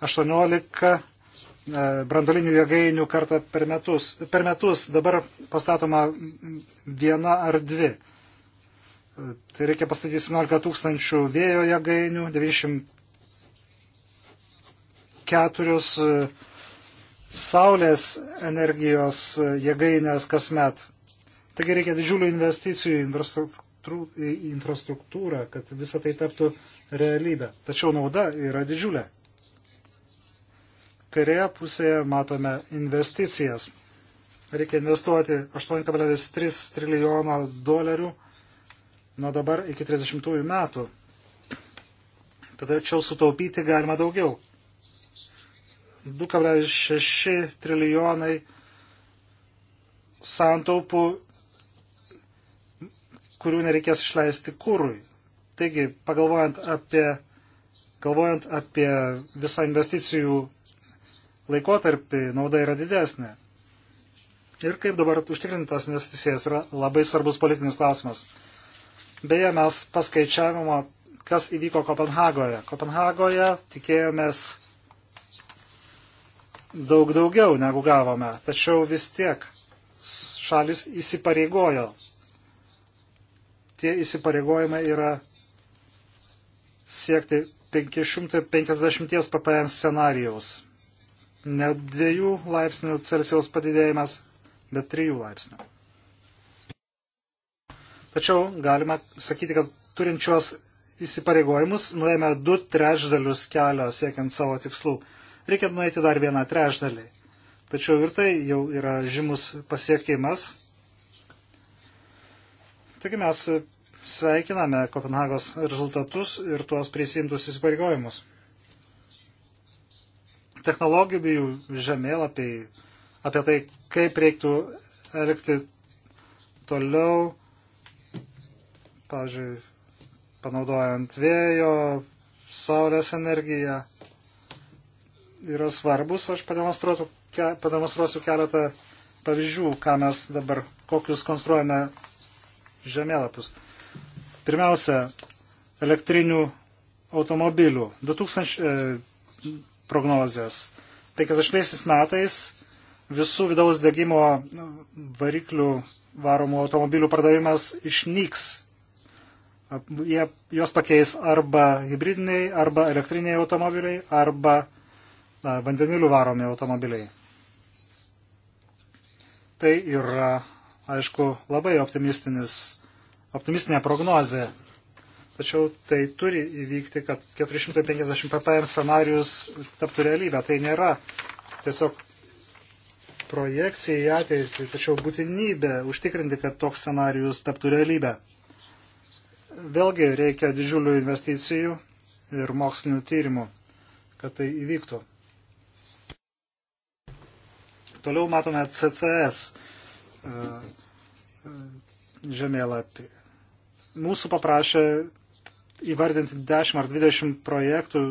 18 e, brandolinių jėgainių kartą per metus. Per metus dabar pastatoma viena ar dvi. E, tai reikia pastatyti 17 tūkstančių vėjo jėgainių, 94 e, saulės energijos jėgainės kasmet. Taigi reikia didžiulių investicijų į infrastruktūrą, kad visa tai taptų realybę. Tačiau nauda yra didžiulė. Kairėje pusėje matome investicijas. Reikia investuoti 8,3 trilijono dolerių nuo dabar iki 30 metų. Tada čia sutaupyti galima daugiau. 2,6 trilijonai santaupų, kurių nereikės išleisti kūrui. Taigi, pagalvojant apie, galvojant apie visą investicijų laikotarpį nauda yra didesnė. Ir kaip dabar užtikrintas investicijas yra labai svarbus politinis klausimas. Beje, mes paskaičiavimo, kas įvyko Kopenhagoje. Kopenhagoje tikėjomės daug daugiau negu gavome, tačiau vis tiek šalis įsipareigojo. Tie įsipareigojimai yra siekti 550 ppm scenarijaus ne dviejų laipsnių Celsijaus padidėjimas, bet trijų laipsnių. Tačiau galima sakyti, kad turinčios įsipareigojimus nuėmė du trečdalius kelio siekiant savo tikslų. Reikia nueiti dar vieną trečdalį. Tačiau ir tai jau yra žymus pasiekimas. Taigi mes sveikiname Kopenhagos rezultatus ir tuos prisimtus įsipareigojimus technologijų žemėlapiai apie tai, kaip reiktų elgti toliau, pavyzdžiui, panaudojant vėjo, saulės energiją, yra svarbus. Aš pademonstruosiu keletą pavyzdžių, ką mes dabar, kokius konstruojame žemėlapius. Pirmiausia, elektrinių automobilių. 2000, e, prognozės. 50 metais visų vidaus degimo variklių varomų automobilių pardavimas išnyks. Jie, jos pakeis arba hybridiniai, arba elektriniai automobiliai, arba na, vandenilių varomi automobiliai. Tai yra, aišku, labai optimistinis, optimistinė prognozė. Tačiau tai turi įvykti, kad 450 ppm scenarius taptų realybę. Tai nėra tiesiog projekcija į ateitį, tačiau būtinybė užtikrinti, kad toks scenarius taptų realybę. Vėlgi reikia didžiulių investicijų ir mokslinių tyrimų, kad tai įvyktų. Toliau matome CCS e, e, žemėlapį. Mūsų paprašė įvardinti 10 ar 20 projektų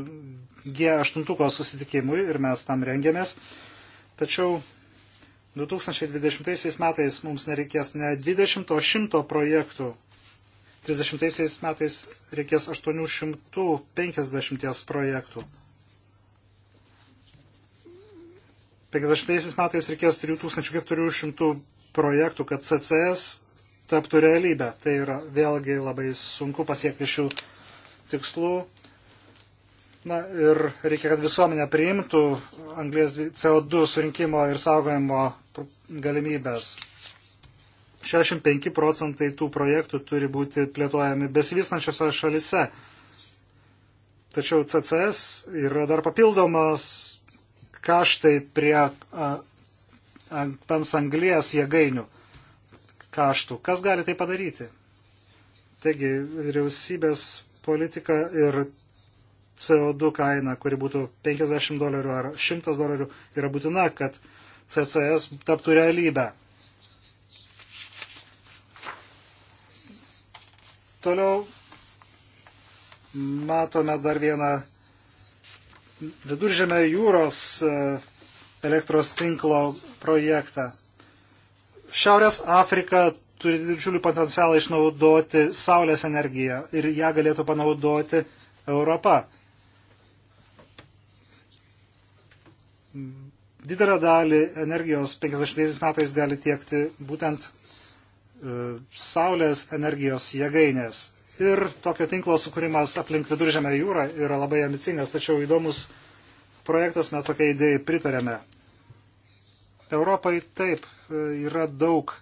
G8 susitikimui ir mes tam rengiamės. Tačiau 2020 metais mums nereikės ne 20, o 100 projektų. 30 metais reikės 850 projektų. 50 metais reikės 3400 projektų, kad CCS taptų realybę. Tai yra vėlgi labai sunku pasiekti šių tikslų. Na ir reikia, kad visuomenė priimtų anglės CO2 surinkimo ir saugojimo galimybės. 65 procentai tų projektų turi būti plėtojami besivystančiose šalise. Tačiau CCS yra dar papildomas kaštai prie pensanglės jėgainių kaštų. Kas gali tai padaryti? Taigi, vyriausybės politiką ir CO2 kaina, kuri būtų 50 dolerių ar 100 dolerių, yra būtina, kad CCS taptų realybę. Toliau matome dar vieną viduržėme jūros e, elektros tinklo projektą. Šiaurės Afrika turi didžiulį potencialą išnaudoti saulės energiją ir ją galėtų panaudoti Europa. Didelę dalį energijos 50 metais gali tiekti būtent e, saulės energijos jėgainės. Ir tokio tinklo sukūrimas aplink viduržėmę jūrą yra labai ambicingas, tačiau įdomus projektas mes tokiai idėjai pritarėme. Europai taip e, yra daug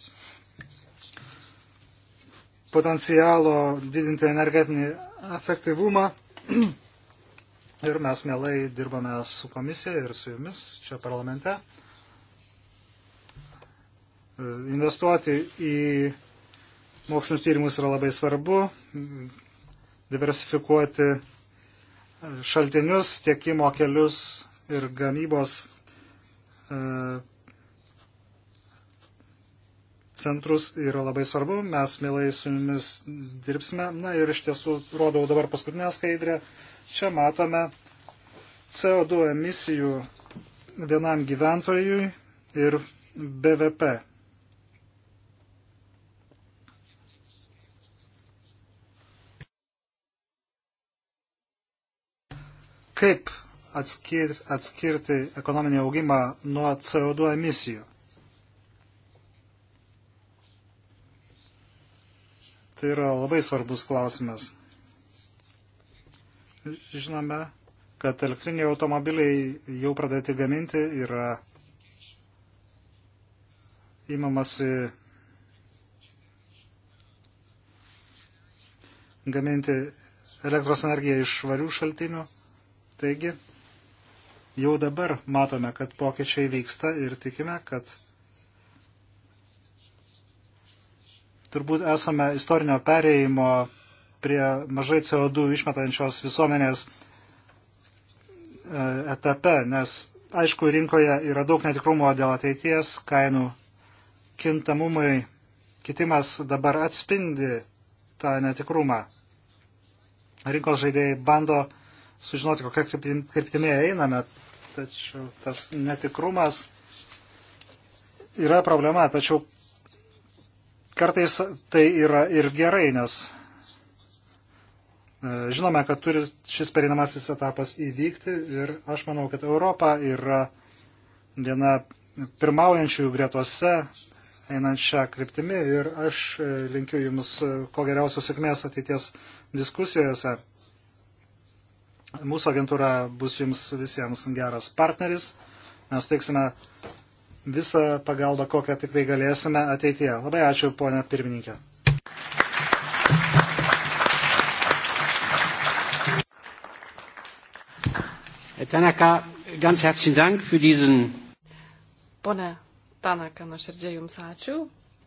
potencialo didinti energetinį efektyvumą. <clears throat> Ir mes mielai dirbame su komisija ir su jumis čia parlamente. E, investuoti į mokslinius tyrimus yra labai svarbu, diversifikuoti šaltinius, tiekimo kelius ir gamybos e, centrus yra labai svarbu. Mes mielai su jumis dirbsime. Na ir iš tiesų, rodau dabar paskutinę skaidrę. Čia matome CO2 emisijų vienam gyventojui ir BVP. Kaip atskir, atskirti ekonominį augimą nuo CO2 emisijų? Tai yra labai svarbus klausimas. Žinome, kad elektriniai automobiliai jau pradėti gaminti yra įmamasi gaminti elektros energiją iš švarių šaltinių. Taigi, jau dabar matome, kad pokyčiai vyksta ir tikime, kad turbūt esame istorinio pereimo prie mažai CO2 išmetančios visuomenės e, etape, nes aišku, rinkoje yra daug netikrumo dėl ateities, kainų kintamumui kitimas dabar atspindi tą netikrumą. Rinkos žaidėjai bando sužinoti, kokia kryptimė einame, tačiau tas netikrumas yra problema, tačiau Kartais tai yra ir gerai, nes e, žinome, kad turi šis perinamasis etapas įvykti ir aš manau, kad Europa yra viena pirmaujančių gretose einant šią kryptimį ir aš e, linkiu Jums e, ko geriausios sėkmės ateities diskusijose. Mūsų agentūra bus Jums visiems geras partneris. Mes teiksime visą pagalbą, kokią tik tai galėsime ateityje. Labai ačiū, ponia pirmininkė. Tanaka, ganz herzlichen Dank für diesen. Pone Tanaka, nuoširdžiai Jums ačiū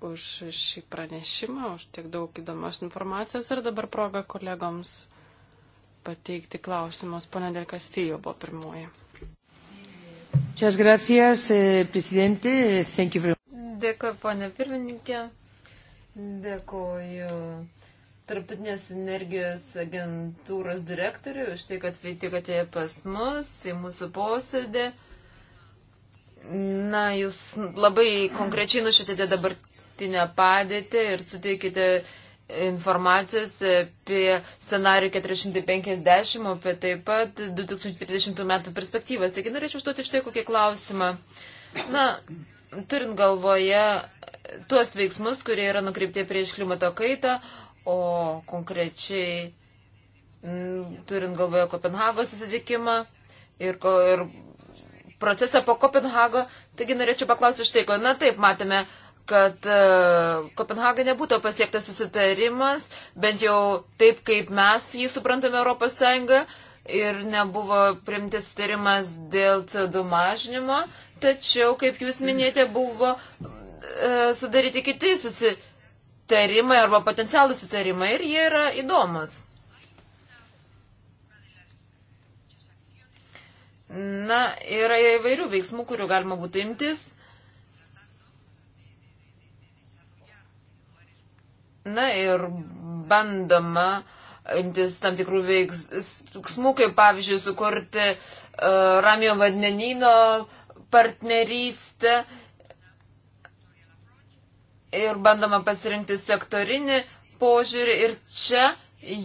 už šį pranešimą, už tiek daug įdomios informacijos ir dabar proga kolegoms pateikti klausimus. Pone Del Castillo buvo pirmoji. Muchas gracias, eh, presidente. Thank you very much. Dėkoju, ponė pirmininkė. Dėkoju Tarptautinės energijos agentūros direktoriui už tai, kad atvykote pas mus į mūsų posėdį. Na, jūs labai konkrečiai nušitėte dabartinę padėtį ir suteikite informacijos apie scenarių 450, apie taip pat 2030 metų perspektyvas. Taigi norėčiau užduoti štai kokį klausimą. Na, turint galvoje tuos veiksmus, kurie yra nukreipti prieš klimato kaitą, o konkrečiai m, mm, turint galvoje Kopenhagos susitikimą ir, ir procesą po Kopenhago, taigi norėčiau paklausti štai ko. Na taip, matėme kad e, Kopenhagenė būtų pasiektas susitarimas, bent jau taip, kaip mes jį suprantame Europos Sąjungą, ir nebuvo primtis sutarimas dėl CO2 mažinimo, tačiau, kaip jūs minėjote, buvo e, sudaryti kiti susitarimai arba potencialų sutarimai ir jie yra įdomus. Na, yra įvairių veiksmų, kurių galima būtų imtis. Na ir bandoma imtis tam tikrų veiksmų, kaip pavyzdžiui sukurti uh, e, Ramio vandenino partnerystę ir bandoma pasirinkti sektorinį požiūrį ir čia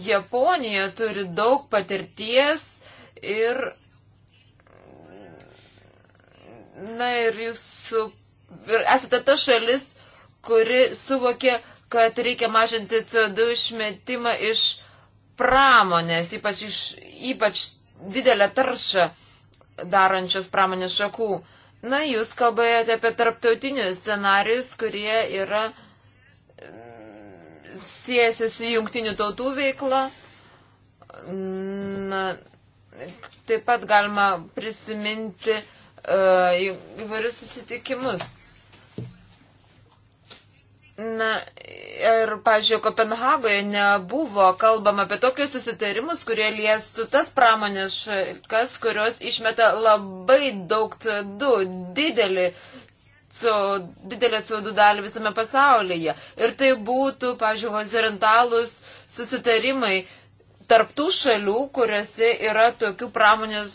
Japonija turi daug patirties ir, na ir jūs ir esate ta šalis, kuri suvokė, kad reikia mažinti CO2 išmetimą iš pramonės, ypač, iš, ypač didelę taršą darančios pramonės šakų. Na, jūs kalbėjote apie tarptautinius scenarius, kurie yra mm, siejasi su jungtinių tautų veikla. Na, taip pat galima prisiminti uh, įvairius susitikimus. Na ir, pažiūrėjau, Kopenhagoje nebuvo kalbama apie tokius susitarimus, kurie liestų tas pramonės šakas, kurios išmeta labai daug CO2, didelį co, didelę CO2 dalį visame pasaulyje. Ir tai būtų, pažiūrėjau, horizontalūs susitarimai, tarptų šalių, kuriuose yra tokių pramonės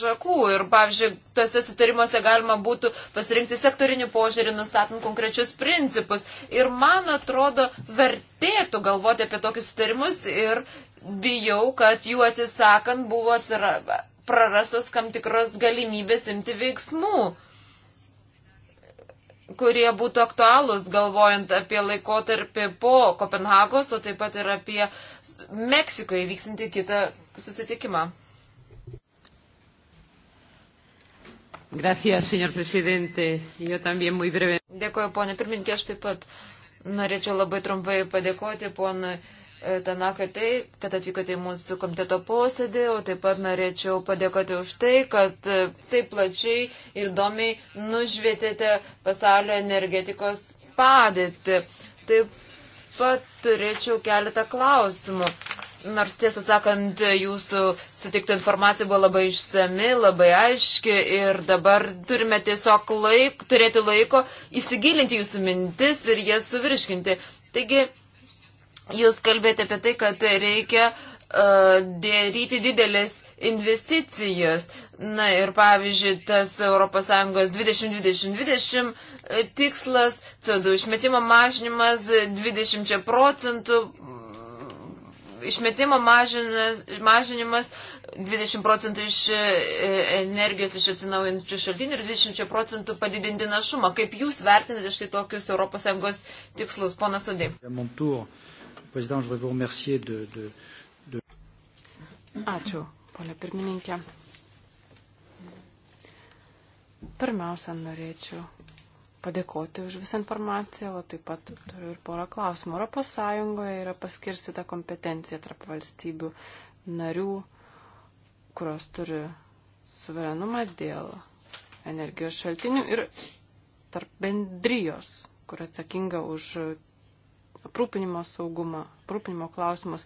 šakų. Ir, pavyzdžiui, tuose sutarimuose galima būtų pasirinkti sektorinį požiūrį, nustatant konkrečius principus. Ir man atrodo, vertėtų galvoti apie tokius sutarimus ir bijau, kad jų atsisakant buvo atsiraba prarastos kam tikros galimybės imti veiksmų kurie būtų aktualūs, galvojant apie laikotarpį po Kopenhagos, o taip pat ir apie Meksikoje vyksinti kitą susitikimą. Gracias, señor presidente. Yo también muy breve. Dėkuoju, ponė pirmininkė, aš taip pat norėčiau labai trumpai padėkoti ponui. E, Tanaka, tai, kad atvykote į mūsų komiteto posėdį, o taip pat norėčiau padėkoti už tai, kad e, taip plačiai ir įdomiai nužvietėte pasaulio energetikos padėtį. Taip pat turėčiau keletą klausimų. Nors tiesą sakant, jūsų sutikta informacija buvo labai išsami, labai aiški ir dabar turime tiesiog laik, turėti laiko įsigilinti jūsų mintis ir jas suvirškinti. Taigi, Jūs kalbėjote apie tai, kad reikia uh, dėryti didelės investicijos. Na ir pavyzdžiui, tas ES 2020-2020 e, tikslas, CO2 išmetimo mažinimas 20 procentų, išmetimo mažinimas, mažinimas 20 procentų iš e, energijos iš atsinaujinčių šaltinių ir 20 procentų padidinti našumą. Kaip jūs vertinate štai tokius ES tikslus, ponas Sudė? Président, je voudrais vous remercier de, de, de... Ačiū, ponia pirmininkė. Pirmiausia, norėčiau padėkoti už visą informaciją, o taip pat turiu ir porą klausimų. Europos Sąjungoje yra paskirstyta kompetencija tarp valstybių narių, kurios turi suverenumą dėl energijos šaltinių ir tarp bendrijos, kur atsakinga už aprūpinimo saugumą, aprūpinimo klausimus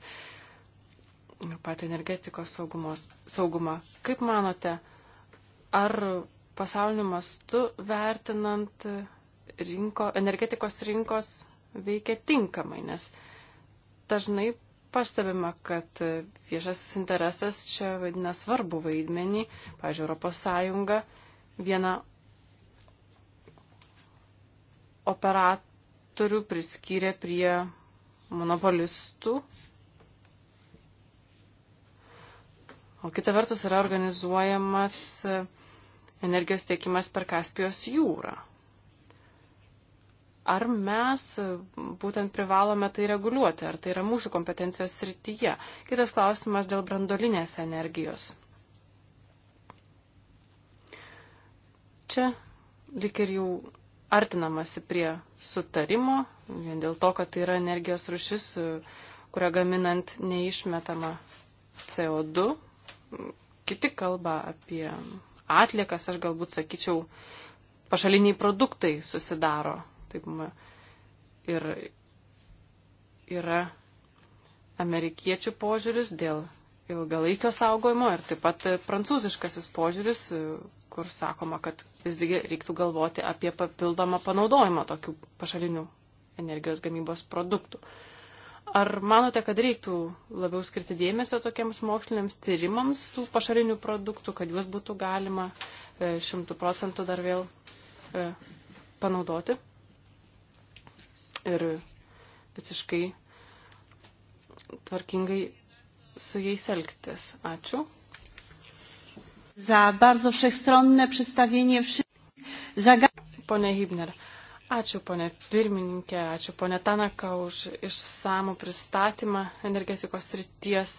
ir patį energetikos saugumos, saugumą. Kaip manote, ar pasauliniu mastu vertinant rinko, energetikos rinkos veikia tinkamai, nes dažnai pastebima, kad viešasis interesas čia vaidina svarbu vaidmenį, pažiūrėjau, Europos Sąjunga viena operat, sektorių priskyrė prie monopolistų. O kita vertus yra organizuojamas energijos tiekimas per Kaspijos jūrą. Ar mes būtent privalome tai reguliuoti, ar tai yra mūsų kompetencijos srityje? Kitas klausimas dėl brandolinės energijos. Čia lik ir jau artinamasi prie sutarimo, vien dėl to, kad tai yra energijos rušis, kurią gaminant neišmetama CO2. Kiti kalba apie atliekas, aš galbūt sakyčiau, pašaliniai produktai susidaro. Taip, ir yra amerikiečių požiūris dėl ilgalaikio saugojimo ir taip pat prancūziškasis požiūris, kur sakoma, kad visgi reiktų galvoti apie papildomą panaudojimą tokių pašalinių energijos gamybos produktų. Ar manote, kad reiktų labiau skirti dėmesio tokiems moksliniams tyrimams tų pašalinių produktų, kad juos būtų galima e, šimtų procentų dar vėl e, panaudoti? Ir visiškai tvarkingai su jais elgtis. Ačiū. Za bardzo wszechstronne przedstawienie wszystkich zagadnień. Pone Hibner, ačiū pone pirmininkė, ačiū pone Tanaka už išsamų pristatymą energetikos ryties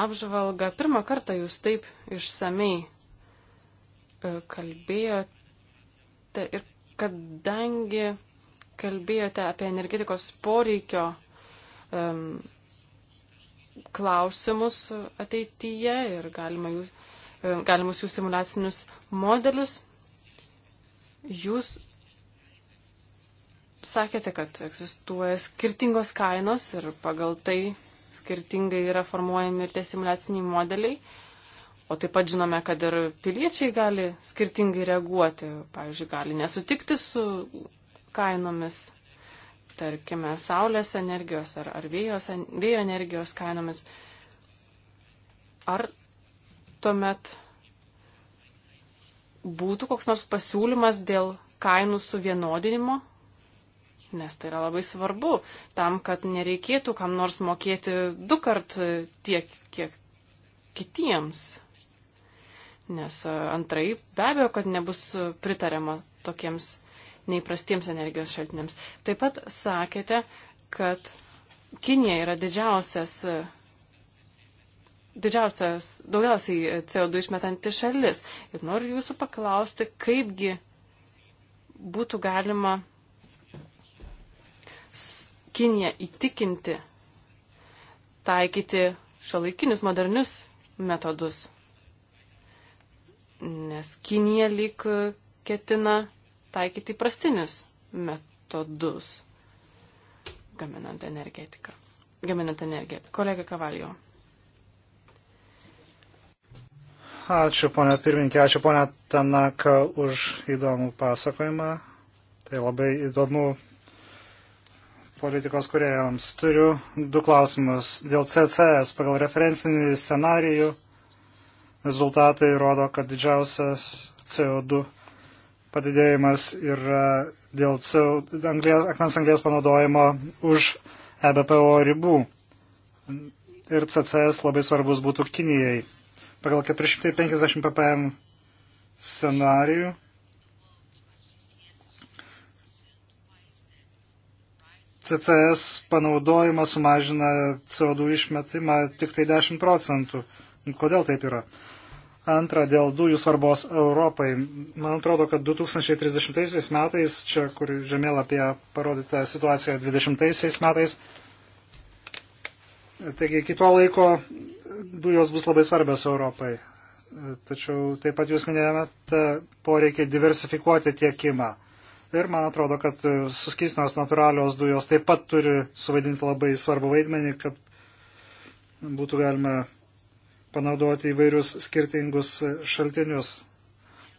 apžvalgą. Pirmą kartą jūs taip išsamei e, kalbėjote ir kadangi kalbėjote apie energetikos poreikio um, klausimus ateityje ir galima jų E, galimus jų simulacinius modelius. Jūs sakėte, kad egzistuoja skirtingos kainos ir pagal tai skirtingai yra formuojami ir tie simulaciniai modeliai. O taip pat žinome, kad ir piliečiai gali skirtingai reaguoti. Pavyzdžiui, gali nesutikti su kainomis, tarkime, saulės energijos ar, ar vėjos, vėjo energijos kainomis. Ar tuomet būtų koks nors pasiūlymas dėl kainų suvienodinimo, nes tai yra labai svarbu, tam, kad nereikėtų kam nors mokėti du kart tiek, kiek kitiems. Nes e, antrai be abejo, kad nebus pritariama tokiems neįprastiems energijos šaltiniams. Taip pat sakėte, kad Kinija yra didžiausias e, didžiausias, daugiausiai CO2 išmetanti šalis. Ir noriu jūsų paklausti, kaipgi būtų galima Kiniją įtikinti taikyti šiuolaikinius modernius metodus. Nes Kinija lyg ketina taikyti prastinius metodus gaminant energetiką. Gaminant energiją. Kolega Kavalio. Ačiū, ponia pirmininkė, ačiū, ponia Tanaka, už įdomų pasakojimą. Tai labai įdomu politikos kuriejams. Turiu du klausimus. Dėl CCS pagal referencinį scenarijų rezultatai rodo, kad didžiausias CO2 padidėjimas yra dėl CO2, anglės, akmens anglės panaudojimo už EBPO ribų. Ir CCS labai svarbus būtų Kinijai pagal 450 ppm scenarijų. CCS panaudojimas sumažina CO2 išmetimą tik tai 10 procentų. Kodėl taip yra? Antra, dėl dujų svarbos Europai. Man atrodo, kad 2030 metais, čia kur žemėlapyje parodyta situacija 20 metais, taigi iki to laiko dujos bus labai svarbios Europai. Tačiau taip pat jūs minėjome poreikį diversifikuoti tiekimą. Ir man atrodo, kad e, suskistinos natūralios dujos taip pat turi suvaidinti labai svarbu vaidmenį, kad būtų galima panaudoti įvairius skirtingus šaltinius.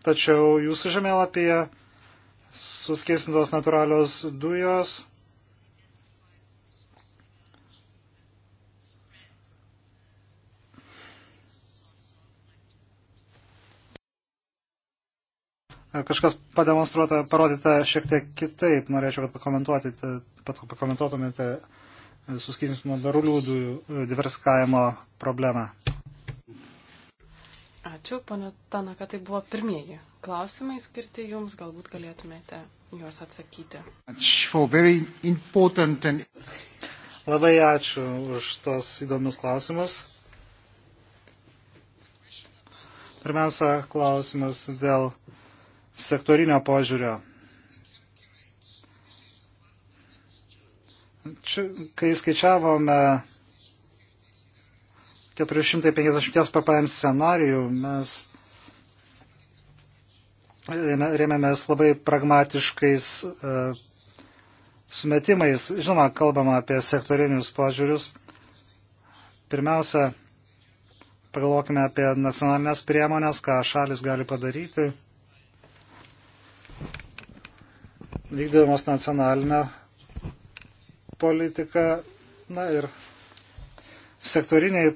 Tačiau jūsų žemėlapyje suskistintos natūralios dujos kažkas pademonstruota, parodyta šiek tiek kitaip. Norėčiau, kad pakomentuotumėte e, suskystintų nuo darulių dujų e, diversifikavimo problemą. Ačiū, pana Tanaka, tai buvo pirmieji klausimai skirti jums, galbūt galėtumėte juos atsakyti. Labai ačiū už tos įdomius klausimus. Pirmiausia, klausimas dėl sektorinio požiūrio. Čia, kai skaičiavome 450 ppm scenarijų, mes rėmėmės labai pragmatiškais e, sumetimais. Žinoma, kalbama apie sektorinius požiūrius. Pirmiausia, pagalvokime apie nacionalinės priemonės, ką šalis gali padaryti. vykdydamas nacionalinę politiką. Na ir sektoriniai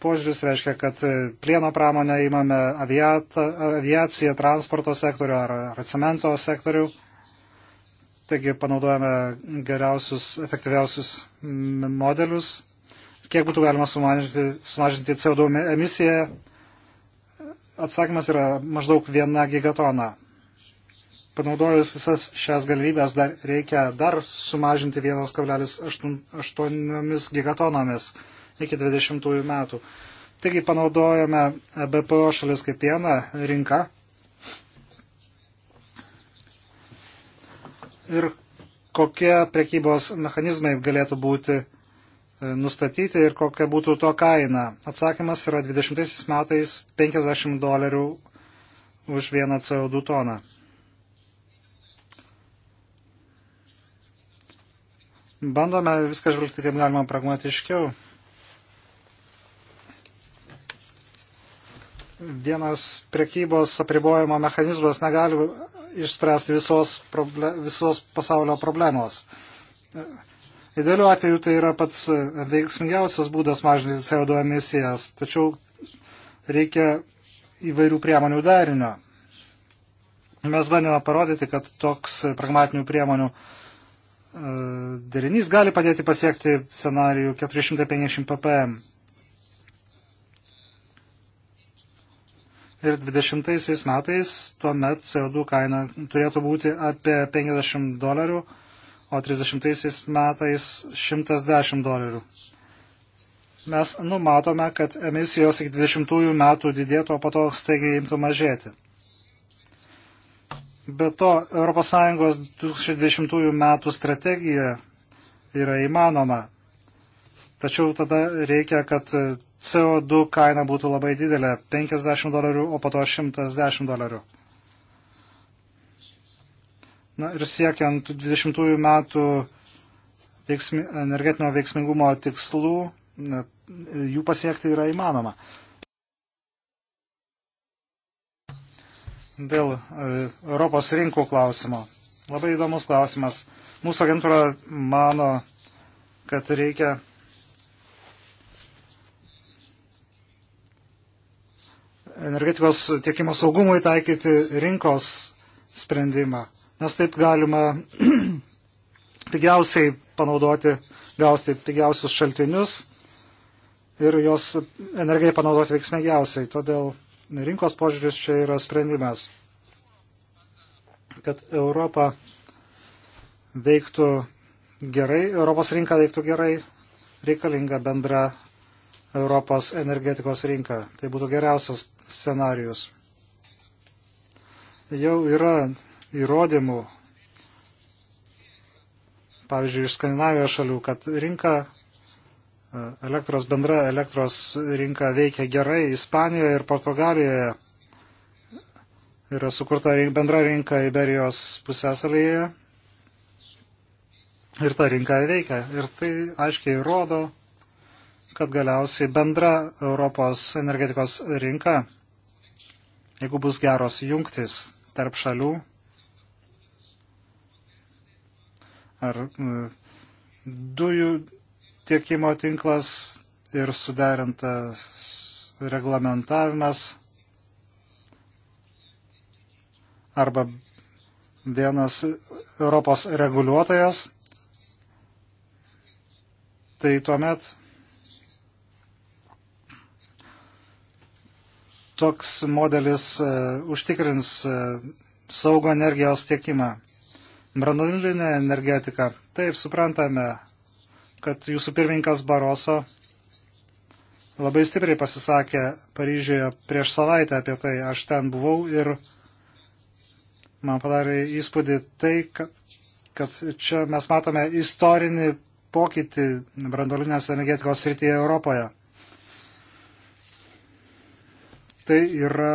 požiūris reiškia, kad plieno pramonę įmame aviatą, aviaciją, transporto sektorių ar, ar cemento sektorių. Taigi panaudojame geriausius, efektyviausius modelius. Kiek būtų galima sumažinti, sumažinti CO2 emisiją? Atsakymas yra maždaug viena gigatona panaudojus visas šias galimybės dar reikia dar sumažinti 1,8 gigatonomis iki 20 metų. Taigi panaudojame BPO šalis kaip vieną rinką. Ir kokie prekybos mechanizmai galėtų būti e, nustatyti ir kokia būtų to kaina. Atsakymas yra 20 metais 50 dolerių už vieną CO2 toną. Bandome viską žvelgti kaip galima pragmatiškiau. Vienas prekybos apribojimo mechanizmas negali išspręsti visos, proble visos pasaulio problemos. Idealiu atveju tai yra pats veiksmingiausias būdas mažinti CO2 emisijas, tačiau reikia įvairių priemonių darinio. Mes bandėme parodyti, kad toks pragmatinių priemonių uh, E, derinys gali padėti pasiekti scenarijų 450 ppm. Ir 20 metais tuomet CO2 kaina turėtų būti apie 50 dolerių, o 30 metais 110 dolerių. Mes numatome, kad emisijos iki 20 metų didėtų, o po to staigiai imtų mažėti. Be to, ES 2020 metų strategija yra įmanoma. Tačiau tada reikia, kad CO2 kaina būtų labai didelė - 50 dolerių, o po to 110 dolerių. Na ir siekiant 20 metų veiksmi, energetinio veiksmingumo tikslų, jų pasiekti yra įmanoma. dėl e, Europos rinkų klausimo. Labai įdomus klausimas. Mūsų agentūra mano, kad reikia energetikos tiekimo saugumui taikyti rinkos sprendimą, nes taip galima <clears throat> pigiausiai panaudoti, gausti pigiausius šaltinius ir jos energijai panaudoti veiksmingiausiai. Todėl rinkos požiūris čia yra sprendimas, kad Europa veiktų gerai, Europos rinka veiktų gerai, reikalinga bendra Europos energetikos rinka. Tai būtų geriausias scenarius. Jau yra įrodymų, pavyzdžiui, iš Skandinavijos šalių, kad rinka elektros bendra elektros rinka veikia gerai Ispanijoje ir Portugalijoje. Yra sukurta bendra rinka Iberijos pusėsalyje. Ir ta rinka veikia. Ir tai aiškiai rodo, kad galiausiai bendra Europos energetikos rinka, jeigu bus geros jungtis tarp šalių ar dujų tiekimo tinklas ir suderintas reglamentavimas arba vienas Europos reguliuotojas, tai tuomet toks modelis e, užtikrins e, saugo energijos tiekimą. Branduolinė energetika, taip suprantame, kad jūsų pirmininkas Baroso labai stipriai pasisakė Paryžioje prieš savaitę apie tai. Aš ten buvau ir man padarė įspūdį tai, kad, kad čia mes matome istorinį pokytį brandolinės energetikos srityje Europoje. Tai yra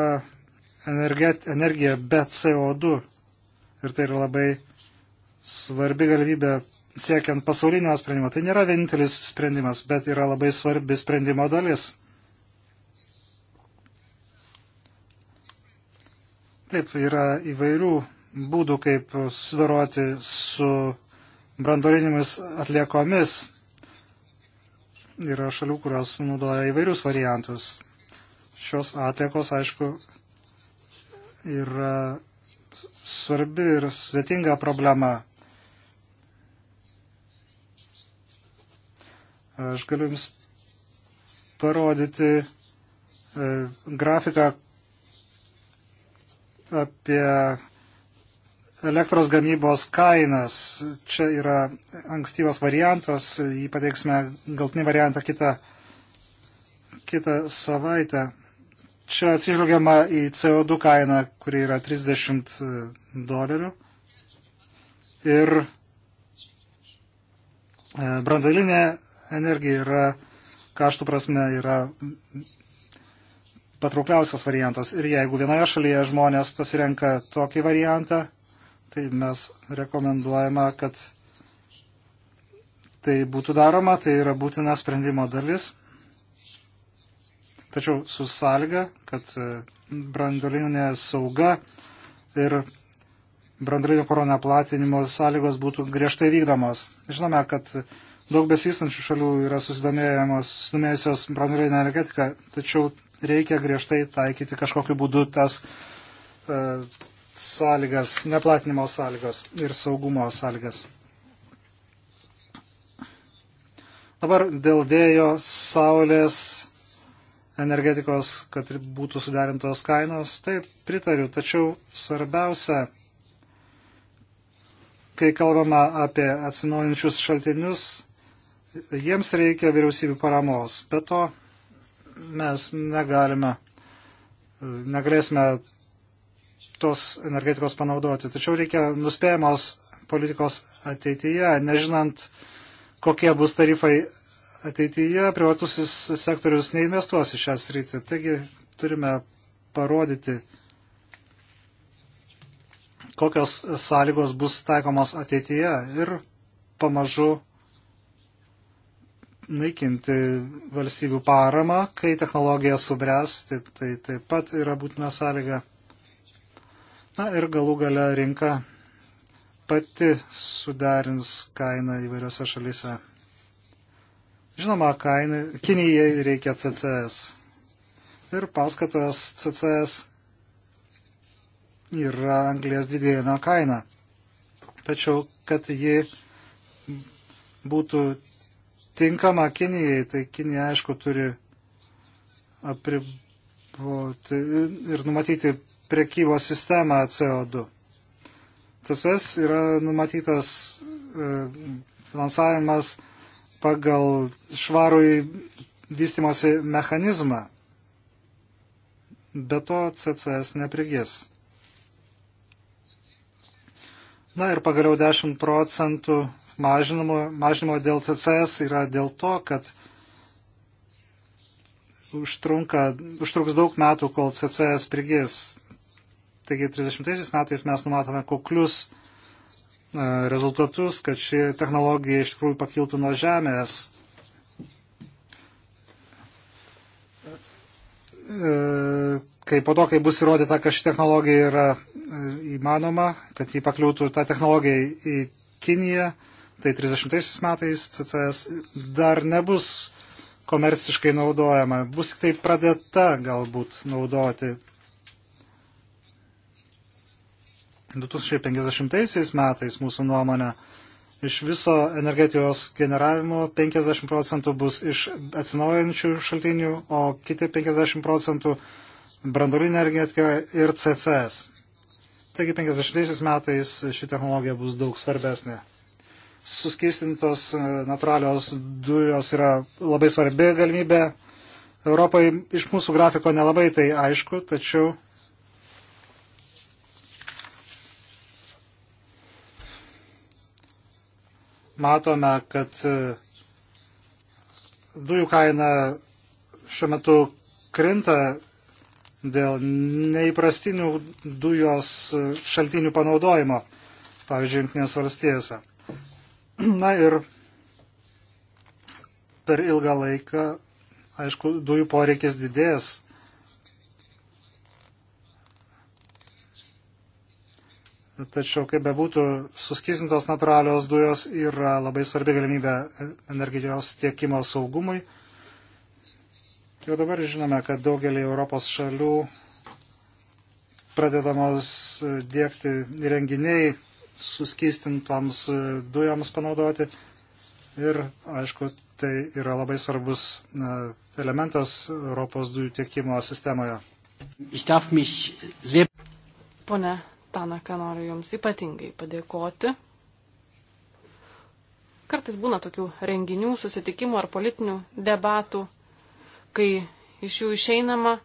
energet, energija be CO2 ir tai yra labai svarbi galimybė siekiant pasaulinio sprendimo. Tai nėra vienintelis sprendimas, bet yra labai svarbi sprendimo dalis. Taip, yra įvairių būdų, kaip sudaroti su brandolinėmis atliekomis. Yra šalių, kurios naudoja įvairius variantus. Šios atliekos, aišku, yra svarbi ir sudėtinga problema. Aš galiu Jums parodyti e, grafiką apie elektros gamybos kainas. Čia yra ankstyvas variantas, jį pateiksime galtinį variantą kitą, kitą savaitę. Čia atsižvelgiama į CO2 kainą, kuri yra 30 e, dolerių. Ir e, brandalinė energija yra, kaštų prasme, yra patraukliausias variantas. Ir jeigu vienoje šalyje žmonės pasirenka tokį variantą, tai mes rekomenduojame, kad tai būtų daroma, tai yra būtina sprendimo dalis. Tačiau su sąlyga, kad e, brandolinė sauga ir brandolinio koronaplatinimo sąlygos būtų griežtai vykdomos. Žinome, kad Daug besistančių šalių yra susidomėjusios branduolinę energetiką, tačiau reikia griežtai taikyti kažkokiu būdu tas e, sąlygas, neplatinimo sąlygas ir saugumo sąlygas. Dabar dėl vėjo, saulės, energetikos, kad būtų sudarintos kainos, taip pritariu, tačiau svarbiausia, kai kalbama apie atsinaujinčius šaltinius, jiems reikia vyriausybių paramos. Be to mes negalime, negalėsime tos energetikos panaudoti. Tačiau reikia nuspėjamos politikos ateityje, nežinant, kokie bus tarifai ateityje, privatusis sektorius neinvestuos į šią sritį. Taigi turime parodyti, kokios sąlygos bus taikomos ateityje ir pamažu naikinti valstybių paramą, kai technologija subręsti, tai taip pat yra būtina sąlyga. Na ir galų gale rinka pati sudarins kainą įvairiose šalise. Žinoma, kainai, Kinijai reikia CCS. Ir paskatos CCS yra anglės didėjimo kaina. Tačiau, kad ji būtų tinkama Kinijai, tai Kinija aišku turi apriboti ir numatyti priekybos sistemą CO2. CCS yra numatytas e, finansavimas pagal švarų vystimosi mechanizmą. Be to CCS neprigis. Na ir pagaliau 10 procentų mažinimo, mažinimo dėl CCS yra dėl to, kad užtrunka, užtruks daug metų, kol CCS prigis. Taigi 30 metais mes numatome kuklius e, rezultatus, kad ši technologija iš tikrųjų pakiltų nuo žemės. E, kai po to, kai bus įrodyta, kad ši technologija yra e, įmanoma, kad jį pakliūtų tą technologiją į Kiniją, tai 30 metais CCS dar nebus komerciškai naudojama, bus tik tai pradėta galbūt naudoti. 2050 metais mūsų nuomonė iš viso energetijos generavimo 50 procentų bus iš atsinaujančių šaltinių, o kiti 50 procentų brandolinė energetika ir CCS. Taigi 50 metais ši technologija bus daug svarbesnė suskistintos e, natūralios dujos yra labai svarbi galimybė. Europai iš mūsų grafiko nelabai tai aišku, tačiau matome, kad e, dujų kaina šiuo metu krinta dėl neįprastinių dujos e, šaltinių panaudojimo, pavyzdžiui, Junktinės valstijose. <clears throat> Na ir per ilgą laiką, aišku, dujų poreikis didės. Tačiau, kaip bebūtų, suskisintos natūralios dujos yra labai svarbi galimybė energijos tiekimo saugumui. Jau dabar žinome, kad daugelį Europos šalių pradedamos dėkti renginiai suskystintoms e, dujoms panaudoti. Ir, aišku, tai yra labai svarbus e, elementas Europos dujų tiekimo sistemoje. Pone Tanaka, noriu Jums ypatingai padėkoti. Kartais būna tokių renginių, susitikimų ar politinių debatų, kai iš jų išeinama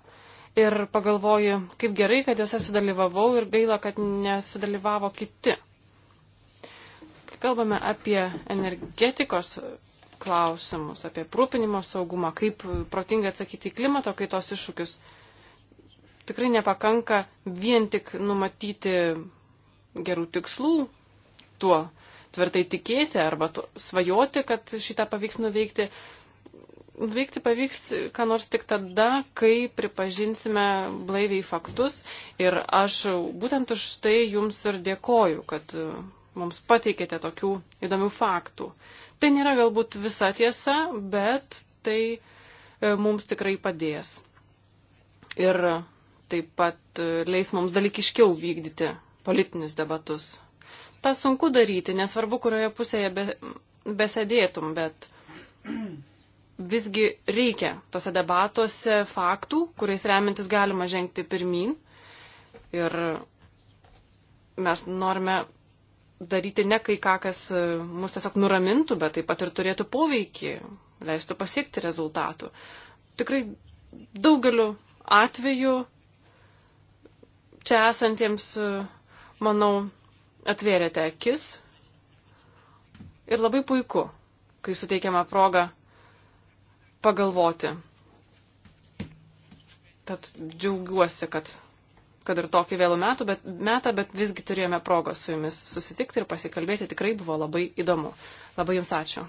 ir pagalvoju, kaip gerai, kad juose sudalyvavau ir gaila, kad nesudalyvavo kiti kalbame apie energetikos klausimus, apie prūpinimo saugumą, kaip protingai atsakyti į klimato kaitos iššūkius, tikrai nepakanka vien tik numatyti gerų tikslų, tuo tvirtai tikėti arba svajoti, kad šitą pavyks nuveikti. Nuveikti pavyks, ką nors tik tada, kai pripažinsime blaiviai faktus. Ir aš būtent už tai jums ir dėkoju, kad mums pateikėte tokių įdomių faktų. Tai nėra galbūt visa tiesa, bet tai e, mums tikrai padės. Ir taip pat e, leis mums dalykiškiau vykdyti politinius debatus. Ta sunku daryti, nesvarbu, kurioje pusėje be, besėdėtum, bet visgi reikia tose debatuose faktų, kuriais remintis galima žengti pirmin. Ir mes norime daryti ne kai ką, kas e, mus tiesiog nuramintų, bet taip pat ir turėtų poveikį, leistų pasiekti rezultatų. Tikrai daugeliu atveju čia esantiems, e, manau, atvėrėte akis ir labai puiku, kai suteikiama proga pagalvoti. Tad džiaugiuosi, kad kad ir tokį vėlų metų, bet, metą, bet visgi turėjome progą su jumis susitikti ir pasikalbėti. Tikrai buvo labai įdomu. Labai jums ačiū.